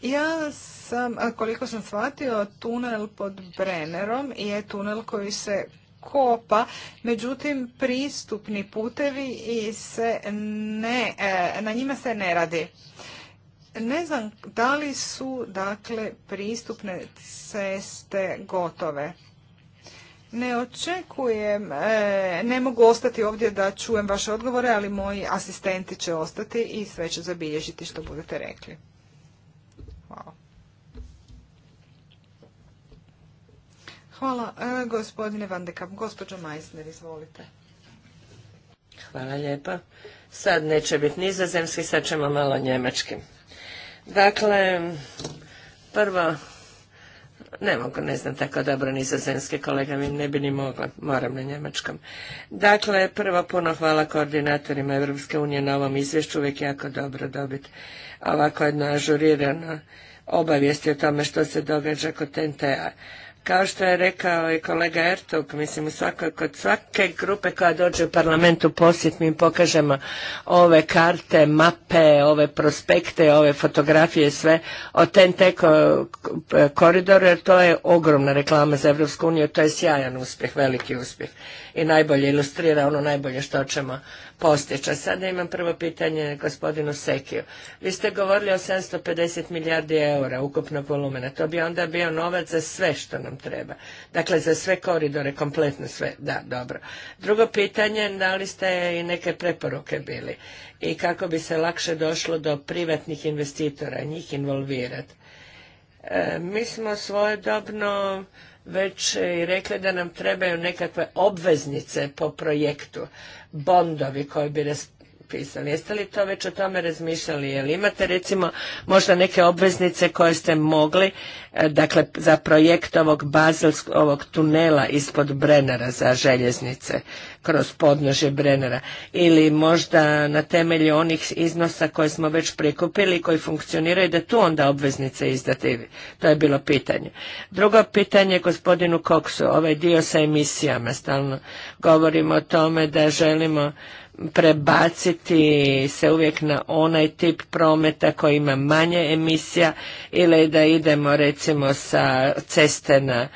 Ja sam, koliko sam shvatio, tunel pod Brennerom je tunel koji se kopa, međutim pristupni putevi i se ne, e, na njima se ne radi. Ne znam da li su dakle pristupne ceste gotove. Ne očekujem, e, ne mogu ostati ovdje da čujem vaše odgovore, ali moji asistenti će ostati i sve će zabilježiti što budete rekli. Hvala. Hvala, e, gospodine Van Gospođo Majsner, izvolite. Hvala lijepa. Sad neće biti nizozemski, sad ćemo malo njemački. Dakle, prvo ne mogu, ne znam tako dobro zemske kolega, mi ne bi ni mogla, moram na njemačkom. Dakle, prvo puno hvala koordinatorima Europske unije na ovom izvješću, uvijek jako dobro dobiti ovako jedno ažurirano obavijesti o tome što se događa kod TNT-a. Kao što je rekao i kolega Ertug, mislim kod svake grupe koja dođe u parlament u posjet mi pokažemo ove karte, mape, ove prospekte, ove fotografije, sve o TNT koridoru, jer to je ogromna reklama za Evropsku uniju, to je sjajan uspjeh, veliki uspjeh i najbolje ilustrira ono najbolje što ćemo postići. A sada imam prvo pitanje gospodinu Sekiju. Vi ste govorili o 750 milijardi eura ukupnog volumena, to bi onda bio novac za sve što nam nam treba. Dakle, za sve koridore, kompletno sve, da, dobro. Drugo pitanje, da li ste i neke preporuke bili i kako bi se lakše došlo do privatnih investitora, njih involvirati. E, mi smo svojedobno već i rekli da nam trebaju nekakve obveznice po projektu, bondovi koji bi pisali. Jeste li to već o tome razmišljali? Jel imate recimo možda neke obveznice koje ste mogli, e, dakle za projekt ovog bazilskog, ovog tunela ispod Brenera za željeznice, kroz podnože Brenera, ili možda na temelju onih iznosa koje smo već prikupili i koji funkcioniraju, da tu onda obveznice izdate? To je bilo pitanje. Drugo pitanje gospodinu Koksu, ovaj dio sa emisijama, stalno govorimo o tome da želimo prebaciti se uvijek na onaj tip prometa koji ima manje emisija ili da idemo recimo sa ceste na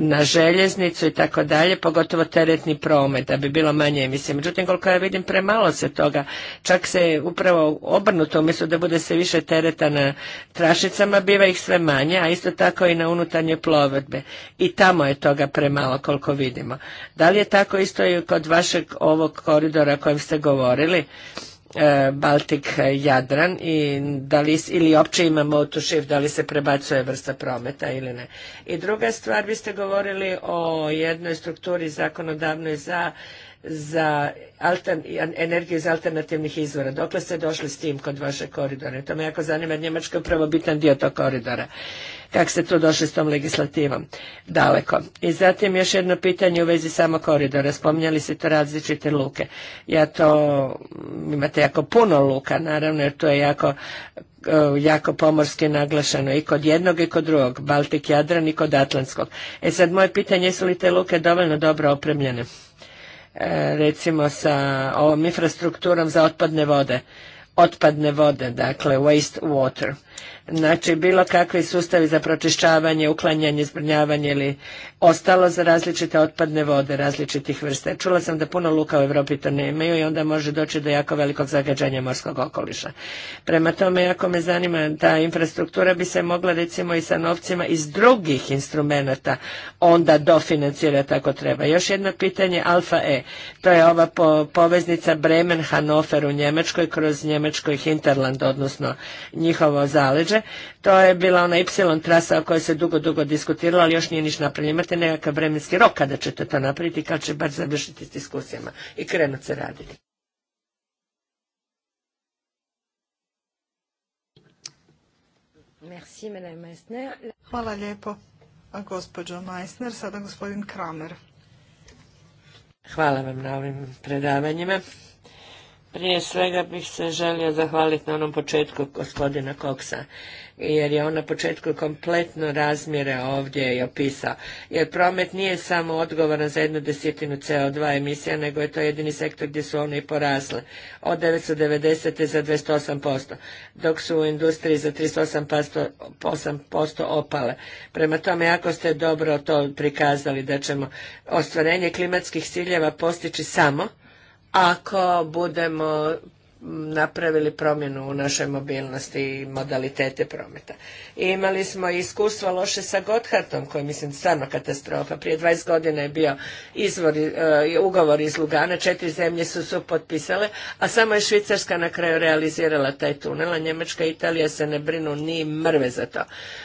na željeznicu i tako dalje, pogotovo teretni promet, da bi bilo manje emisije. Međutim, koliko ja vidim, premalo se toga. Čak se upravo obrnuto, umjesto da bude se više tereta na trašicama, biva ih sve manje, a isto tako i na unutarnje plovedbe. I tamo je toga premalo, koliko vidimo. Da li je tako isto i kod vašeg ovog koridora o kojem ste govorili? E, Baltik Jadran i da ili opće imamo shift, da li se prebacuje vrsta prometa ili ne. I druga stvar, vi ste govorili o jednoj strukturi zakonodavnoj za za energiju iz alternativnih izvora. Dokle ste došli s tim kod vaše koridora? To me jako zanima, Njemačka je upravo bitan dio tog koridora kako ste tu došli s tom legislativom daleko. I zatim još jedno pitanje u vezi samo koridora. Spominjali ste to različite luke. Ja to, mm, imate jako puno luka, naravno, jer to je jako e, jako pomorski naglašeno i kod jednog i kod drugog, Baltik, Jadran i kod Atlantskog. E sad moje pitanje, jesu li te luke dovoljno dobro opremljene? E, recimo sa ovom infrastrukturom za otpadne vode. Otpadne vode, dakle waste water. Znači, bilo kakvi sustavi za pročišćavanje, uklanjanje, zbrinjavanje ili ostalo za različite otpadne vode različitih vrste. Čula sam da puno luka u Europi to nemaju i onda može doći do jako velikog zagađanja morskog okoliša. Prema tome, ako me zanima, ta infrastruktura bi se mogla recimo i sa novcima iz drugih instrumenata onda dofinancirati ako treba. Još jedno pitanje, Alfa E. To je ova po, poveznica Bremen-Hanofer u Njemačkoj kroz njemačkoj Hinterland, odnosno njihovo zaleđe to je bila ona Y trasa o kojoj se dugo, dugo diskutiralo, ali još nije niš napravljeno. Imate nekakav vremenski rok kada ćete to napraviti i kad će bar završiti s diskusijama i krenut se raditi. Hvala lijepo, gospođo Meissner. Sada gospodin Kramer. Hvala vam na ovim predavanjima. Prije svega bih se želio zahvaliti na onom početku gospodina Koksa, jer je on na početku kompletno razmjere ovdje i opisao. Jer promet nije samo odgovoran za jednu desetinu CO2 emisija, nego je to jedini sektor gdje su one i porasle. Od 990. za 208%, dok su u industriji za 38% opale. Prema tome, jako ste dobro to prikazali, da ćemo ostvarenje klimatskih ciljeva postići samo ako budemo napravili promjenu u našoj mobilnosti i modalitete prometa. imali smo i iskustva loše sa Gotthardom, koji je, mislim, stvarno katastrofa. Prije 20 godina je bio izvor, e, ugovor iz Lugana, četiri zemlje su su potpisale, a samo je Švicarska na kraju realizirala taj tunel, a Njemačka i Italija se ne brinu ni mrve za to.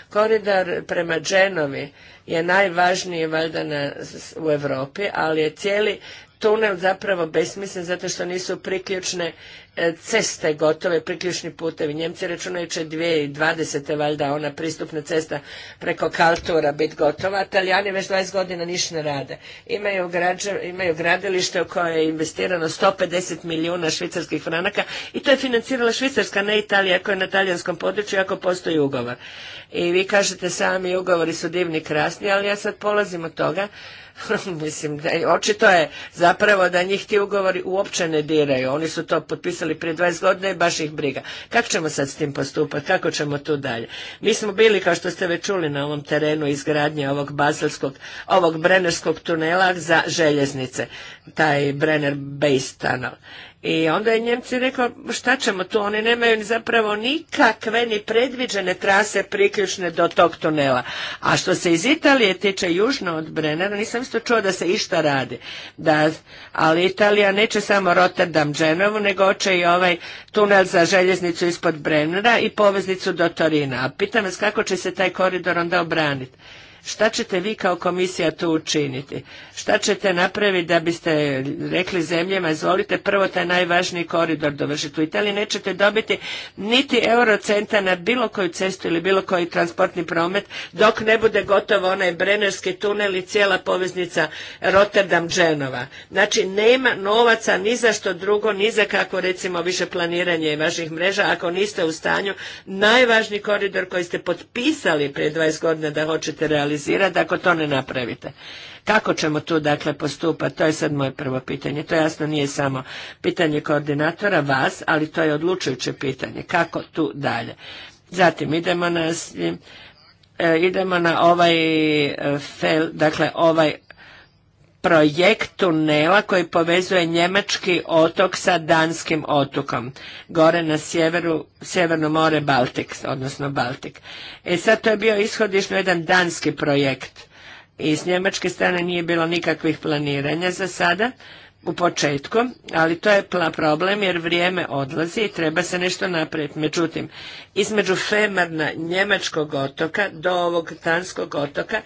Koridor prema Dženovi je najvažniji valjda u Europi, ali je cijeli tunel zapravo besmislen zato što nisu priključne e, ceste gotove, priključni putevi. Njemci računaju će 2020. valjda ona pristupna cesta preko Kaltura biti gotova. Italijani već 20 godina ništa ne rade. Imaju, imaju gradilište u koje je investirano 150 milijuna švicarskih franaka i to je financirala Švicarska, ne Italija koja je na talijanskom području ako postoji ugovor. I vi kažete sami ugovori su divni krasni, ali ja sad polazim od toga Mislim, da, očito je zapravo da njih ti ugovori uopće ne diraju. Oni su to potpisali prije 20 godina i baš ih briga. Kako ćemo sad s tim postupati? Kako ćemo tu dalje? Mi smo bili, kao što ste već čuli, na ovom terenu izgradnje ovog baselskog, ovog brenerskog tunela za željeznice, taj Brenner Base tunnel. I onda je Njemci rekao šta ćemo tu, oni nemaju zapravo nikakve ni predviđene trase priključne do tog tunela. A što se iz Italije tiče južno od Brennera, nisam isto čuo da se išta radi. Da, ali Italija neće samo Rotterdam Dženovu, nego će i ovaj tunel za željeznicu ispod Brennera i poveznicu do Torina. A pitam vas kako će se taj koridor onda obraniti. Šta ćete vi kao komisija tu učiniti? Šta ćete napraviti da biste rekli zemljama, izvolite prvo taj najvažniji koridor dovršiti u Italiji, nećete dobiti niti eurocenta na bilo koju cestu ili bilo koji transportni promet dok ne bude gotovo onaj Brenerski tunel i cijela poveznica Rotterdam-Dženova. Znači, nema novaca ni za što drugo, ni za kako recimo više planiranje vaših mreža ako niste u stanju najvažniji koridor koji ste potpisali pre 20 godina da hoćete realizirati realizirati ako to ne napravite. Kako ćemo tu dakle postupati? To je sad moje prvo pitanje. To jasno nije samo pitanje koordinatora vas, ali to je odlučujuće pitanje. Kako tu dalje? Zatim idemo na e, idemo na ovaj e, fel, dakle ovaj projekt tunela koji povezuje njemački otok sa danskim otokom, gore na sjeveru, sjeverno more Baltik, odnosno Baltik. E sad to je bio ishodišno jedan danski projekt i s njemačke strane nije bilo nikakvih planiranja za sada, u početku, ali to je problem jer vrijeme odlazi i treba se nešto napraviti. Međutim, između Femarna njemačkog otoka do ovog danskog otoka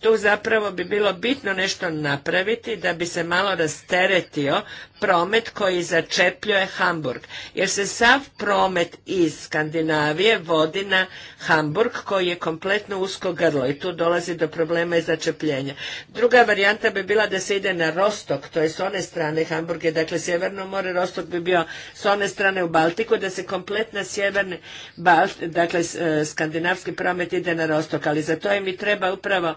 tu zapravo bi bilo bitno nešto napraviti da bi se malo rasteretio promet koji začepljuje Hamburg. Jer se sav promet iz Skandinavije vodi na Hamburg koji je kompletno usko grlo i tu dolazi do problema i začepljenja. Druga varijanta bi bila da se ide na Rostok, to je s one strane Hamburge, dakle Sjeverno more, Rostok bi bio s one strane u Baltiku, da se kompletna sjeverni, dakle e, skandinavski promet ide na Rostok, ali za to im i treba upravo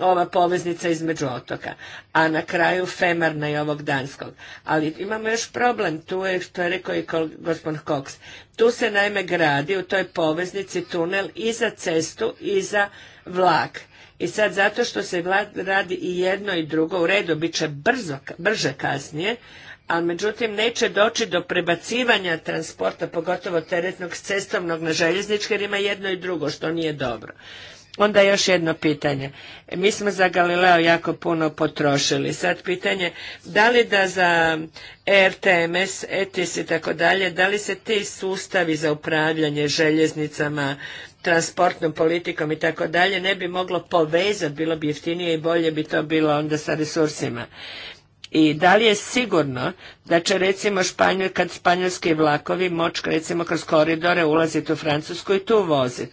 ova poveznica između otoka, a na kraju Femarna i ovog Danskog. Ali imamo još problem, tu je što je rekao i gospodin Cox. Tu se naime gradi u toj poveznici tunel i za cestu i za vlak. I sad zato što se radi i jedno i drugo, u redu bit će brzo, brže kasnije, ali međutim neće doći do prebacivanja transporta, pogotovo teretnog s cestovnog na željezničke, jer ima jedno i drugo što nije dobro. Onda još jedno pitanje. Mi smo za Galileo jako puno potrošili. Sad pitanje, da li da za RTMS, ETIS i tako dalje, da li se ti sustavi za upravljanje željeznicama, transportnom politikom i tako dalje ne bi moglo povezati, bilo bi jeftinije i bolje bi to bilo onda sa resursima. I da li je sigurno da će recimo Španjol, kad španjolski vlakovi moći recimo kroz koridore ulaziti u Francusku i tu voziti?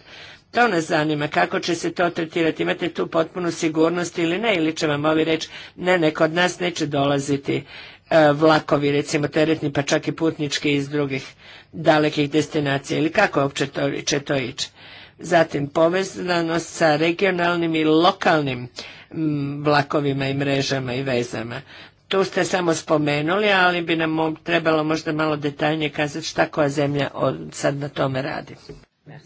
To nas zanima, kako će se to tretirati, imate tu potpunu sigurnost ili ne, ili će vam ovi reći, ne, ne, kod nas neće dolaziti e, vlakovi, recimo teretni, pa čak i putnički iz drugih dalekih destinacija, ili kako uopće to, će to ići. Zatim povezanost sa regionalnim i lokalnim vlakovima i mrežama i vezama. Tu ste samo spomenuli, ali bi nam trebalo možda malo detaljnije kazati šta koja zemlja od, sad na tome radi. Hvala.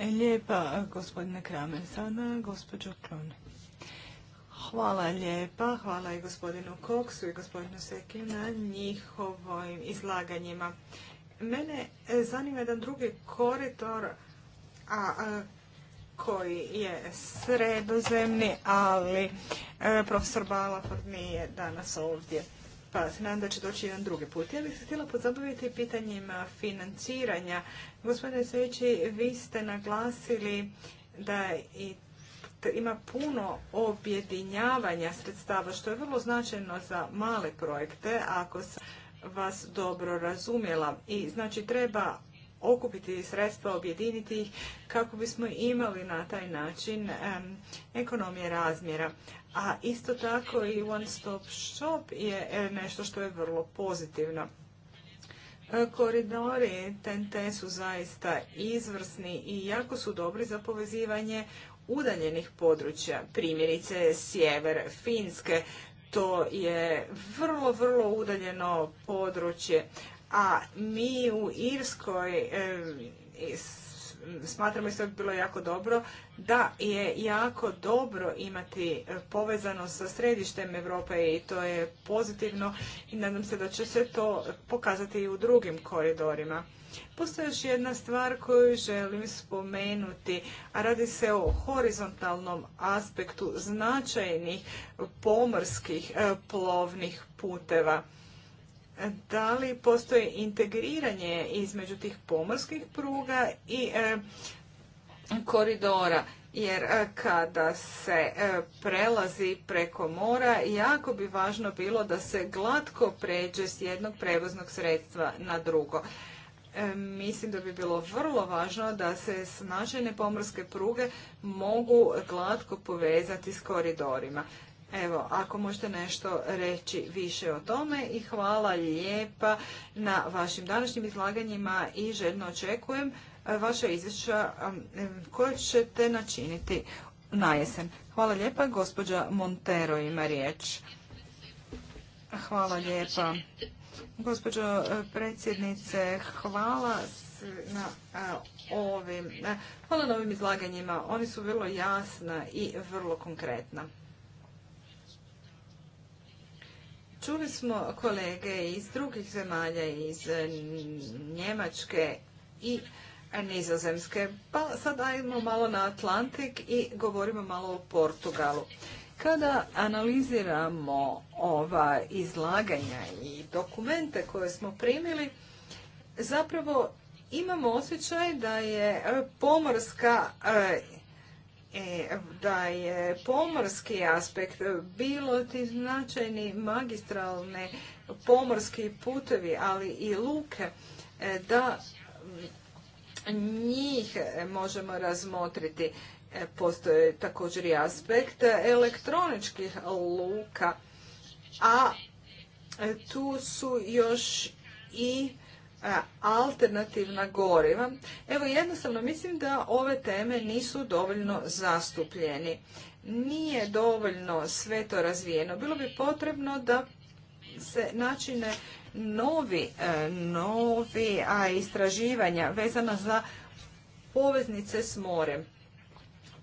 Lijepa, Hvala hvala i gospodinu Koksu i gospodinu seke na njihovim izlaganjima. Mene e, zanima jedan drugi koridor a, koji je sredozemni, ali e, profesor Balafor nije danas ovdje pa se nadam da će doći jedan drugi put. Ja bih se htjela pozabaviti pitanjima financiranja. Gospodine Sveći, vi ste naglasili da i ima puno objedinjavanja sredstava, što je vrlo značajno za male projekte, ako sam vas dobro razumjela. I znači treba okupiti sredstva, objediniti ih kako bismo imali na taj način ekonomije razmjera. A isto tako i One Stop Shop je e, nešto što je vrlo pozitivno. E, koridori TNT su zaista izvrsni i jako su dobri za povezivanje udaljenih područja, primjerice sjever Finske. To je vrlo, vrlo udaljeno područje, a mi u Irskoj s e, smatramo se bi bilo jako dobro da je jako dobro imati e, povezano sa središtem Europe i to je pozitivno i nadam se da će se to pokazati i u drugim koridorima. Postoji još jedna stvar koju želim spomenuti, a radi se o horizontalnom aspektu značajnih pomorskih e, plovnih puteva da li postoji integriranje između tih pomorskih pruga i e, koridora jer e, kada se e, prelazi preko mora jako bi važno bilo da se glatko pređe s jednog prevoznog sredstva na drugo. Mislim da bi bilo vrlo važno da se snažene pomorske pruge mogu glatko povezati s koridorima. Evo, ako možete nešto reći više o tome i hvala lijepa na vašim današnjim izlaganjima i željno očekujem e, vaša izvješća koje ćete načiniti na jesen. Hvala lijepa, gospođa Montero ima riječ. Hvala lijepa. Gospođo e, predsjednice, hvala na ovim, e, hvala na ovim izlaganjima. Oni su vrlo jasna i vrlo konkretna. Čuli smo kolege iz drugih zemalja, iz eh, Njemačke i Nizozemske. Pa sad ajmo malo na Atlantik i govorimo malo o Portugalu. Kada analiziramo ova izlaganja i dokumente koje smo primili, zapravo imamo osjećaj da je pomorska eh, E, da je pomorski aspekt bilo ti značajni magistralne pomorski putevi, ali i luke, e, da njih možemo razmotriti. E, postoje također i aspekt elektroničkih luka, a tu su još i alternativna goriva. Evo jednostavno mislim da ove teme nisu dovoljno zastupljeni. Nije dovoljno sve to razvijeno. Bilo bi potrebno da se načine e, novi, a istraživanja vezana za poveznice s morem.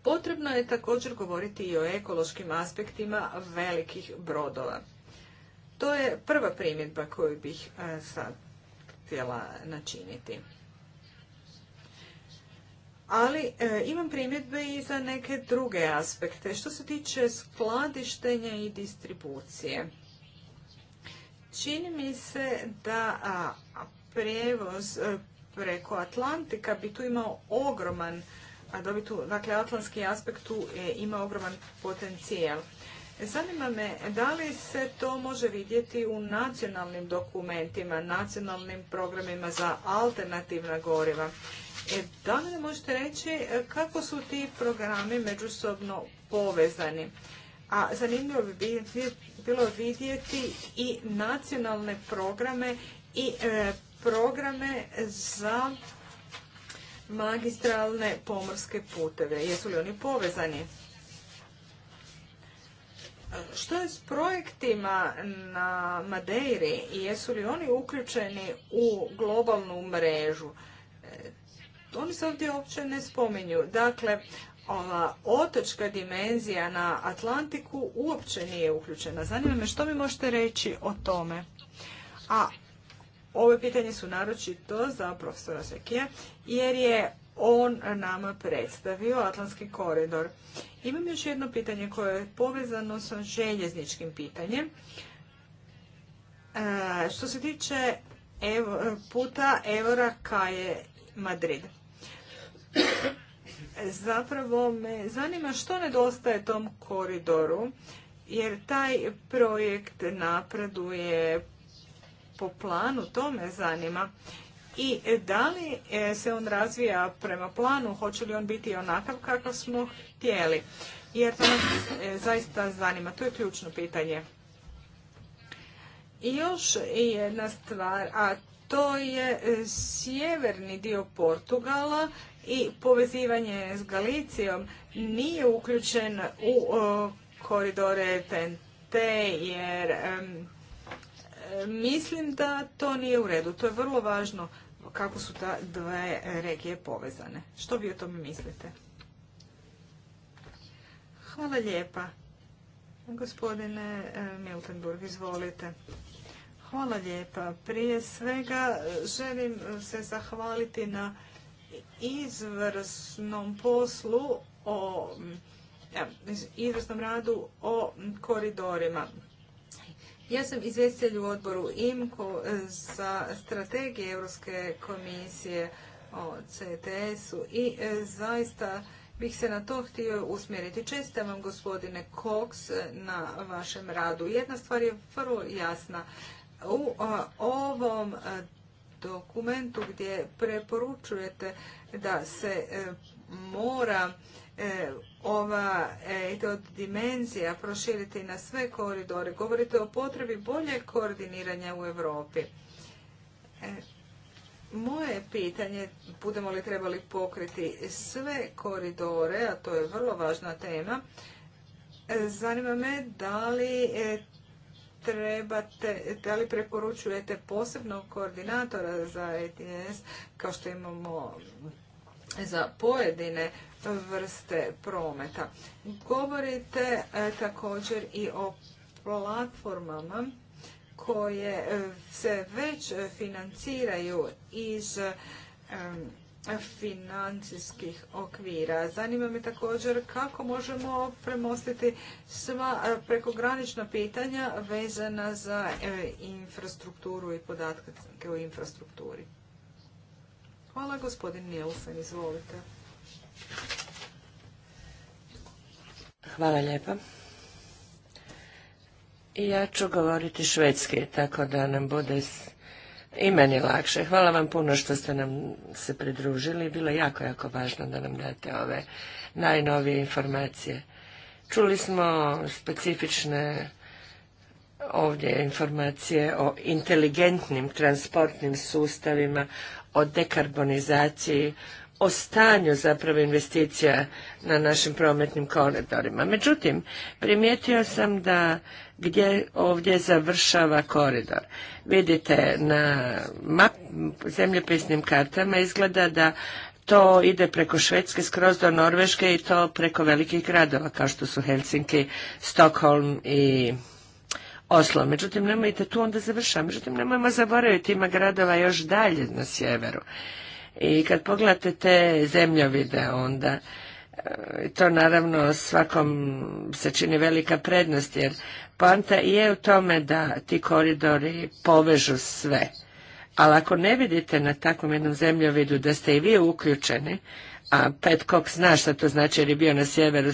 Potrebno je također govoriti i o ekološkim aspektima velikih brodova. To je prva primjedba koju bih e, sad htjela načiniti. Ali e, imam primjedbe i za neke druge aspekte. Što se tiče skladištenja i distribucije. Čini mi se da a, prevoz e, preko Atlantika bi tu imao ogroman, a dakle atlantski aspekt tu e, ima ogroman potencijal. Zanima me, da li se to može vidjeti u nacionalnim dokumentima, nacionalnim programima za alternativna goriva? E, da li možete reći e, kako su ti programi međusobno povezani? A zanimljivo bi bilo vidjeti i nacionalne programe i e, programe za magistralne pomorske puteve. Jesu li oni povezani? što je s projektima na Madeiri i jesu li oni uključeni u globalnu mrežu? E, oni se ovdje uopće ne spominju. Dakle, ova otočka dimenzija na Atlantiku uopće nije uključena. Zanima me što mi možete reći o tome? A ove pitanje su naročito za profesora Sekija, jer je on nama predstavio Atlantski koridor. Imam još jedno pitanje koje je povezano sa željezničkim pitanjem. E, što se tiče puta Evora Kaje Madrid. Zapravo me zanima što nedostaje tom koridoru, jer taj projekt napreduje po planu, to me zanima i e, da li e, se on razvija prema planu, hoće li on biti onakav kakav smo htjeli. Jer to nas e, zaista zanima, to je ključno pitanje. I još jedna stvar, a to je sjeverni dio Portugala i povezivanje s Galicijom nije uključen u koridore TNT jer mislim da to nije u redu. To je vrlo važno kako su ta dve regije povezane. Što vi o tome mislite? Hvala lijepa. Gospodine eh, Miltenburg, izvolite. Hvala lijepa. Prije svega eh, želim eh, se zahvaliti na izvrsnom poslu o mm, izvrsnom radu o koridorima. Ja sam izvjestitelj u odboru IMCO e, za strategije Europske komisije o CTS-u i e, zaista bih se na to htio usmjeriti. Čestam vam gospodine Cox e, na vašem radu. Jedna stvar je vrlo jasna. U ovom dokumentu gdje preporučujete da se mora ova e, dimenzija proširiti na sve koridore. Govorite o potrebi bolje koordiniranja u Europi. E, moje pitanje, budemo li trebali pokriti sve koridore, a to je vrlo važna tema, e, zanima me da li e, trebate, da li preporučujete posebnog koordinatora za ETS, kao što imamo za pojedine vrste prometa. Govorite e, također i o platformama koje e, se već financiraju iz financijskih okvira. Zanima me također kako možemo premostiti sva e, prekogranična pitanja vezana za infrastrukturu i podatke u infrastrukturi. Hvala, gospodin Nielsen, izvolite. Hvala lijepa. I ja ću govoriti švedski, tako da nam bude i meni lakše. Hvala vam puno što ste nam se pridružili. Bilo je jako, jako važno da nam date ove najnovije informacije. Čuli smo specifične ovdje informacije o inteligentnim transportnim sustavima, o dekarbonizaciji, o stanju zapravo investicija na našim prometnim koridorima. Međutim, primijetio sam da gdje ovdje završava koridor. Vidite, na map, zemljopisnim kartama izgleda da to ide preko Švedske skroz do Norveške i to preko velikih gradova kao što su Helsinki, Stockholm i Oslo. Međutim, nemojte tu onda završava. Međutim, nemojmo zaboraviti, ima gradova još dalje na sjeveru. I kad pogledate te zemljovide, onda e, to naravno svakom se čini velika prednost, jer poanta je u tome da ti koridori povežu sve. Ali ako ne vidite na takvom jednom zemljovidu da ste i vi uključeni, a Pet zna što to znači jer je bio na sjeveru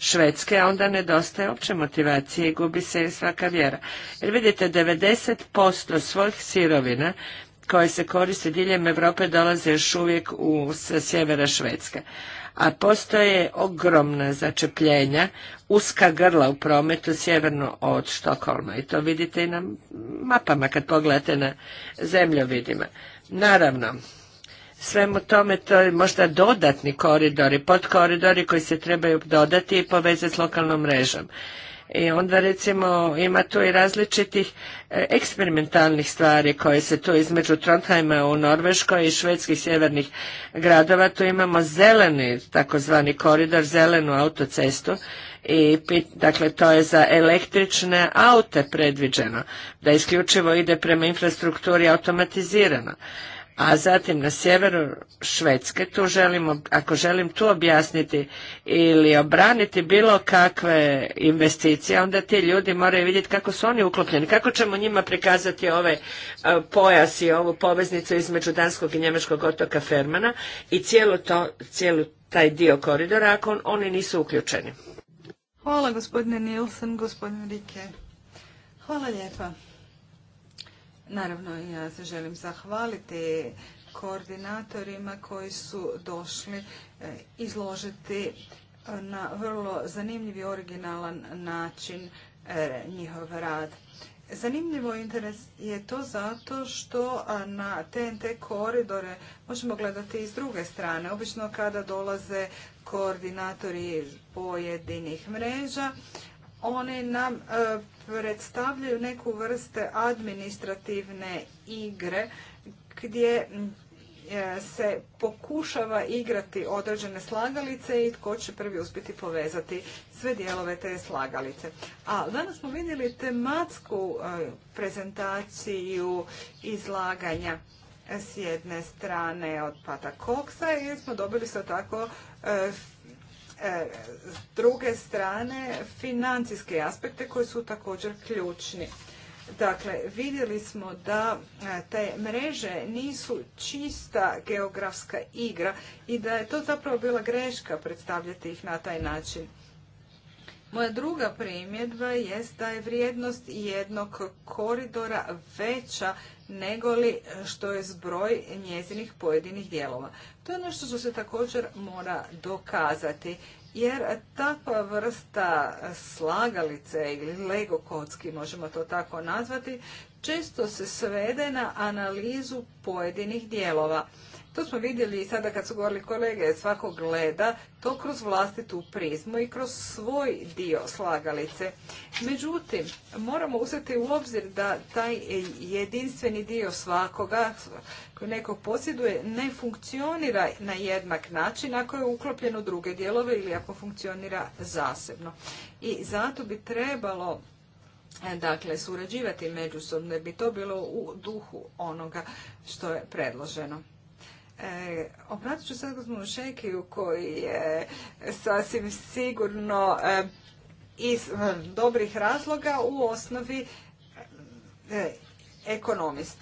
Švedske, a onda nedostaje opće motivacije i gubi se svaka vjera. Jer vidite, 90% svojih sirovina koje se koriste diljem Europe dolaze još uvijek u, sa sjevera Švedske. A postoje ogromna začepljenja, uska grla u prometu sjeverno od Štokolma i to vidite i na mapama kad pogledate na zemljovidima. Naravno, svemu tome to je možda dodatni koridori, podkoridori koji se trebaju dodati i poveze s lokalnom mrežom. I onda recimo ima tu i različitih e, eksperimentalnih stvari koje se tu između Trondheima u Norveškoj i švedskih sjevernih gradova. Tu imamo zeleni takozvani koridor, zelenu autocestu i dakle to je za električne aute predviđeno da isključivo ide prema infrastrukturi automatizirano a zatim na sjeveru Švedske, tu želimo, ako želim tu objasniti ili obraniti bilo kakve investicije, onda ti ljudi moraju vidjeti kako su oni uklopljeni, kako ćemo njima prikazati ovaj e, pojas i ovu poveznicu između danskog i njemačkog otoka Fermana i cijelu to, cijelu taj dio koridora ako oni nisu uključeni. Hvala gospodine Nilsen, gospodine Rike. Hvala lijepa. Naravno, ja se želim zahvaliti koordinatorima koji su došli e, izložiti e, na vrlo zanimljiv i originalan način e, njihov rad. Zanimljivo interes je to zato što na TNT koridore možemo gledati iz druge strane. Obično kada dolaze koordinatori pojedinih mreža, oni nam predstavljaju neku vrste administrativne igre gdje mm, e, se pokušava igrati određene slagalice i tko će prvi uspjeti povezati sve dijelove te slagalice. A danas smo vidjeli tematsku e, prezentaciju izlaganja s jedne strane od Pata Koksa i smo dobili se tako e, E, s druge strane financijske aspekte koji su također ključni. Dakle, vidjeli smo da e, te mreže nisu čista geografska igra i da je to zapravo bila greška predstavljati ih na taj način. Moja druga primjedba jest da je vrijednost jednog koridora veća nego li e, što je zbroj njezinih pojedinih dijelova. To je ono što se također mora dokazati jer takva vrsta slagalice ili lego možemo to tako nazvati, često se svede na analizu pojedinih dijelova. To smo vidjeli i sada kad su govorili kolege, svakog gleda to kroz vlastitu prizmu i kroz svoj dio slagalice. Međutim, moramo uzeti u obzir da taj jedinstveni dio svakoga koji neko posjeduje ne funkcionira na jednak način ako je uklopljeno u druge dijelove ili ako funkcionira zasebno. I zato bi trebalo e, dakle surađivati međusobno jer bi to bilo u duhu onoga što je predloženo. E, obratit ću sad gospodinu Šekiju koji je sasvim sigurno e, iz e, dobrih razloga u osnovi ekonomist.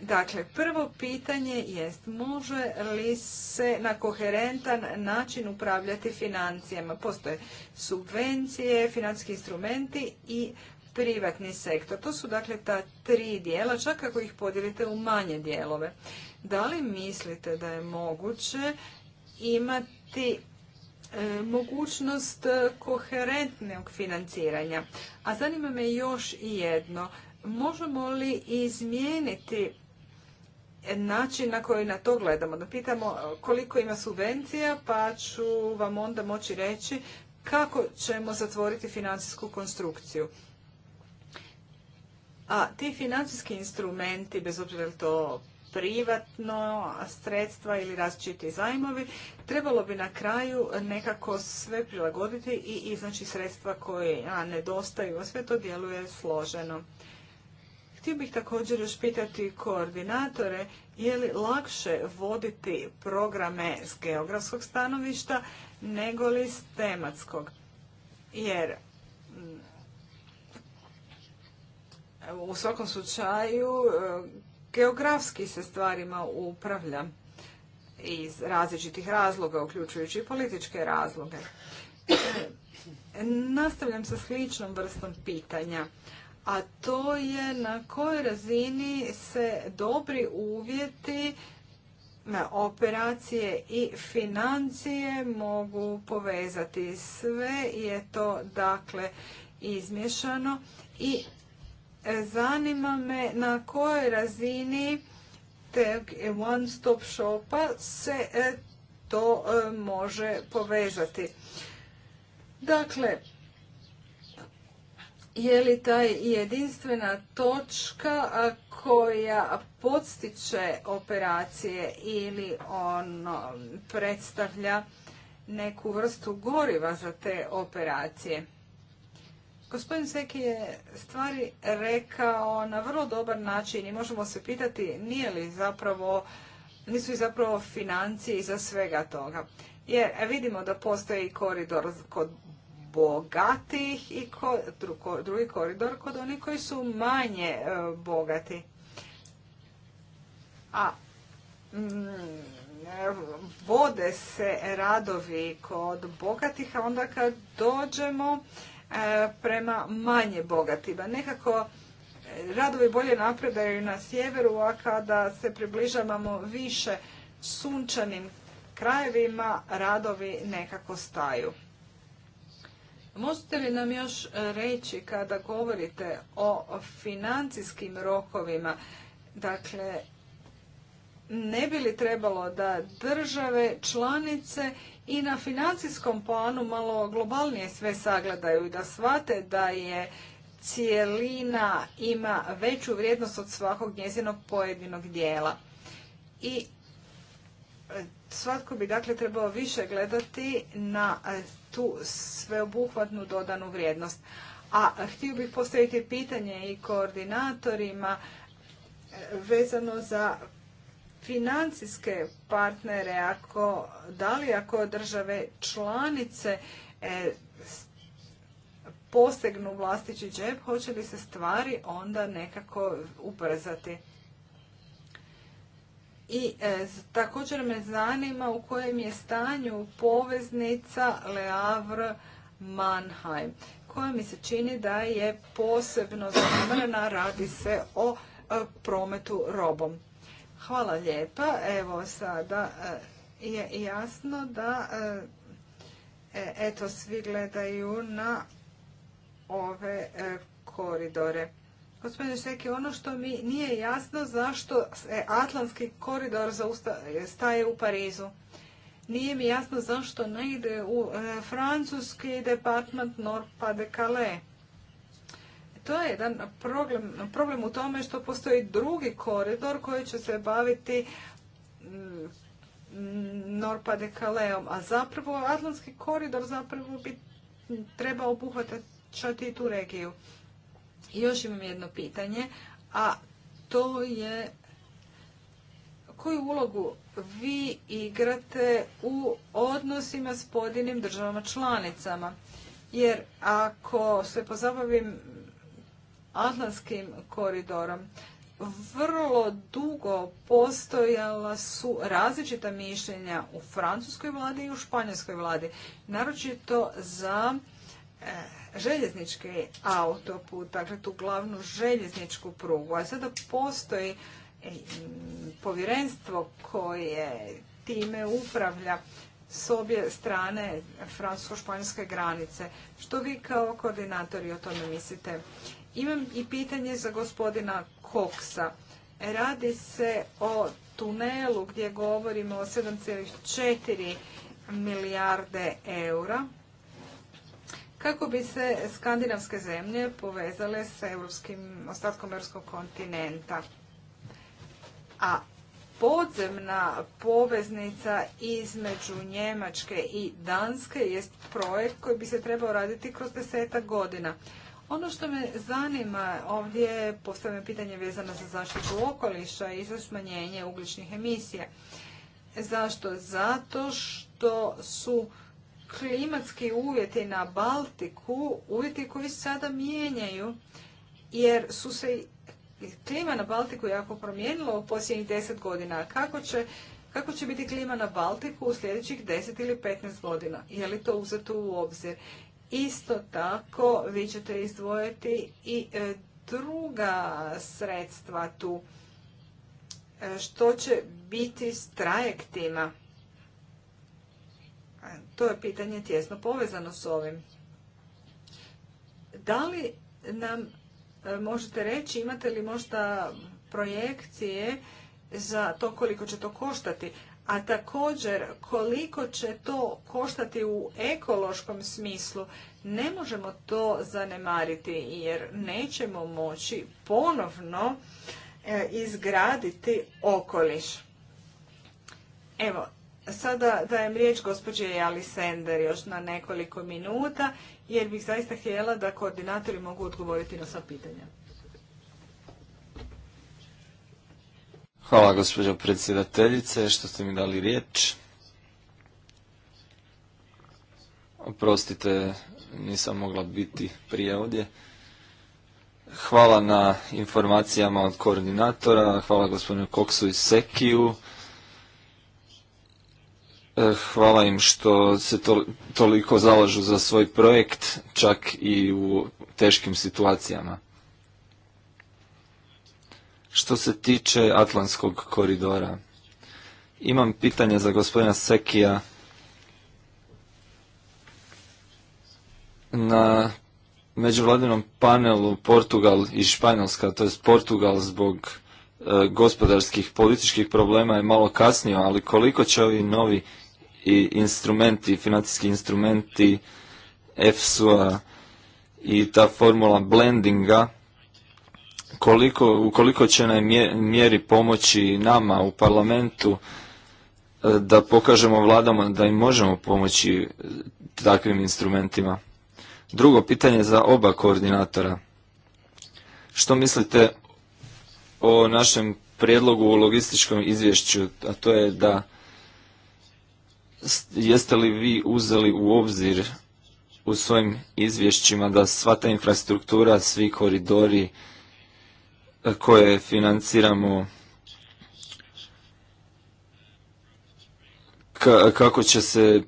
Dakle, prvo pitanje jest može li se na koherentan način upravljati financijama? Postoje subvencije, financijski instrumenti i privatni sektor. To su dakle ta tri dijela, čak ako ih podijelite u manje dijelove. Da li mislite da je moguće imati e, mogućnost e, koherentnog financiranja? A zanima me još i jedno. Možemo li izmijeniti način na koji na to gledamo? Da pitamo e, koliko ima subvencija, pa ću vam onda moći reći kako ćemo zatvoriti financijsku konstrukciju. A ti financijski instrumenti, bez obzira to privatno sredstva ili različiti zajmovi, trebalo bi na kraju nekako sve prilagoditi i iznaći sredstva koje nedostaju, a sve to djeluje složeno. Htio bih također još pitati koordinatore je li lakše voditi programe s geografskog stanovišta nego li s tematskog. Jer mm, u svakom slučaju geografski se stvarima upravlja iz različitih razloga, uključujući i političke razloge. Nastavljam sa sličnom vrstom pitanja, a to je na kojoj razini se dobri uvjeti operacije i financije mogu povezati. Sve je to dakle izmješano i zanima me na kojoj razini tek one stop shopa se e, to e, može povezati. Dakle, je li taj jedinstvena točka koja podstiče operacije ili ono predstavlja neku vrstu goriva za te operacije? Gospodin Seki je stvari rekao na vrlo dobar način i možemo se pitati nije li zapravo, nisu li zapravo financije iza svega toga. Jer e, vidimo da postoji koridor kod bogatih i drugi koridor kod onih koji su manje e, bogati. A mm, vode se radovi kod bogatih, a onda kad dođemo prema manje bogatima. Nekako e, radovi bolje napredaju na sjeveru, a kada se približavamo više sunčanim krajevima, radovi nekako staju. Možete li nam još e, reći kada govorite o financijskim rokovima, dakle, ne bi li trebalo da države članice i na financijskom planu malo globalnije sve sagledaju i da shvate da je cijelina ima veću vrijednost od svakog njezinog pojedinog dijela. I e, svatko bi dakle trebao više gledati na e, tu sveobuhvatnu dodanu vrijednost. A e, htio bih postaviti pitanje i koordinatorima vezano za financijske partnere, ako, da li ako države članice e, posegnu vlastići džep, hoće li se stvari onda nekako ubrzati? I e, također me zanima u kojem je stanju poveznica Leavr Mannheim, koja mi se čini da je posebno zatvorena radi se o e, prometu robom. Hvala lijepa. Evo sada e, je jasno da e, e, eto svi gledaju na ove koridore. Gospodine Seki, ono što mi nije jasno zašto Atlantski koridor staje u Parizu. Nije mi jasno zašto ne ide u francuski department Nord pas de Calais. To je jedan problem, problem u tome što postoji drugi koridor koji će se baviti mm, Norpa a zapravo Atlantski koridor zapravo bi treba obuhvatati tu regiju. I još imam jedno pitanje, a to je koju ulogu vi igrate u odnosima s pojedinim državama članicama. Jer ako se pozabavim Atlantskim koridorom. Vrlo dugo postojala su različita mišljenja u francuskoj vladi i u španjolskoj vladi, naročito za e, željeznički autoput, dakle tu glavnu željezničku prugu. A sada postoji e, povjerenstvo koje time upravlja s obje strane francusko-španjolske granice. Što vi kao koordinatori o tome mislite? Imam i pitanje za gospodina Koksa. Radi se o tunelu gdje govorimo o 7,4 milijarde eura kako bi se skandinavske zemlje povezale sa europskim, ostatkom europskog kontinenta. A podzemna poveznica između Njemačke i Danske jest projekt koji bi se trebao raditi kroz desetak godina. Ono što me zanima, ovdje postavljam pitanje vezano za zaštitu okoliša i za smanjenje ugljičnih emisija. Zašto? Zato što su klimatski uvjeti na Baltiku, uvjeti koji se sada mijenjaju, jer su se klima na Baltiku jako promijenila u posljednjih deset godina. Kako će, kako će biti klima na Baltiku u sljedećih 10 ili 15 godina? Je li to uzeto u obzir? Isto tako vi ćete izdvojiti i e, druga sredstva tu. E, što će biti s trajektima? E, to je pitanje tjesno povezano s ovim. Da li nam možete reći, imate li možda projekcije za to koliko će to koštati? a također koliko će to koštati u ekološkom smislu, ne možemo to zanemariti jer nećemo moći ponovno e, izgraditi okoliš. Evo, sada dajem riječ gospođe Ali Sender još na nekoliko minuta jer bih zaista htjela da koordinatori mogu odgovoriti na sva pitanja. Hvala gospođo predsjedateljice što ste mi dali riječ. Oprostite, nisam mogla biti prije ovdje. Hvala na informacijama od koordinatora, hvala gospodinu Koksu i Sekiju. E, hvala im što se toliko zalažu za svoj projekt, čak i u teškim situacijama. Što se tiče Atlantskog koridora, imam pitanje za gospodina Sekija. Na međuvladinom panelu Portugal i Španjolska, to je Portugal zbog e, gospodarskih, političkih problema je malo kasnio, ali koliko će ovi novi i instrumenti, financijski instrumenti EFSU-a i ta formula blendinga koliko, ukoliko će nam mjeri pomoći nama u parlamentu e, da pokažemo vladama da im možemo pomoći e, takvim instrumentima. Drugo pitanje za oba koordinatora. Što mislite o našem prijedlogu u logističkom izvješću, a to je da jeste li vi uzeli u obzir u svojim izvješćima da sva ta infrastruktura, svi koridori, koje financiramo kako će se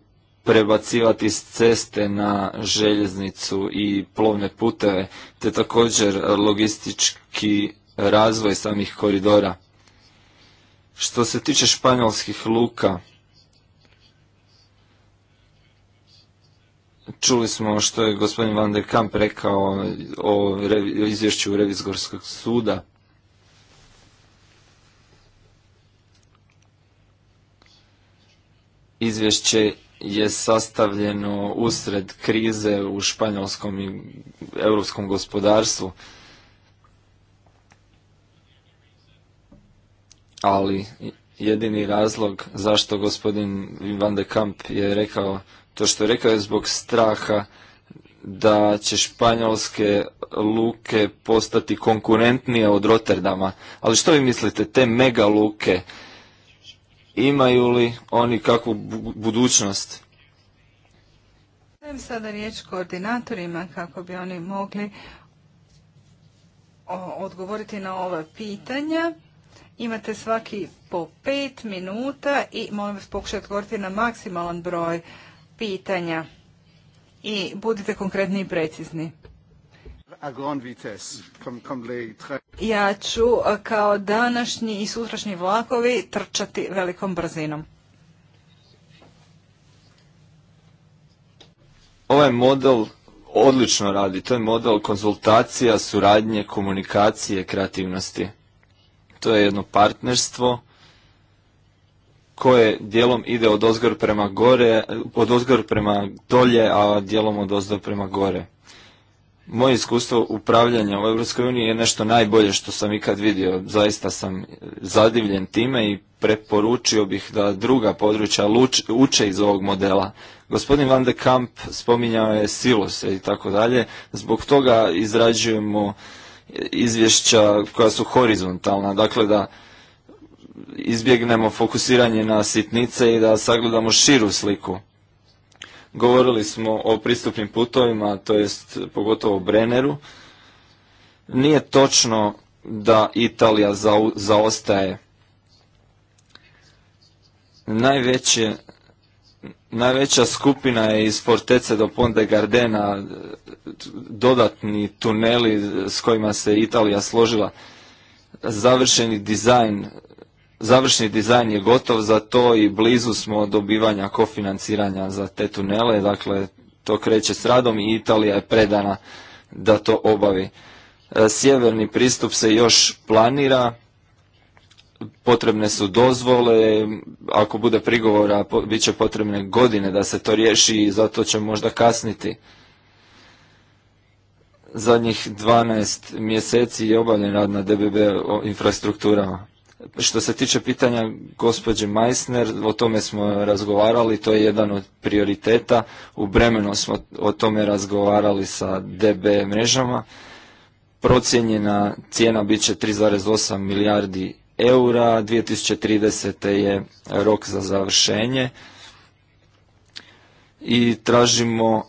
prebacivati s ceste na željeznicu i plovne puteve, te također logistički razvoj samih koridora. Što se tiče španjolskih luka, Čuli smo što je gospodin Van der Kamp rekao o izvješću Revizorskog suda. Izvješće je sastavljeno usred krize u španjolskom i europskom gospodarstvu. Ali jedini razlog zašto gospodin Van de Kamp je rekao to što je rekao je zbog straha da će španjolske luke postati konkurentnije od Rotterdama. Ali što vi mislite, te mega luke, imaju li oni kakvu budućnost? Dajem sada riječ koordinatorima kako bi oni mogli odgovoriti na ova pitanja. Imate svaki po pet minuta i molim vas pokušati odgovoriti na maksimalan broj pitanja i budite konkretni i precizni. Ja ću kao današnji i sutrašnji vlakovi trčati velikom brzinom. Ovaj model odlično radi. To je model konzultacija, suradnje, komunikacije, kreativnosti. To je jedno partnerstvo koje dijelom ide od ozgor prema gore, od ozgor prema dolje, a dijelom od ozdo prema gore. Moje iskustvo upravljanja u EU je nešto najbolje što sam ikad vidio. Zaista sam zadivljen time i preporučio bih da druga područja uče iz ovog modela. Gospodin Van de Kamp spominjao je silose i tako dalje. Zbog toga izrađujemo izvješća koja su horizontalna. Dakle, da izbjegnemo fokusiranje na sitnice i da sagledamo širu sliku. Govorili smo o pristupnim putovima, to jest pogotovo o Brenneru. Nije točno da Italija zaostaje. Najveće, najveća skupina je iz Fortece do Ponte Gardena, dodatni tuneli s kojima se Italija složila, završeni dizajn Završni dizajn je gotov za to i blizu smo dobivanja kofinanciranja za te tunele, dakle to kreće s radom i Italija je predana da to obavi. E, sjeverni pristup se još planira, potrebne su dozvole, ako bude prigovora bit će potrebne godine da se to riješi i zato će možda kasniti. Zadnjih 12 mjeseci je obavljen rad na DBB infrastrukturama. Što se tiče pitanja gospođe Meissner, o tome smo razgovarali, to je jedan od prioriteta. U Bremenu smo o tome razgovarali sa DB mrežama. Procijenjena cijena bit će 3,8 milijardi eura, 2030. je rok za završenje i tražimo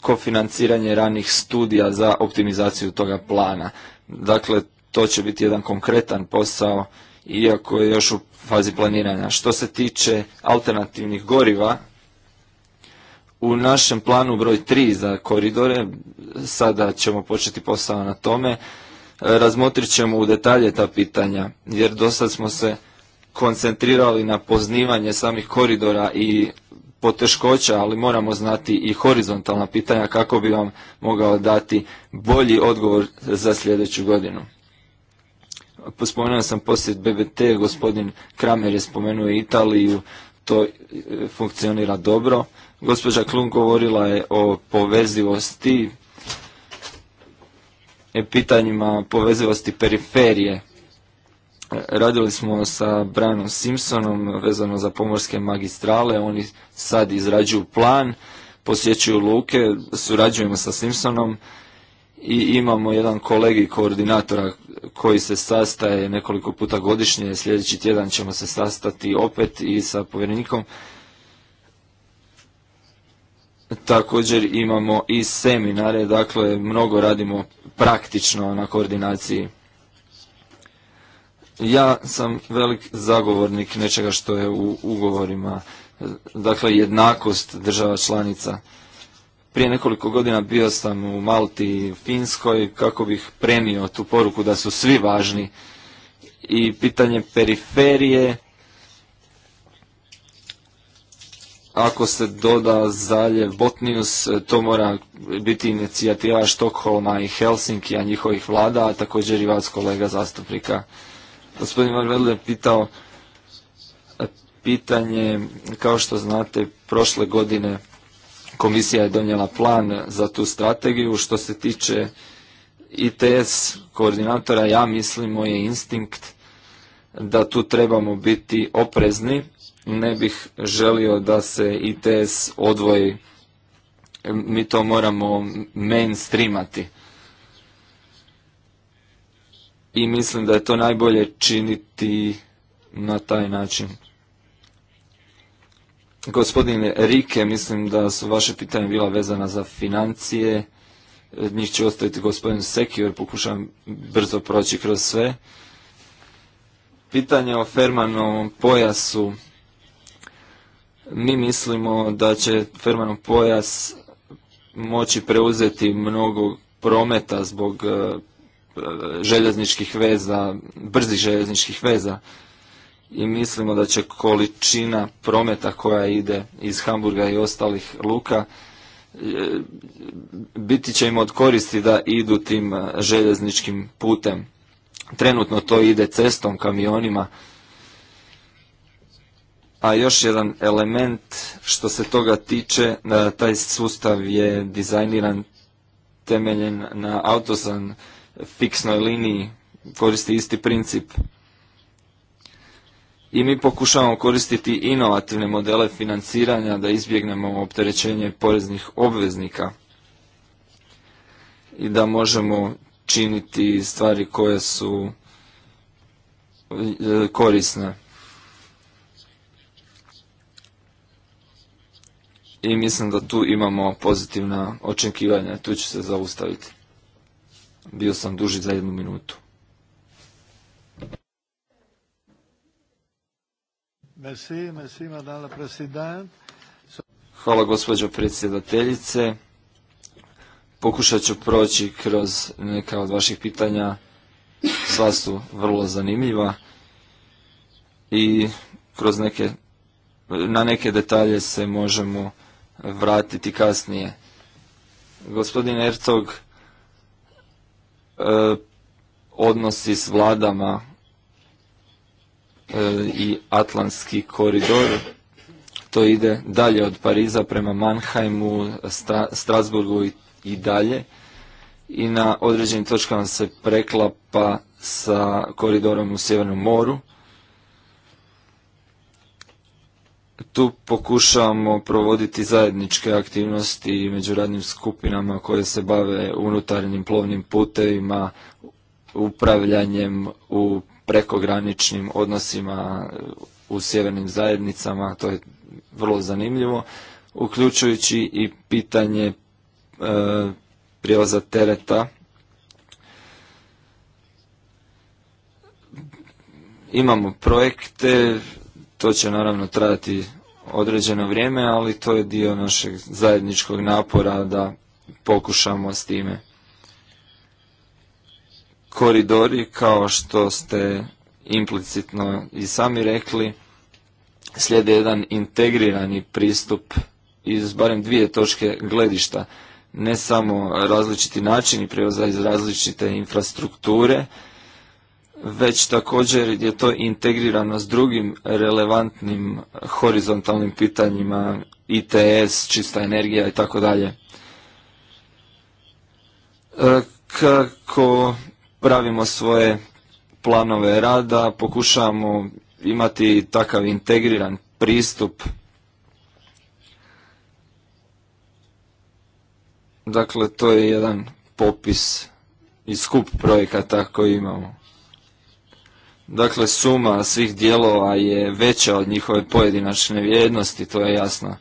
kofinanciranje ranih studija za optimizaciju toga plana. Dakle, to će biti jedan konkretan posao iako je još u fazi planiranja. Što se tiče alternativnih goriva, u našem planu broj 3 za koridore, sada ćemo početi posao na tome, razmotrit ćemo u detalje ta pitanja, jer do sad smo se koncentrirali na poznivanje samih koridora i poteškoća, ali moramo znati i horizontalna pitanja kako bi vam mogao dati bolji odgovor za sljedeću godinu spomenuo sam posjet BBT, gospodin Kramer je spomenuo Italiju, to e, funkcionira dobro. Gospođa Klun govorila je o povezivosti, e, pitanjima povezivosti periferije. E, radili smo sa Brianom Simpsonom vezano za pomorske magistrale, oni sad izrađuju plan, posjećuju luke, surađujemo sa Simpsonom i imamo jedan kolegi koordinatora koji se sastaje nekoliko puta godišnje, sljedeći tjedan ćemo se sastati opet i sa povjerenikom. Također imamo i seminare, dakle mnogo radimo praktično na koordinaciji. Ja sam velik zagovornik nečega što je u ugovorima, dakle jednakost država članica. Prije nekoliko godina bio sam u Malti i Finskoj kako bih prenio tu poruku da su svi važni i pitanje periferije ako se doda zaljev Botnius, to mora biti inicijativa Štokholma i a njihovih vlada, a također i vas kolega zastupnika. Gospodin Marvedle pitao e, pitanje, kao što znate, prošle godine Komisija je donijela plan za tu strategiju. Što se tiče ITS koordinatora, ja mislim, moj je instinkt da tu trebamo biti oprezni. Ne bih želio da se ITS odvoji. Mi to moramo mainstreamati. I mislim da je to najbolje činiti na taj način. Gospodin Rike, mislim da su vaše pitanja bila vezana za financije. Njih će ostaviti gospodin Seki jer pokušam brzo proći kroz sve. Pitanje o Fermanovom pojasu. Mi mislimo da će Fermanov pojas moći preuzeti mnogo prometa zbog eh, željezničkih veza, brzih željezničkih veza i mislimo da će količina prometa koja ide iz Hamburga i ostalih luka e, biti će im od koristi da idu tim e, željezničkim putem. Trenutno to ide cestom, kamionima. A još jedan element što se toga tiče, e, taj sustav je dizajniran temeljen na autosan fiksnoj liniji, koristi isti princip i mi pokušavamo koristiti inovativne modele financiranja da izbjegnemo opterećenje poreznih obveznika i da možemo činiti stvari koje su e, korisne. I mislim da tu imamo pozitivna očekivanja. Tu ću se zaustaviti. Bio sam duži za jednu minutu. Hvala gospođo predsjedateljice. Pokušat ću proći kroz neka od vaših pitanja. Sva su vrlo zanimljiva i kroz neke, na neke detalje se možemo vratiti kasnije. Gospodin Ercog, e, odnosi s vladama E, i Atlantski koridor. To ide dalje od Pariza prema Mannheimu, Strasburgu i, i dalje. I na određenim točkama se preklapa sa koridorom u Sjevernom moru. Tu pokušavamo provoditi zajedničke aktivnosti među radnim skupinama koje se bave unutarnjim plovnim putevima, upravljanjem u prekograničnim odnosima e, u sjevernim zajednicama, to je vrlo zanimljivo, uključujući i pitanje e, prijevoza tereta. Imamo projekte, to će naravno trajati određeno vrijeme, ali to je dio našeg zajedničkog napora da pokušamo s time koridori kao što ste implicitno i sami rekli slijede jedan integrirani pristup iz barem dvije točke gledišta ne samo različiti načini prevoza iz različite infrastrukture već također je to integrirano s drugim relevantnim horizontalnim pitanjima ITS, čista energija i tako dalje. E, kako pravimo svoje planove rada, pokušavamo imati takav integriran pristup. Dakle, to je jedan popis i skup projekata koji imamo. Dakle, suma svih dijelova je veća od njihove pojedinačne vrijednosti, to je jasno.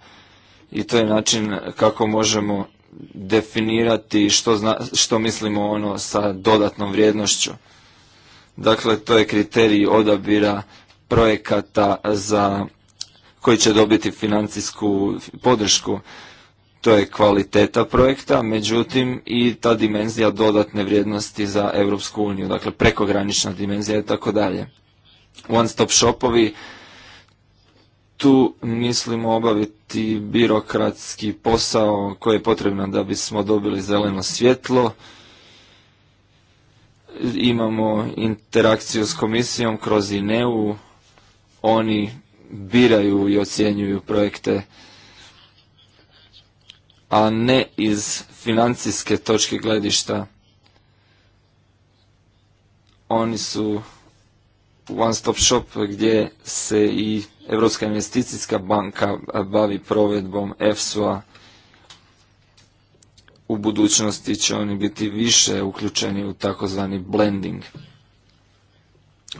I to je način kako možemo definirati što, zna, što mislimo ono sa dodatnom vrijednošću. Dakle, to je kriterij odabira projekata za koji će dobiti financijsku podršku. To je kvaliteta projekta, međutim i ta dimenzija dodatne vrijednosti za Europsku uniju, dakle prekogranična dimenzija i tako dalje. One stop shopovi tu mislimo obaviti birokratski posao koji je potrebno da bismo dobili zeleno svjetlo. Imamo interakciju s komisijom kroz INEU, oni biraju i ocjenjuju projekte, a ne iz financijske točke gledišta. Oni su one stop shop gdje se i Europska investicijska banka bavi provedbom EFSO-a. U budućnosti će oni biti više uključeni u takozvani blending.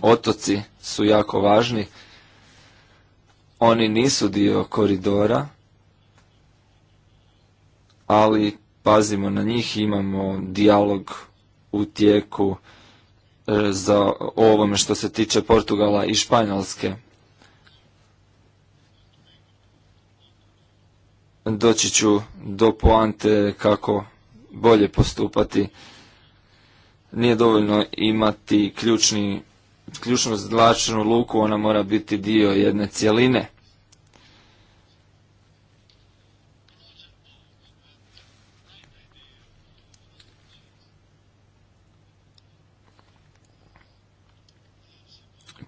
Otoci su jako važni. Oni nisu dio koridora, ali pazimo na njih, imamo dijalog u tijeku e, za ovome što se tiče Portugala i Španjolske. doći ću do poante kako bolje postupati. Nije dovoljno imati ključni, ključnu luku, ona mora biti dio jedne cjeline.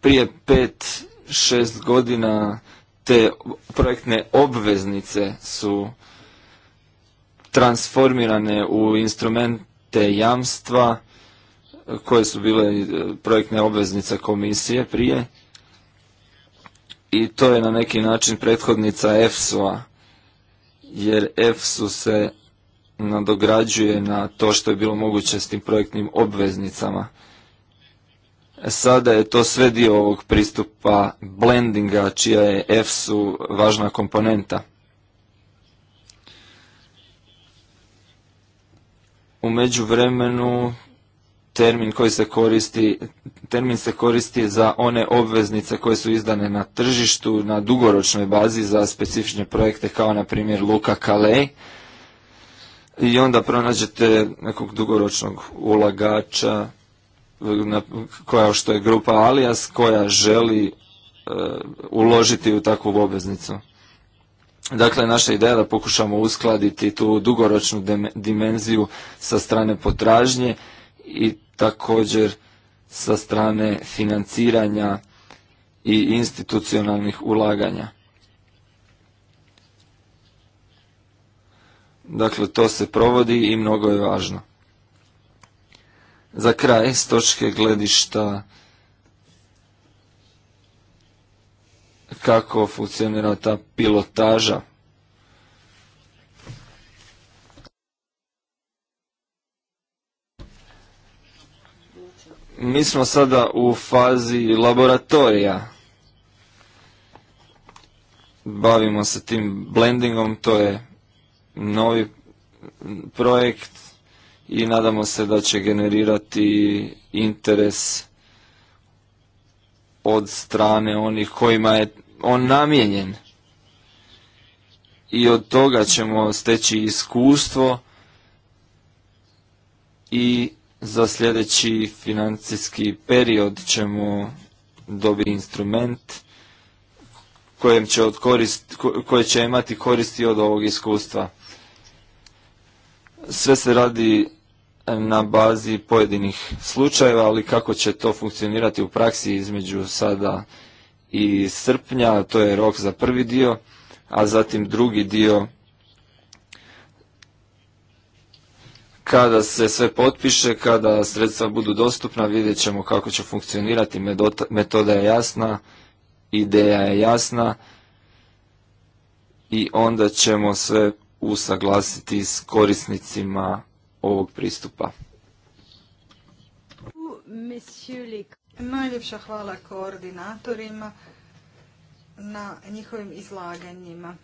Prije pet, šest godina te projektne obveznice su transformirane u instrumente jamstva koje su bile e, projektne obveznice komisije prije i to je na neki način prethodnica EFSU-a jer EFSU se nadograđuje na to što je bilo moguće s tim projektnim obveznicama. Sada je to sve dio ovog pristupa blendinga, čija je su važna komponenta. U međuvremenu termin koji se koristi, termin se koristi za one obveznice koje su izdane na tržištu na dugoročnoj bazi za specifične projekte kao na primjer Luka Kalej i onda pronađete nekog dugoročnog ulagača koja što je grupa alias koja želi e, uložiti u takvu obveznicu. Dakle, naša ideja da pokušamo uskladiti tu dugoročnu dimenziju sa strane potražnje i također sa strane financiranja i institucionalnih ulaganja. Dakle, to se provodi i mnogo je važno. Za kraj, s točke gledišta kako funkcionira ta pilotaža. Mi smo sada u fazi laboratorija. Bavimo se tim blendingom, to je novi projekt i nadamo se da će generirati interes od strane onih kojima je on namijenjen. I od toga ćemo steći iskustvo i za sljedeći financijski period ćemo dobiti instrument kojem će koje će imati koristi od ovog iskustva. Sve se radi na bazi pojedinih slučajeva, ali kako će to funkcionirati u praksi između sada i srpnja, to je rok za prvi dio, a zatim drugi dio kada se sve potpiše, kada sredstva budu dostupna, vidjet ćemo kako će funkcionirati, metoda je jasna, ideja je jasna i onda ćemo sve usaglasiti s korisnicima ovog pristupa. Najljepša hvala koordinatorima na njihovim izlaganjima.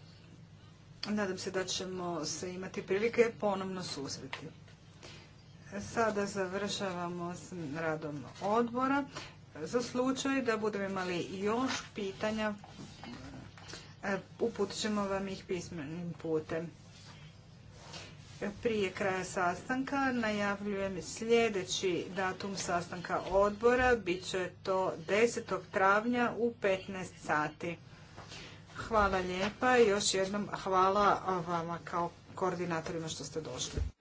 Nadam se da ćemo se imati prilike ponovno susreti. Sada završavamo s radom odbora. Za slučaj da budemo imali još pitanja, uput ćemo vam ih pismenim putem prije kraja sastanka. Najavljujem sljedeći datum sastanka odbora. Biće to 10. travnja u 15 sati. Hvala lijepa i još jednom hvala vama kao koordinatorima što ste došli.